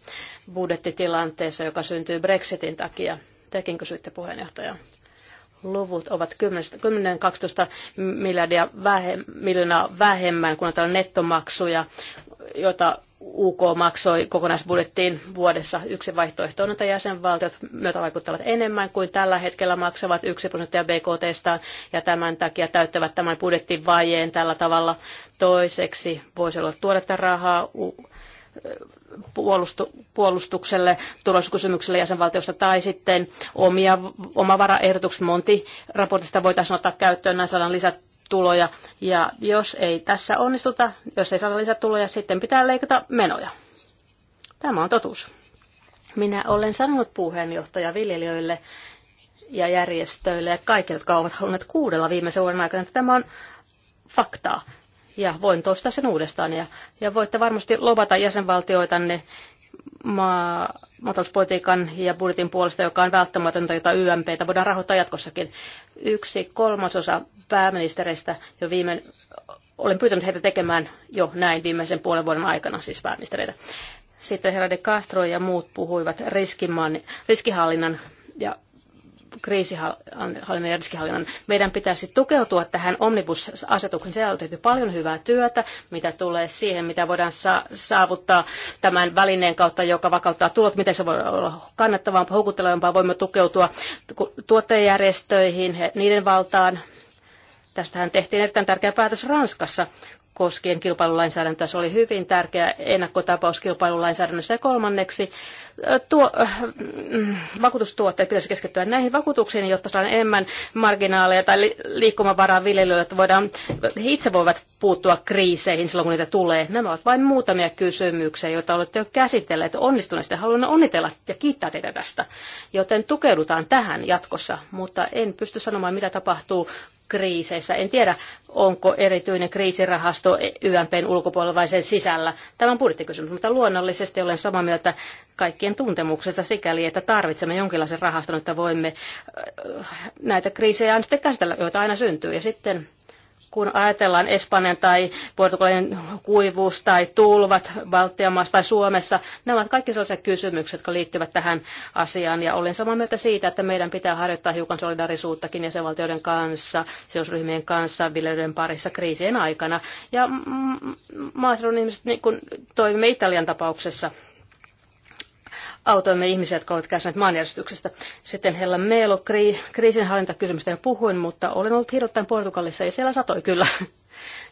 Speaker 4: budjettitilanteessa, joka syntyy Brexitin takia. Tekin kysyitte puheenjohtaja. luvut ovat 10-12 miljardia vähem, miljoonaa vähemmän, kun on nettomaksuja jota UK maksoi kokonaisbudjettiin vuodessa. Yksi vaihtoehto on, että jäsenvaltiot myötä vaikuttavat enemmän kuin tällä hetkellä maksavat 1 prosenttia BKTstaan ja tämän takia täyttävät tämän budjettivajeen tällä tavalla. Toiseksi voisi olla tuoretta rahaa puolustu, puolustukselle, turvallisuuskysymykselle jäsenvaltiosta tai sitten omia, omavaraehdotukset Monti-raportista voitaisiin ottaa käyttöön näin saadaan lisät tuloja. Ja jos ei tässä onnistuta, jos ei saada lisätuloja, sitten pitää leikata menoja. Tämä on totuus. Minä olen sanonut puheenjohtaja viljelijöille ja järjestöille ja kaikille, jotka ovat halunneet kuudella viimeisen vuoden aikana, että tämä on faktaa. Ja voin toistaa sen uudestaan. Ja, ja voitte varmasti lobata jäsenvaltioitanne maa, maatalouspolitiikan ja budjetin puolesta, joka on välttämätöntä, jota YMPtä voidaan rahoittaa jatkossakin. Yksi kolmasosa pääministeristä jo viime, olen pyytänyt heitä tekemään jo näin viimeisen puolen vuoden aikana, siis pääministereitä. Sitten herra de Castro ja muut puhuivat riskinhallinnan ja kriisihallinnan ja riskihallinnan. Meidän pitäisi tukeutua tähän omnibus-asetuksen. Siellä on tehty paljon hyvää työtä, mitä tulee siihen, mitä voidaan saavuttaa tämän välineen kautta, joka vakauttaa tulot, miten se voi olla kannattavampaa, houkuttelevampaa. Voimme tukeutua tuottajajärjestöihin, niiden valtaan. Tästähän tehtiin erittäin tärkeä päätös Ranskassa, koskien kilpailulainsäädäntöä. Se oli hyvin tärkeä ennakkotapaus kilpailulainsäädännössä. Ja kolmanneksi tuo, äh, vakuutustuotteet pitäisi keskittyä näihin vakuutuksiin, jotta saadaan enemmän marginaaleja tai liikkumavaraa viljelijöille, että voidaan, he itse voivat puuttua kriiseihin silloin, kun niitä tulee. Nämä ovat vain muutamia kysymyksiä, joita olette jo käsitelleet onnistuneesti. Haluan onnitella ja kiittää teitä tästä, joten tukeudutaan tähän jatkossa, mutta en pysty sanomaan, mitä tapahtuu kriiseissä. En tiedä, onko erityinen kriisirahasto YMPn ulkopuolella vai sen sisällä. Tämä on budjettikysymys, mutta luonnollisesti olen samaa mieltä kaikkien tuntemuksesta sikäli, että tarvitsemme jonkinlaisen rahaston, että voimme äh, näitä kriisejä sitten käsitellä, joita aina syntyy. Ja sitten kun ajatellaan Espanjan tai Portugalin kuivuus tai tulvat Baltian tai Suomessa, ne ovat kaikki sellaisia kysymyksiä, jotka liittyvät tähän asiaan. Ja olen samaa mieltä siitä, että meidän pitää harjoittaa hiukan solidarisuuttakin jäsenvaltioiden kanssa, sidosryhmien kanssa, viljelijöiden parissa kriisien aikana. Ja maaseudun ihmiset, niin kuin toimimme Italian tapauksessa, autoimme ihmisiä, jotka ovat kärsineet maanjärjestyksestä. Sitten Hella Meelo, kri, kriisinhallintakysymystä jo puhuin, mutta olen ollut hirveän Portugalissa ja siellä satoi kyllä.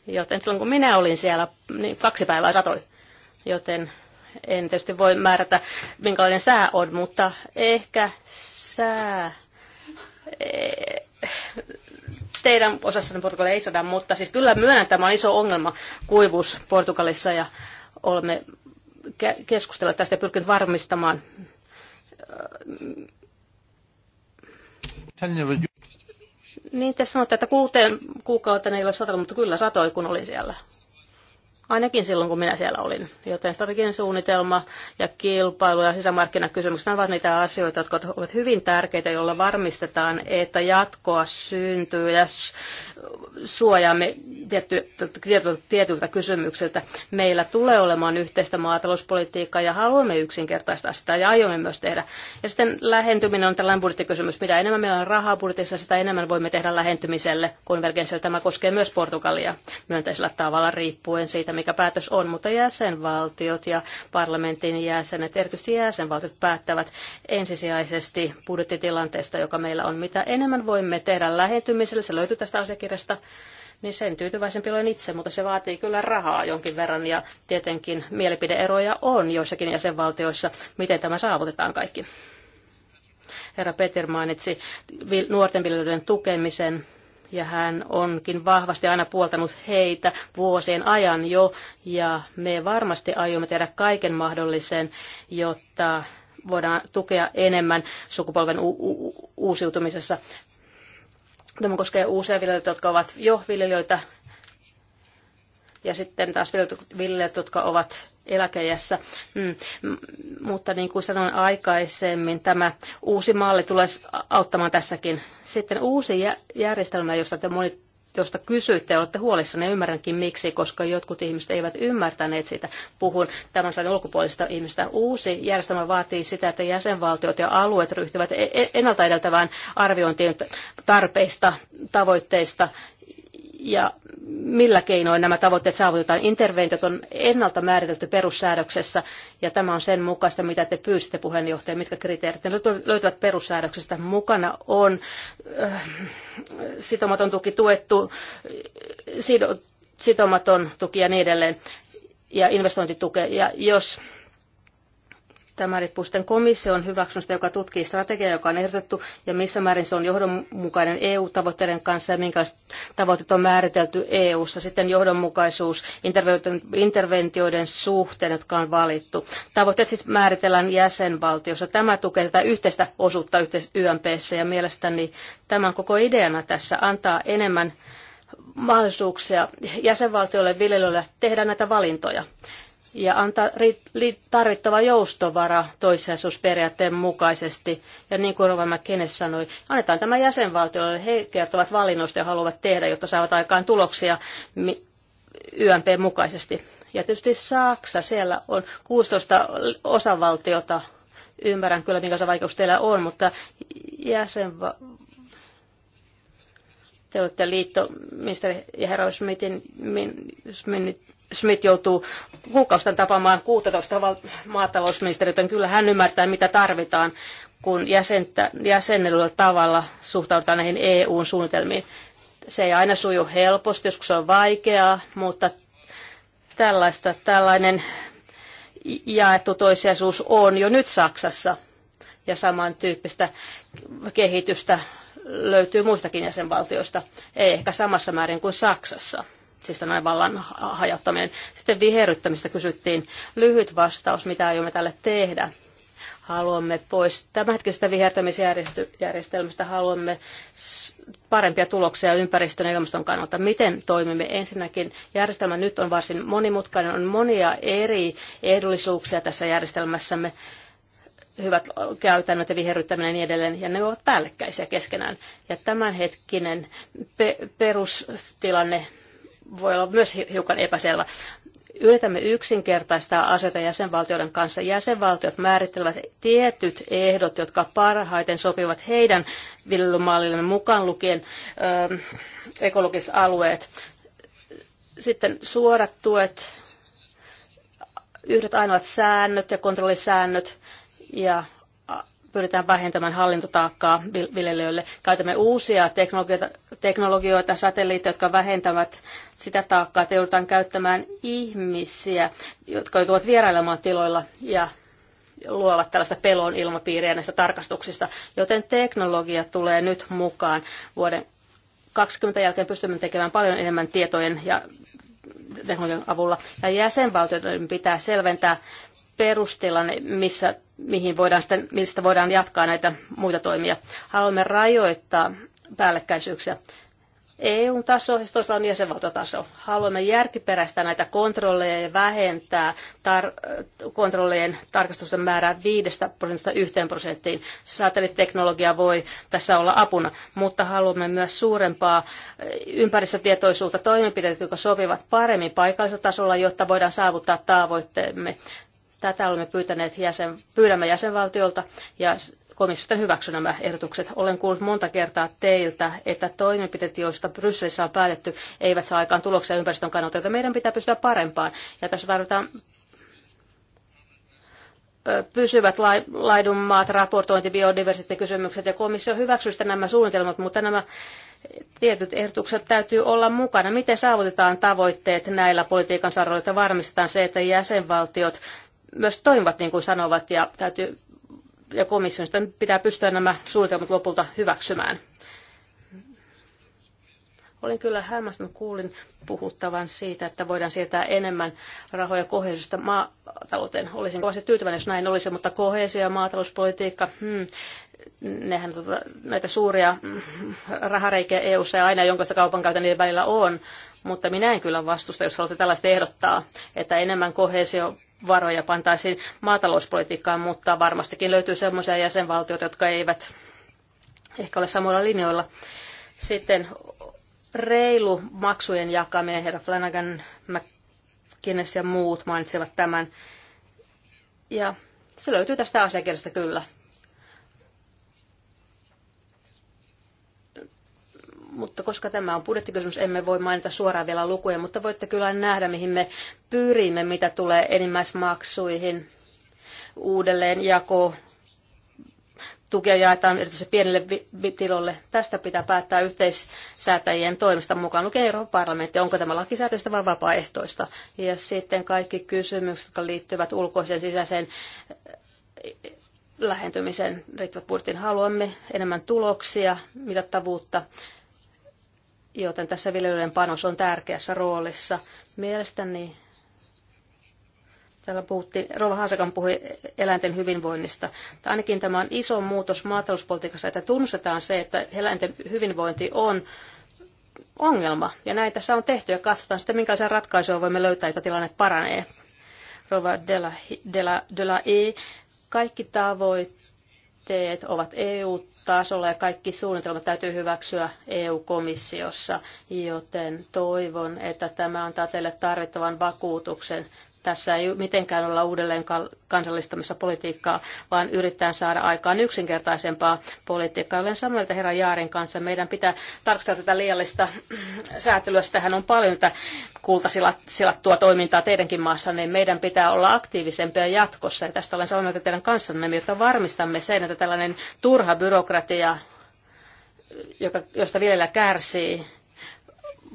Speaker 4: Joten silloin kun minä olin siellä, niin kaksi päivää satoi. Joten en tietysti voi määrätä, minkälainen sää on, mutta ehkä sää eh, teidän osassa Portugalia ei sada, mutta siis kyllä myönnän, tämä on iso ongelma, kuivuus Portugalissa ja olemme keskustella tästä ja pyrkinyt varmistamaan. Niin, te sanotte, että kuuteen kuukauteen ei ole satanut, mutta kyllä satoi, kun oli siellä ainakin silloin, kun minä siellä olin. Joten strateginen suunnitelma ja kilpailu ja sisämarkkinakysymykset ovat niitä asioita, jotka ovat hyvin tärkeitä, joilla varmistetaan, että jatkoa syntyy ja suojaamme tietty, tietyltä, kysymyksiltä. Meillä tulee olemaan yhteistä maatalouspolitiikkaa ja haluamme yksinkertaistaa sitä ja aiomme myös tehdä. Ja sitten lähentyminen on tällainen budjettikysymys. Mitä enemmän meillä on rahaa budjetissa, sitä enemmän voimme tehdä lähentymiselle Konvergenssillä Tämä koskee myös Portugalia myönteisellä tavalla riippuen siitä, mikä päätös on, mutta jäsenvaltiot ja parlamentin jäsenet, erityisesti jäsenvaltiot, päättävät ensisijaisesti budjettitilanteesta, joka meillä on. Mitä enemmän voimme tehdä lähentymiselle, se löytyy tästä asiakirjasta, niin sen tyytyväisempi olen itse, mutta se vaatii kyllä rahaa jonkin verran ja tietenkin mielipideeroja on joissakin jäsenvaltioissa, miten tämä saavutetaan kaikki. Herra Peter mainitsi nuorten viljelijöiden tukemisen ja hän onkin vahvasti aina puoltanut heitä vuosien ajan jo, ja me varmasti aiomme tehdä kaiken mahdollisen, jotta voidaan tukea enemmän sukupolven uusiutumisessa. Tämä koskee uusia viljelijöitä, jotka ovat jo viljelijöitä, ja sitten taas viljelijöitä, jotka ovat eläkejässä. Mm. Mutta niin kuin sanoin aikaisemmin, tämä uusi malli tulee auttamaan tässäkin. Sitten uusi järjestelmä, josta te monet josta kysyitte ja olette huolissanne, ymmärränkin miksi, koska jotkut ihmiset eivät ymmärtäneet sitä. Puhun tämän sain ulkopuolista ihmistä. Uusi järjestelmä vaatii sitä, että jäsenvaltiot ja alueet ryhtyvät e- e- ennalta edeltävään arviointiin tarpeista, tavoitteista ja millä keinoin nämä tavoitteet saavutetaan. Interventiot on ennalta määritelty perussäädöksessä, ja tämä on sen mukaista, mitä te pyysitte puheenjohtaja, mitkä kriteerit ne löytyvät perussäädöksestä. Mukana on äh, sitomaton tuki tuettu, sido, sitomaton tuki ja niin edelleen, ja investointituke. Ja jos Tämä riippuu sitten komission hyväksynnästä, joka tutkii strategiaa, joka on ehdotettu, ja missä määrin se on johdonmukainen EU-tavoitteiden kanssa, ja minkälaiset tavoitteet on määritelty EU-ssa. Sitten johdonmukaisuus interventioiden suhteen, jotka on valittu. Tavoitteet siis määritellään jäsenvaltiossa. Tämä tukee tätä yhteistä osuutta yhteis- YMPssä, ja mielestäni tämän koko ideana tässä antaa enemmän mahdollisuuksia jäsenvaltioille viljelijöille tehdä näitä valintoja ja antaa tarvittava joustovara toissijaisuusperiaatteen mukaisesti. Ja niin kuin Rova McKinnon sanoi, annetaan tämä jäsenvaltioille. He kertovat valinnoista ja haluavat tehdä, jotta saavat aikaan tuloksia YMP mukaisesti. Ja tietysti Saksa, siellä on 16 osavaltiota. Ymmärrän kyllä, se vaikeus teillä on, mutta jäsenvaltio te olette ministeri ja herra Smithin min, Schmidt joutuu kuukausien tapaamaan 16 maatalousministeriä, joten niin kyllä hän ymmärtää, mitä tarvitaan, kun jäsentä, jäsennellyllä tavalla suhtaudutaan näihin EU-suunnitelmiin. Se ei aina suju helposti, joskus se on vaikeaa, mutta tällaista, tällainen jaettu toisiaisuus on jo nyt Saksassa ja samantyyppistä kehitystä löytyy muistakin jäsenvaltioista, ei ehkä samassa määrin kuin Saksassa siis tämmöinen vallan hajottaminen. Sitten viheryttämistä kysyttiin. Lyhyt vastaus, mitä aiomme tälle tehdä. Haluamme pois tämänhetkisestä vihertämisjärjestelmästä, haluamme parempia tuloksia ympäristön ja ilmaston kannalta. Miten toimimme? Ensinnäkin järjestelmä nyt on varsin monimutkainen, on monia eri ehdollisuuksia tässä järjestelmässämme hyvät käytännöt ja viheryttäminen ja niin edelleen, ja ne ovat päällekkäisiä keskenään. Ja tämänhetkinen pe- perustilanne voi olla myös hiukan epäselvä. Yritämme yksinkertaistaa asioita jäsenvaltioiden kanssa. Jäsenvaltiot määrittelevät tietyt ehdot, jotka parhaiten sopivat heidän viljelymallille mukaan lukien ö, ähm, ekologiset alueet. Sitten suorat tuet, yhdet ainoat säännöt ja kontrollisäännöt ja pyritään vähentämään hallintotaakkaa viljelijöille. Käytämme uusia teknologioita, teknologioita satelliitteja, jotka vähentävät sitä taakkaa, että joudutaan käyttämään ihmisiä, jotka joutuvat vierailemaan tiloilla ja luovat tällaista pelon ilmapiiriä näistä tarkastuksista, joten teknologia tulee nyt mukaan. Vuoden 20 jälkeen pystymme tekemään paljon enemmän tietojen ja teknologian avulla. Ja jäsenvaltioiden pitää selventää perusteella, niin missä, mihin voidaan sitten, mistä voidaan jatkaa näitä muita toimia. Haluamme rajoittaa päällekkäisyyksiä. EU-taso, ja toisaalta on jäsenvaltiotaso. Haluamme järkiperäistää näitä kontrolleja ja vähentää tar- kontrollien tarkastusten määrää 5 prosentista 1 prosenttiin. Säätelyteknologia voi tässä olla apuna, mutta haluamme myös suurempaa eh, ympäristötietoisuutta toimenpiteitä, jotka sopivat paremmin paikallisella tasolla, jotta voidaan saavuttaa tavoitteemme. Tätä olemme pyytäneet jäsen, pyydämme jäsenvaltiolta ja komissiosta hyväksy nämä ehdotukset. Olen kuullut monta kertaa teiltä, että toimenpiteet, joista Brysselissä on päätetty, eivät saa aikaan tuloksia ympäristön kannalta, joten meidän pitää pystyä parempaan. Ja tässä tarvitaan pysyvät laidunmaat, raportointi, biodiversiteettikysymykset ja komissio hyväksyy nämä suunnitelmat, mutta nämä tietyt ehdotukset täytyy olla mukana. Miten saavutetaan tavoitteet näillä politiikan saroilla, varmistetaan se, että jäsenvaltiot myös toimivat niin kuin sanovat ja, täytyy, ja komission pitää pystyä nämä suunnitelmat lopulta hyväksymään. Olin kyllä hämmästynyt, kuulin puhuttavan siitä, että voidaan siirtää enemmän rahoja kohesiosta maatalouteen. Olisin kovasti tyytyväinen, jos näin olisi, mutta kohesio ja maatalouspolitiikka, hmm, nehän tuota, näitä suuria mm, rahareikiä EU-ssa ja aina jonkinlaista kaupankäytä niiden välillä on, mutta minä en kyllä vastusta, jos haluatte tällaista ehdottaa, että enemmän kohesio varoja pantaisiin maatalouspolitiikkaan, mutta varmastikin löytyy sellaisia jäsenvaltioita, jotka eivät ehkä ole samoilla linjoilla. Sitten reilu maksujen jakaminen, herra Flanagan, McKinnes ja muut mainitsivat tämän. Ja se löytyy tästä asiakirjasta kyllä. mutta koska tämä on budjettikysymys, emme voi mainita suoraan vielä lukuja, mutta voitte kyllä nähdä, mihin me pyrimme, mitä tulee enimmäismaksuihin uudelleen jako tukea jaetaan erityisesti pienelle tilolle Tästä pitää päättää yhteissäätäjien toimesta mukaan lukien Euroopan parlamentti, onko tämä lakisääteistä vai vapaaehtoista. Ja sitten kaikki kysymykset, jotka liittyvät ulkoiseen sisäiseen eh, lähentymiseen, riittävät budjetin haluamme, enemmän tuloksia, mitattavuutta joten tässä viljelijöiden panos on tärkeässä roolissa. Mielestäni täällä puhuttiin, Rova Hasekan puhui eläinten hyvinvoinnista. Ainakin tämä on iso muutos maatalouspolitiikassa, että tunnustetaan se, että eläinten hyvinvointi on ongelma. Ja näin tässä on tehty ja katsotaan sitten, minkälaisia ratkaisuja voimme löytää, että tilanne paranee. Rova Dela, la, de de e. Kaikki tavoitteet ovat EU tasolla ja kaikki suunnitelmat täytyy hyväksyä EU-komissiossa, joten toivon, että tämä antaa teille tarvittavan vakuutuksen tässä ei mitenkään olla uudelleen kansallistamassa politiikkaa, vaan yritetään saada aikaan yksinkertaisempaa politiikkaa. Olen samoin että herra Jaarin kanssa. Meidän pitää tarkastella tätä liiallista säätelyä. Tähän on paljon tätä kultasilattua toimintaa teidänkin maassa, niin meidän pitää olla aktiivisempia jatkossa. Ja tästä olen samaa mieltä teidän kanssanne, jotta varmistamme sen, että tällainen turha byrokratia, joka, josta viljelijä kärsii,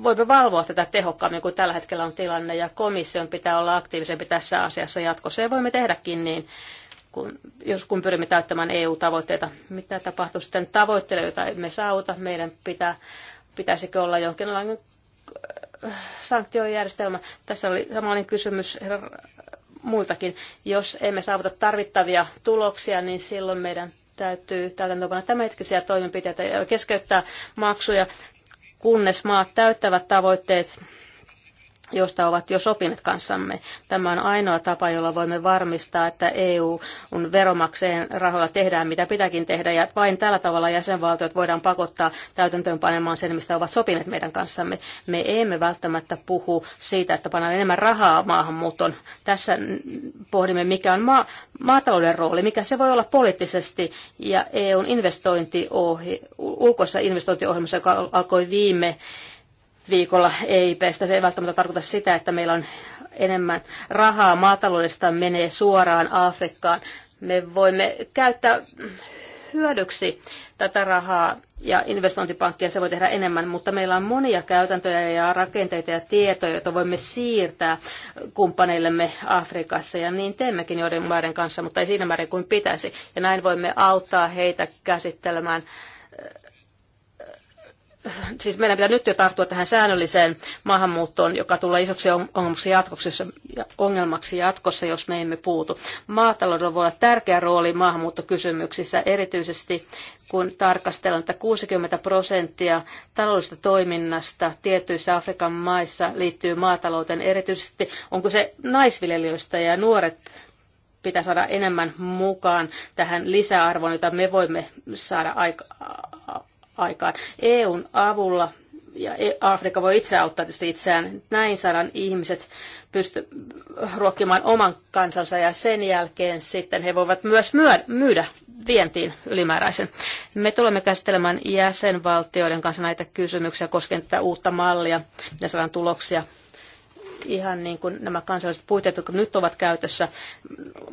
Speaker 4: voimme valvoa tätä tehokkaammin kuin tällä hetkellä on tilanne ja komission pitää olla aktiivisempi tässä asiassa jatkossa ja voimme tehdäkin niin, kun, jos kun pyrimme täyttämään EU-tavoitteita. Mitä tapahtuu sitten tavoitteille, joita emme saavuta? Meidän pitää, pitäisikö olla jonkinlainen äh, sanktiojärjestelmä. Tässä oli samanlainen kysymys muiltakin. Jos emme saavuta tarvittavia tuloksia, niin silloin meidän täytyy täytäntöönpanna tämänhetkisiä toimenpiteitä ja keskeyttää maksuja kunnes maat täyttävät tavoitteet josta ovat jo sopineet kanssamme. Tämä on ainoa tapa, jolla voimme varmistaa, että EU on veromakseen rahoilla tehdään, mitä pitääkin tehdä, ja vain tällä tavalla jäsenvaltiot voidaan pakottaa täytäntöönpanemaan sen, mistä ovat sopineet meidän kanssamme. Me emme välttämättä puhu siitä, että pannaan enemmän rahaa maahanmuuttoon. Tässä pohdimme, mikä on ma- maatalouden rooli, mikä se voi olla poliittisesti, ja EUn investointiohje- ulkoisessa investointiohjelmassa, joka alkoi viime viikolla EIPstä. Se ei välttämättä tarkoita sitä, että meillä on enemmän rahaa maataloudesta menee suoraan Afrikkaan. Me voimme käyttää hyödyksi tätä rahaa ja investointipankkia se voi tehdä enemmän, mutta meillä on monia käytäntöjä ja rakenteita ja tietoja, joita voimme siirtää kumppaneillemme Afrikassa ja niin teemmekin joiden maiden kanssa, mutta ei siinä määrin kuin pitäisi. Ja näin voimme auttaa heitä käsittelemään siis meidän pitää nyt jo tarttua tähän säännölliseen maahanmuuttoon, joka tulee isoksi ongelmaksi jatkossa, ongelmaksi jatkossa, jos me emme puutu. Maataloudella voi olla tärkeä rooli maahanmuuttokysymyksissä, erityisesti kun tarkastellaan, että 60 prosenttia taloudellisesta toiminnasta tietyissä Afrikan maissa liittyy maatalouteen. Erityisesti onko se naisviljelijöistä ja nuoret pitää saada enemmän mukaan tähän lisäarvoon, jota me voimme saada aika aikaan. EUn avulla ja e- Afrikka voi itse auttaa tietysti itseään. Näin saadaan ihmiset pysty ruokkimaan oman kansansa ja sen jälkeen sitten he voivat myös myydä vientiin ylimääräisen. Me tulemme käsittelemään jäsenvaltioiden kanssa näitä kysymyksiä koskien tätä uutta mallia ja saadaan tuloksia ihan niin kuin nämä kansalliset puitteet, jotka nyt ovat käytössä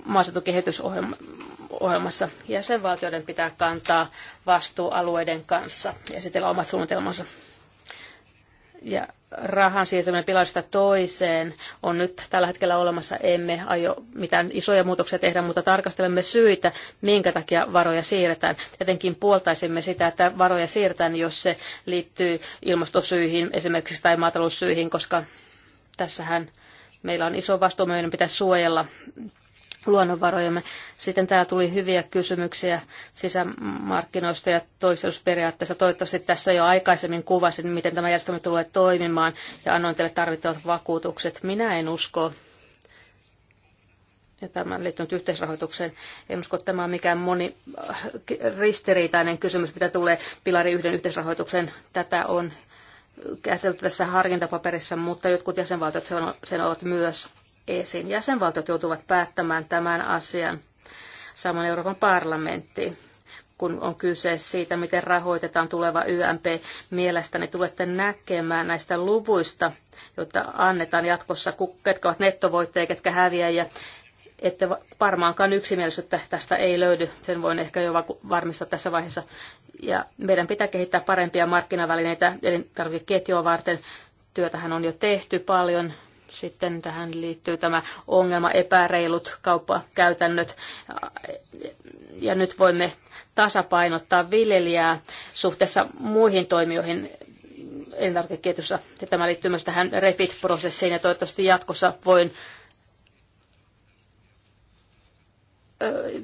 Speaker 4: maaseutukehitysohjelmassa. Jäsenvaltioiden pitää kantaa vastuu alueiden kanssa ja esitellä omat suunnitelmansa. Ja rahan siirtyminen pilarista toiseen on nyt tällä hetkellä olemassa. Emme aio mitään isoja muutoksia tehdä, mutta tarkastelemme syitä, minkä takia varoja siirretään. Tietenkin puoltaisimme sitä, että varoja siirretään, jos se liittyy ilmastosyihin esimerkiksi tai maataloussyihin, koska Tässähän meillä on iso vastuu, meidän pitäisi suojella luonnonvarojamme. Sitten täällä tuli hyviä kysymyksiä sisämarkkinoista ja toisellusperiaatteessa. Toivottavasti tässä jo aikaisemmin kuvasin, miten tämä järjestelmä tulee toimimaan ja annoin teille tarvittavat vakuutukset. Minä en usko, ja tämä liittynyt yhteisrahoitukseen. En usko, että tämä on mikään moni äh, ristiriitainen kysymys, mitä tulee pilari yhden yhteisrahoituksen. Tätä on käsitelty tässä harkintapaperissa, mutta jotkut jäsenvaltiot sen ovat myös esiin. Jäsenvaltiot joutuvat päättämään tämän asian, saman Euroopan parlamentti kun on kyse siitä, miten rahoitetaan tuleva YMP. Mielestäni tulette näkemään näistä luvuista, joita annetaan jatkossa, ketkä ovat nettovoittajia, ketkä häviäjiä, että varmaankaan yksimielisyyttä tästä ei löydy. Sen voin ehkä jo varmistaa tässä vaiheessa. Ja meidän pitää kehittää parempia markkinavälineitä elintarvikeketjua varten. Työtähän on jo tehty paljon. Sitten tähän liittyy tämä ongelma epäreilut kauppakäytännöt. Ja nyt voimme tasapainottaa viljelijää suhteessa muihin toimijoihin elintarvikeketjussa. tämä liittyy myös tähän refit-prosessiin ja toivottavasti jatkossa voin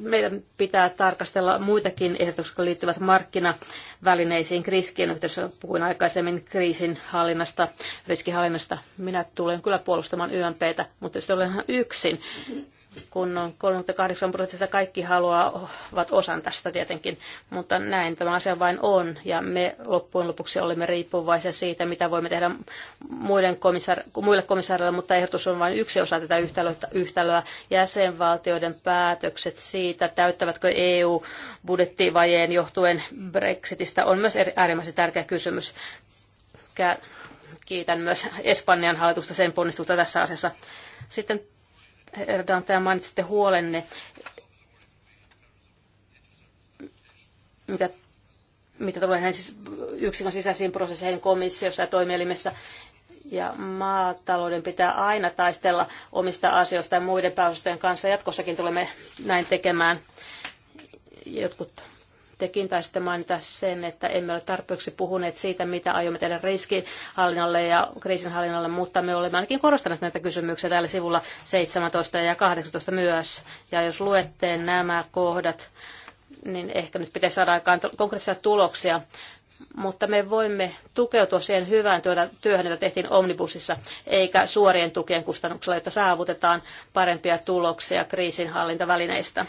Speaker 4: meidän pitää tarkastella muitakin ehdotuksia, jotka liittyvät markkinavälineisiin kriskiin. yhteydessä. Puhuin aikaisemmin kriisin hallinnasta, riskihallinnasta. Minä tulen kyllä puolustamaan YMPtä, mutta se olen yksin kun on 38 prosenttia, kaikki haluavat osan tästä tietenkin, mutta näin tämä asia vain on, ja me loppujen lopuksi olemme riippuvaisia siitä, mitä voimme tehdä muiden komissaar- muille komissaareille, mutta ehdotus on vain yksi osa tätä yhtälöä, jäsenvaltioiden päätökset siitä, täyttävätkö EU-budjettivajeen johtuen Brexitistä, on myös äärimmäisen tärkeä kysymys. Kiitän myös Espanjan hallitusta sen ponnistusta tässä asiassa. Sitten Herra Dantaja, mainitsitte huolenne, mitä, mitä tulee näihin siis yksikön sisäisiin prosesseihin komissiossa ja toimielimessä. Ja maatalouden pitää aina taistella omista asioista ja muiden pääosastojen kanssa. Jatkossakin tulemme näin tekemään. Jotkut Tekin taisitte mainita sen, että emme ole tarpeeksi puhuneet siitä, mitä aiomme tehdä riskihallinnalle ja kriisinhallinnalle, mutta me olemme ainakin korostaneet näitä kysymyksiä täällä sivulla 17 ja 18 myös. Ja jos luette nämä kohdat, niin ehkä nyt pitäisi saada aikaan konkreettisia tuloksia mutta me voimme tukeutua siihen hyvään työhön, jota tehtiin Omnibusissa, eikä suorien tukien kustannuksella, jotta saavutetaan parempia tuloksia kriisinhallintavälineistä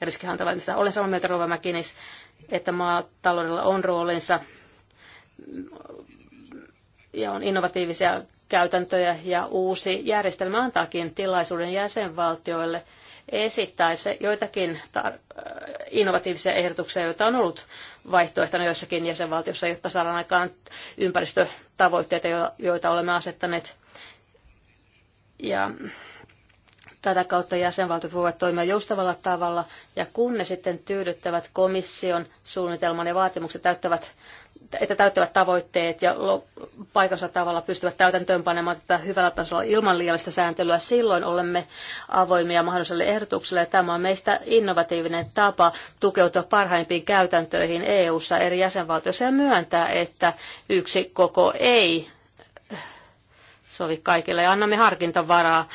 Speaker 4: ja riskihallintavälineistä. Olen samaa mieltä Rova Mäkinis, että maataloudella on roolinsa ja on innovatiivisia käytäntöjä ja uusi järjestelmä antaakin tilaisuuden jäsenvaltioille esittää se joitakin innovatiivisia ehdotuksia, joita on ollut vaihtoehtona joissakin jäsenvaltiossa, jotta saadaan aikaan ympäristötavoitteita, joita olemme asettaneet. Ja Tätä kautta jäsenvaltiot voivat toimia joustavalla tavalla ja kun ne sitten tyydyttävät komission suunnitelman ja vaatimukset täyttävät että täyttävät tavoitteet ja paikansa tavalla pystyvät täytäntöönpanemaan tätä hyvällä tasolla ilman liiallista sääntelyä. Silloin olemme avoimia mahdolliselle ehdotukselle. Tämä on meistä innovatiivinen tapa tukeutua parhaimpiin käytäntöihin EU-ssa eri jäsenvaltioissa ja myöntää, että yksi koko ei sovi kaikille ja annamme harkintavaraa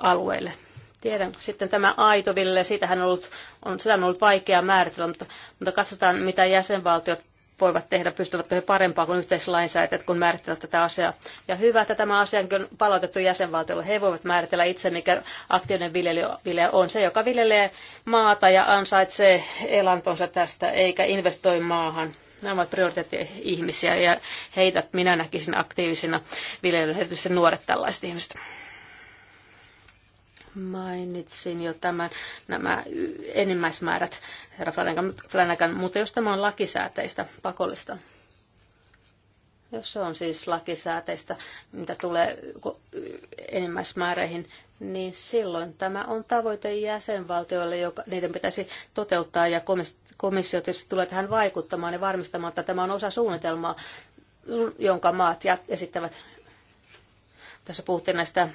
Speaker 4: alueille. Tiedän. Sitten tämä Aitoville, siitähän on ollut, on, sitä on ollut vaikea määritellä, mutta, mutta katsotaan, mitä jäsenvaltiot voivat tehdä, pystyvätkö he parempaa kuin yhteislainsäätäjät, kun määrittelevät tätä asiaa. Ja hyvä, että tämä asia on palautettu jäsenvaltiolle. He voivat määritellä itse, mikä aktiivinen viljelijä on. Se, joka viljelee maata ja ansaitsee elantonsa tästä, eikä investoi maahan. Nämä ovat prioriteetti-ihmisiä ja heitä minä näkisin aktiivisina viljelijöinä, erityisesti nuoret tällaiset ihmiset mainitsin jo tämän, nämä enimmäismäärät, herra Flanagan, Flanagan, mutta jos tämä on lakisääteistä pakollista, jos se on siis lakisääteistä, mitä tulee enimmäismääräihin, niin silloin tämä on tavoite jäsenvaltioille, joka niiden pitäisi toteuttaa ja komissio komissio tietysti tulee tähän vaikuttamaan ja varmistamaan, että tämä on osa suunnitelmaa, jonka maat esittävät. Tässä puhuttiin näistä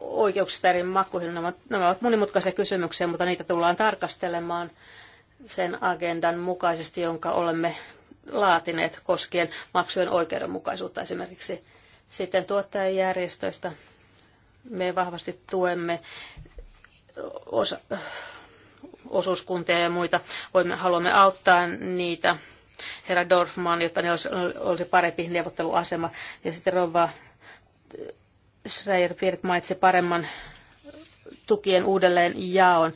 Speaker 4: oikeuksista eri makuihin. Nämä, nämä ovat monimutkaisia kysymyksiä, mutta niitä tullaan tarkastelemaan sen agendan mukaisesti, jonka olemme laatineet koskien maksujen oikeudenmukaisuutta esimerkiksi. Sitten tuottajajärjestöistä me vahvasti tuemme osa, osuuskuntia ja muita. Voimme, haluamme auttaa niitä, herra Dorfman, jotta ne olisi, olisi parempi neuvotteluasema. Ja sitten Rova äh, Schreier Pirk mainitsi paremman tukien uudelleen jaon.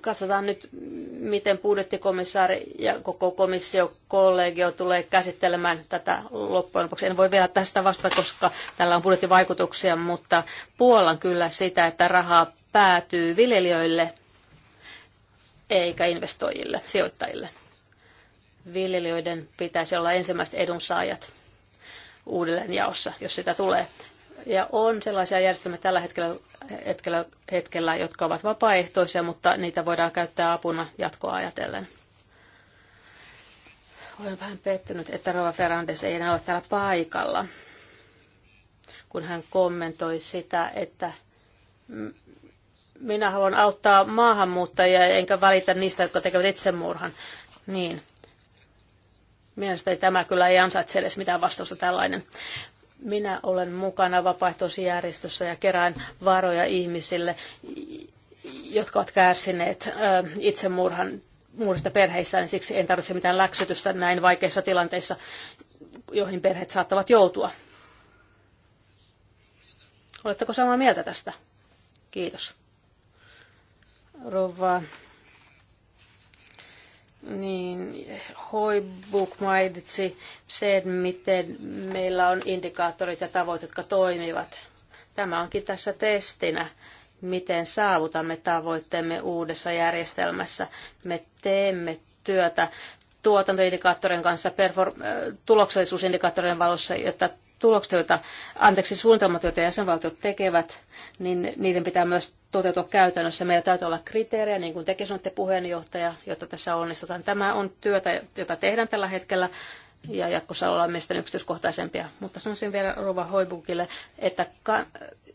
Speaker 4: Katsotaan nyt, miten budjettikomissaari ja koko komissio kollegio tulee käsittelemään tätä loppujen lopuksi. En voi vielä tästä vastata, koska tällä on budjettivaikutuksia, mutta puolan kyllä sitä, että rahaa päätyy viljelijöille eikä investoijille, sijoittajille. Viljelijöiden pitäisi olla ensimmäiset edunsaajat uudelleenjaossa, jos sitä tulee. Ja on sellaisia järjestelmiä tällä hetkellä, hetkellä, hetkellä, jotka ovat vapaaehtoisia, mutta niitä voidaan käyttää apuna jatkoa ajatellen. Olen vähän pettynyt, että Rova Ferrandes ei enää ole täällä paikalla, kun hän kommentoi sitä, että minä haluan auttaa maahanmuuttajia enkä välitä niistä, jotka tekevät itsemurhan. Niin. Mielestäni tämä kyllä ei ansaitse edes mitään vastausta tällainen. Minä olen mukana vapaaehtoisjärjestössä ja kerään varoja ihmisille, jotka ovat kärsineet itsemurhan muurista perheissään, niin siksi en tarvitse mitään läksytystä näin vaikeissa tilanteissa, joihin perheet saattavat joutua. Oletteko samaa mieltä tästä? Kiitos. Rova niin Hoibuk mainitsi sen, miten meillä on indikaattorit ja tavoitteet, jotka toimivat. Tämä onkin tässä testinä, miten saavutamme tavoitteemme uudessa järjestelmässä. Me teemme työtä tuotantoindikaattorin kanssa, perform- äh, tuloksellisuusindikaattorin valossa, jotta tulokset, joita, anteeksi, suunnitelmat, joita jäsenvaltiot tekevät, niin niiden pitää myös toteutua käytännössä. Meillä täytyy olla kriteerejä, niin kuin tekin sanotte puheenjohtaja, jotta tässä onnistutaan. Tämä on työtä, jota tehdään tällä hetkellä ja jatkossa ollaan mielestäni yksityiskohtaisempia. Mutta sanoisin vielä Rova Hoibukille, että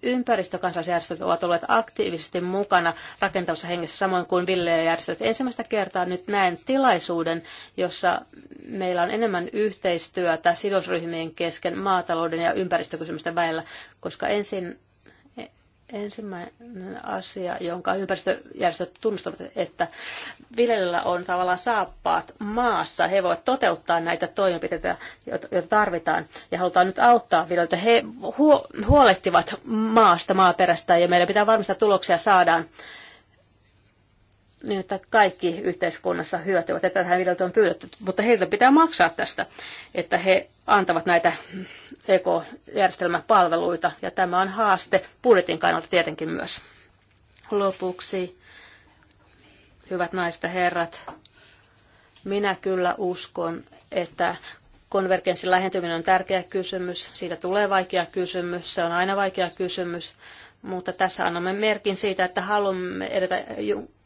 Speaker 4: ympäristökansalaisjärjestöt ovat olleet aktiivisesti mukana rakentavassa hengessä, samoin kuin viljelijäjärjestöt. Ensimmäistä kertaa nyt näen tilaisuuden, jossa meillä on enemmän yhteistyötä sidosryhmien kesken maatalouden ja ympäristökysymysten välillä, koska ensin Ensimmäinen asia, jonka ympäristöjärjestöt tunnustavat, että viljelijöillä on tavallaan saappaat maassa. He voivat toteuttaa näitä toimenpiteitä, joita tarvitaan. Ja halutaan nyt auttaa viljelijöitä. He huolehtivat maasta, maaperästä ja meidän pitää varmistaa tuloksia saadaan niin, että kaikki yhteiskunnassa hyötyvät. Ja tähän viljelijöiltä on pyydetty, mutta heiltä pitää maksaa tästä, että he antavat näitä EK-järjestelmäpalveluita, ja tämä on haaste budjetin kannalta tietenkin myös. Lopuksi, hyvät naiset ja herrat, minä kyllä uskon, että konvergenssin lähentyminen on tärkeä kysymys, siitä tulee vaikea kysymys, se on aina vaikea kysymys, mutta tässä annamme merkin siitä, että haluamme edetä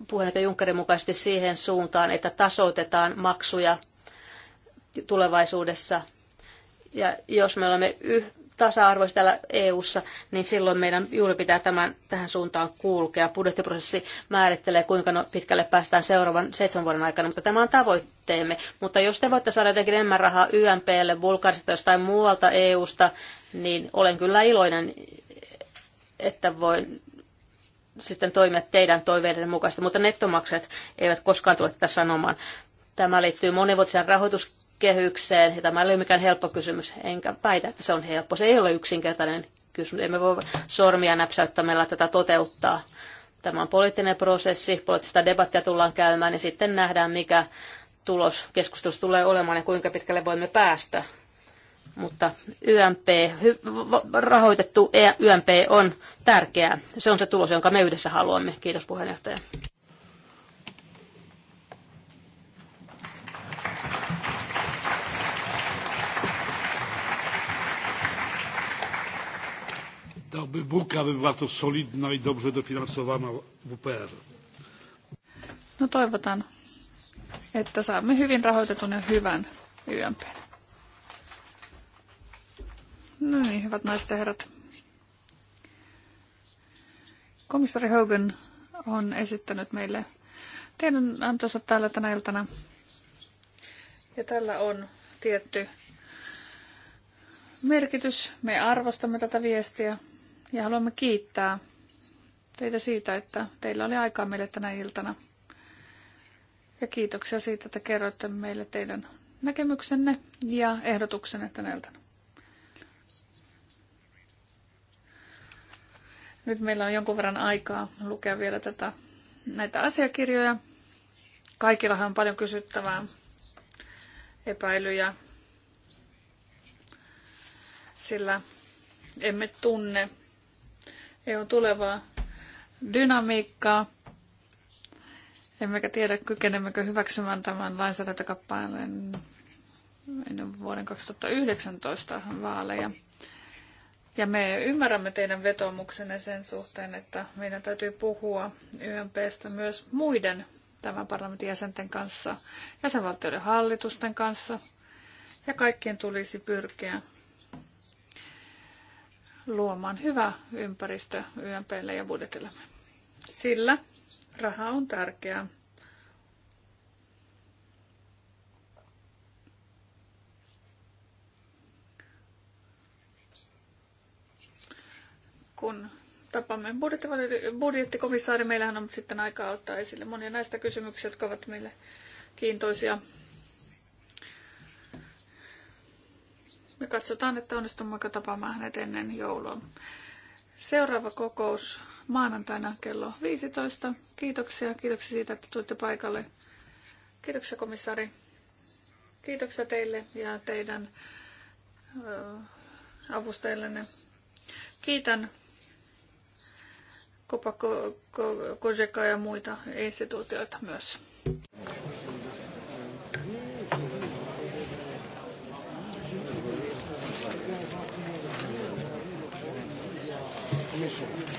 Speaker 4: puheenjohtaja Junckerin mukaisesti siihen suuntaan, että tasoitetaan maksuja tulevaisuudessa – ja jos me olemme yh- tasa-arvoisia täällä EU-ssa, niin silloin meidän juuri pitää tämän, tähän suuntaan kulkea. Budjettiprosessi määrittelee, kuinka no- pitkälle päästään seuraavan seitsemän vuoden aikana, mutta tämä on tavoitteemme. Mutta jos te voitte saada jotenkin enemmän rahaa YMPlle, Bulgarista tai muualta EU-sta, niin olen kyllä iloinen, että voin sitten toimia teidän toiveiden mukaista, mutta nettomaksajat eivät koskaan tule tätä sanomaan. Tämä liittyy monivuotisen rahoitus kehykseen. Ja tämä ei ole mikään helppo kysymys, enkä väitä, että se on helppo. Se ei ole yksinkertainen kysymys. Emme voi sormia näpsäyttämällä tätä toteuttaa. Tämä on poliittinen prosessi, poliittista debattia tullaan käymään ja sitten nähdään, mikä tulos keskustelussa tulee olemaan ja kuinka pitkälle voimme päästä. Mutta YMP, rahoitettu e- YMP on tärkeää. Se on se tulos, jonka me yhdessä haluamme. Kiitos puheenjohtaja.
Speaker 1: Dałby Bóg, aby była to solidna i dobrze dofinansowana WPR.
Speaker 2: No toivotan, että saamme hyvin rahoitetun ja hyvän YMP. No niin, hyvät naiset ja herrat. Komissari Hogan on esittänyt meille tiedonantonsa täällä tänä iltana. Ja tällä on tietty merkitys. Me arvostamme tätä viestiä. Ja haluamme kiittää teitä siitä, että teillä oli aikaa meille tänä iltana. Ja kiitoksia siitä, että kerroitte meille teidän näkemyksenne ja ehdotuksenne tänä iltana. Nyt meillä on jonkun verran aikaa lukea vielä tätä, näitä asiakirjoja. Kaikillahan on paljon kysyttävää, epäilyjä, sillä emme tunne EUn tulevaa dynamiikkaa. Emmekä tiedä, kykenemmekö hyväksymään tämän lainsäädäntökappaleen ennen vuoden 2019 vaaleja. Ja me ymmärrämme teidän vetomuksenne sen suhteen, että meidän täytyy puhua YMPstä myös muiden tämän parlamentin jäsenten kanssa, jäsenvaltioiden hallitusten kanssa, ja kaikkien tulisi pyrkiä luomaan hyvä ympäristö YMPlle ja budjetillemme. Sillä raha on tärkeää. Kun tapamme budjettikomissaari, meillähän on sitten aikaa ottaa esille monia näistä kysymyksiä, jotka ovat meille kiintoisia Me katsotaan, että onnistummeko tapaamaan hänet ennen joulua. Seuraava kokous maanantaina kello 15. Kiitoksia. Kiitoksia siitä, että tuitte paikalle. Kiitoksia komissaari. Kiitoksia teille ja teidän ö, avustajillenne. Kiitän Kopa Kojeka ja muita instituutioita myös.
Speaker 5: Thank you.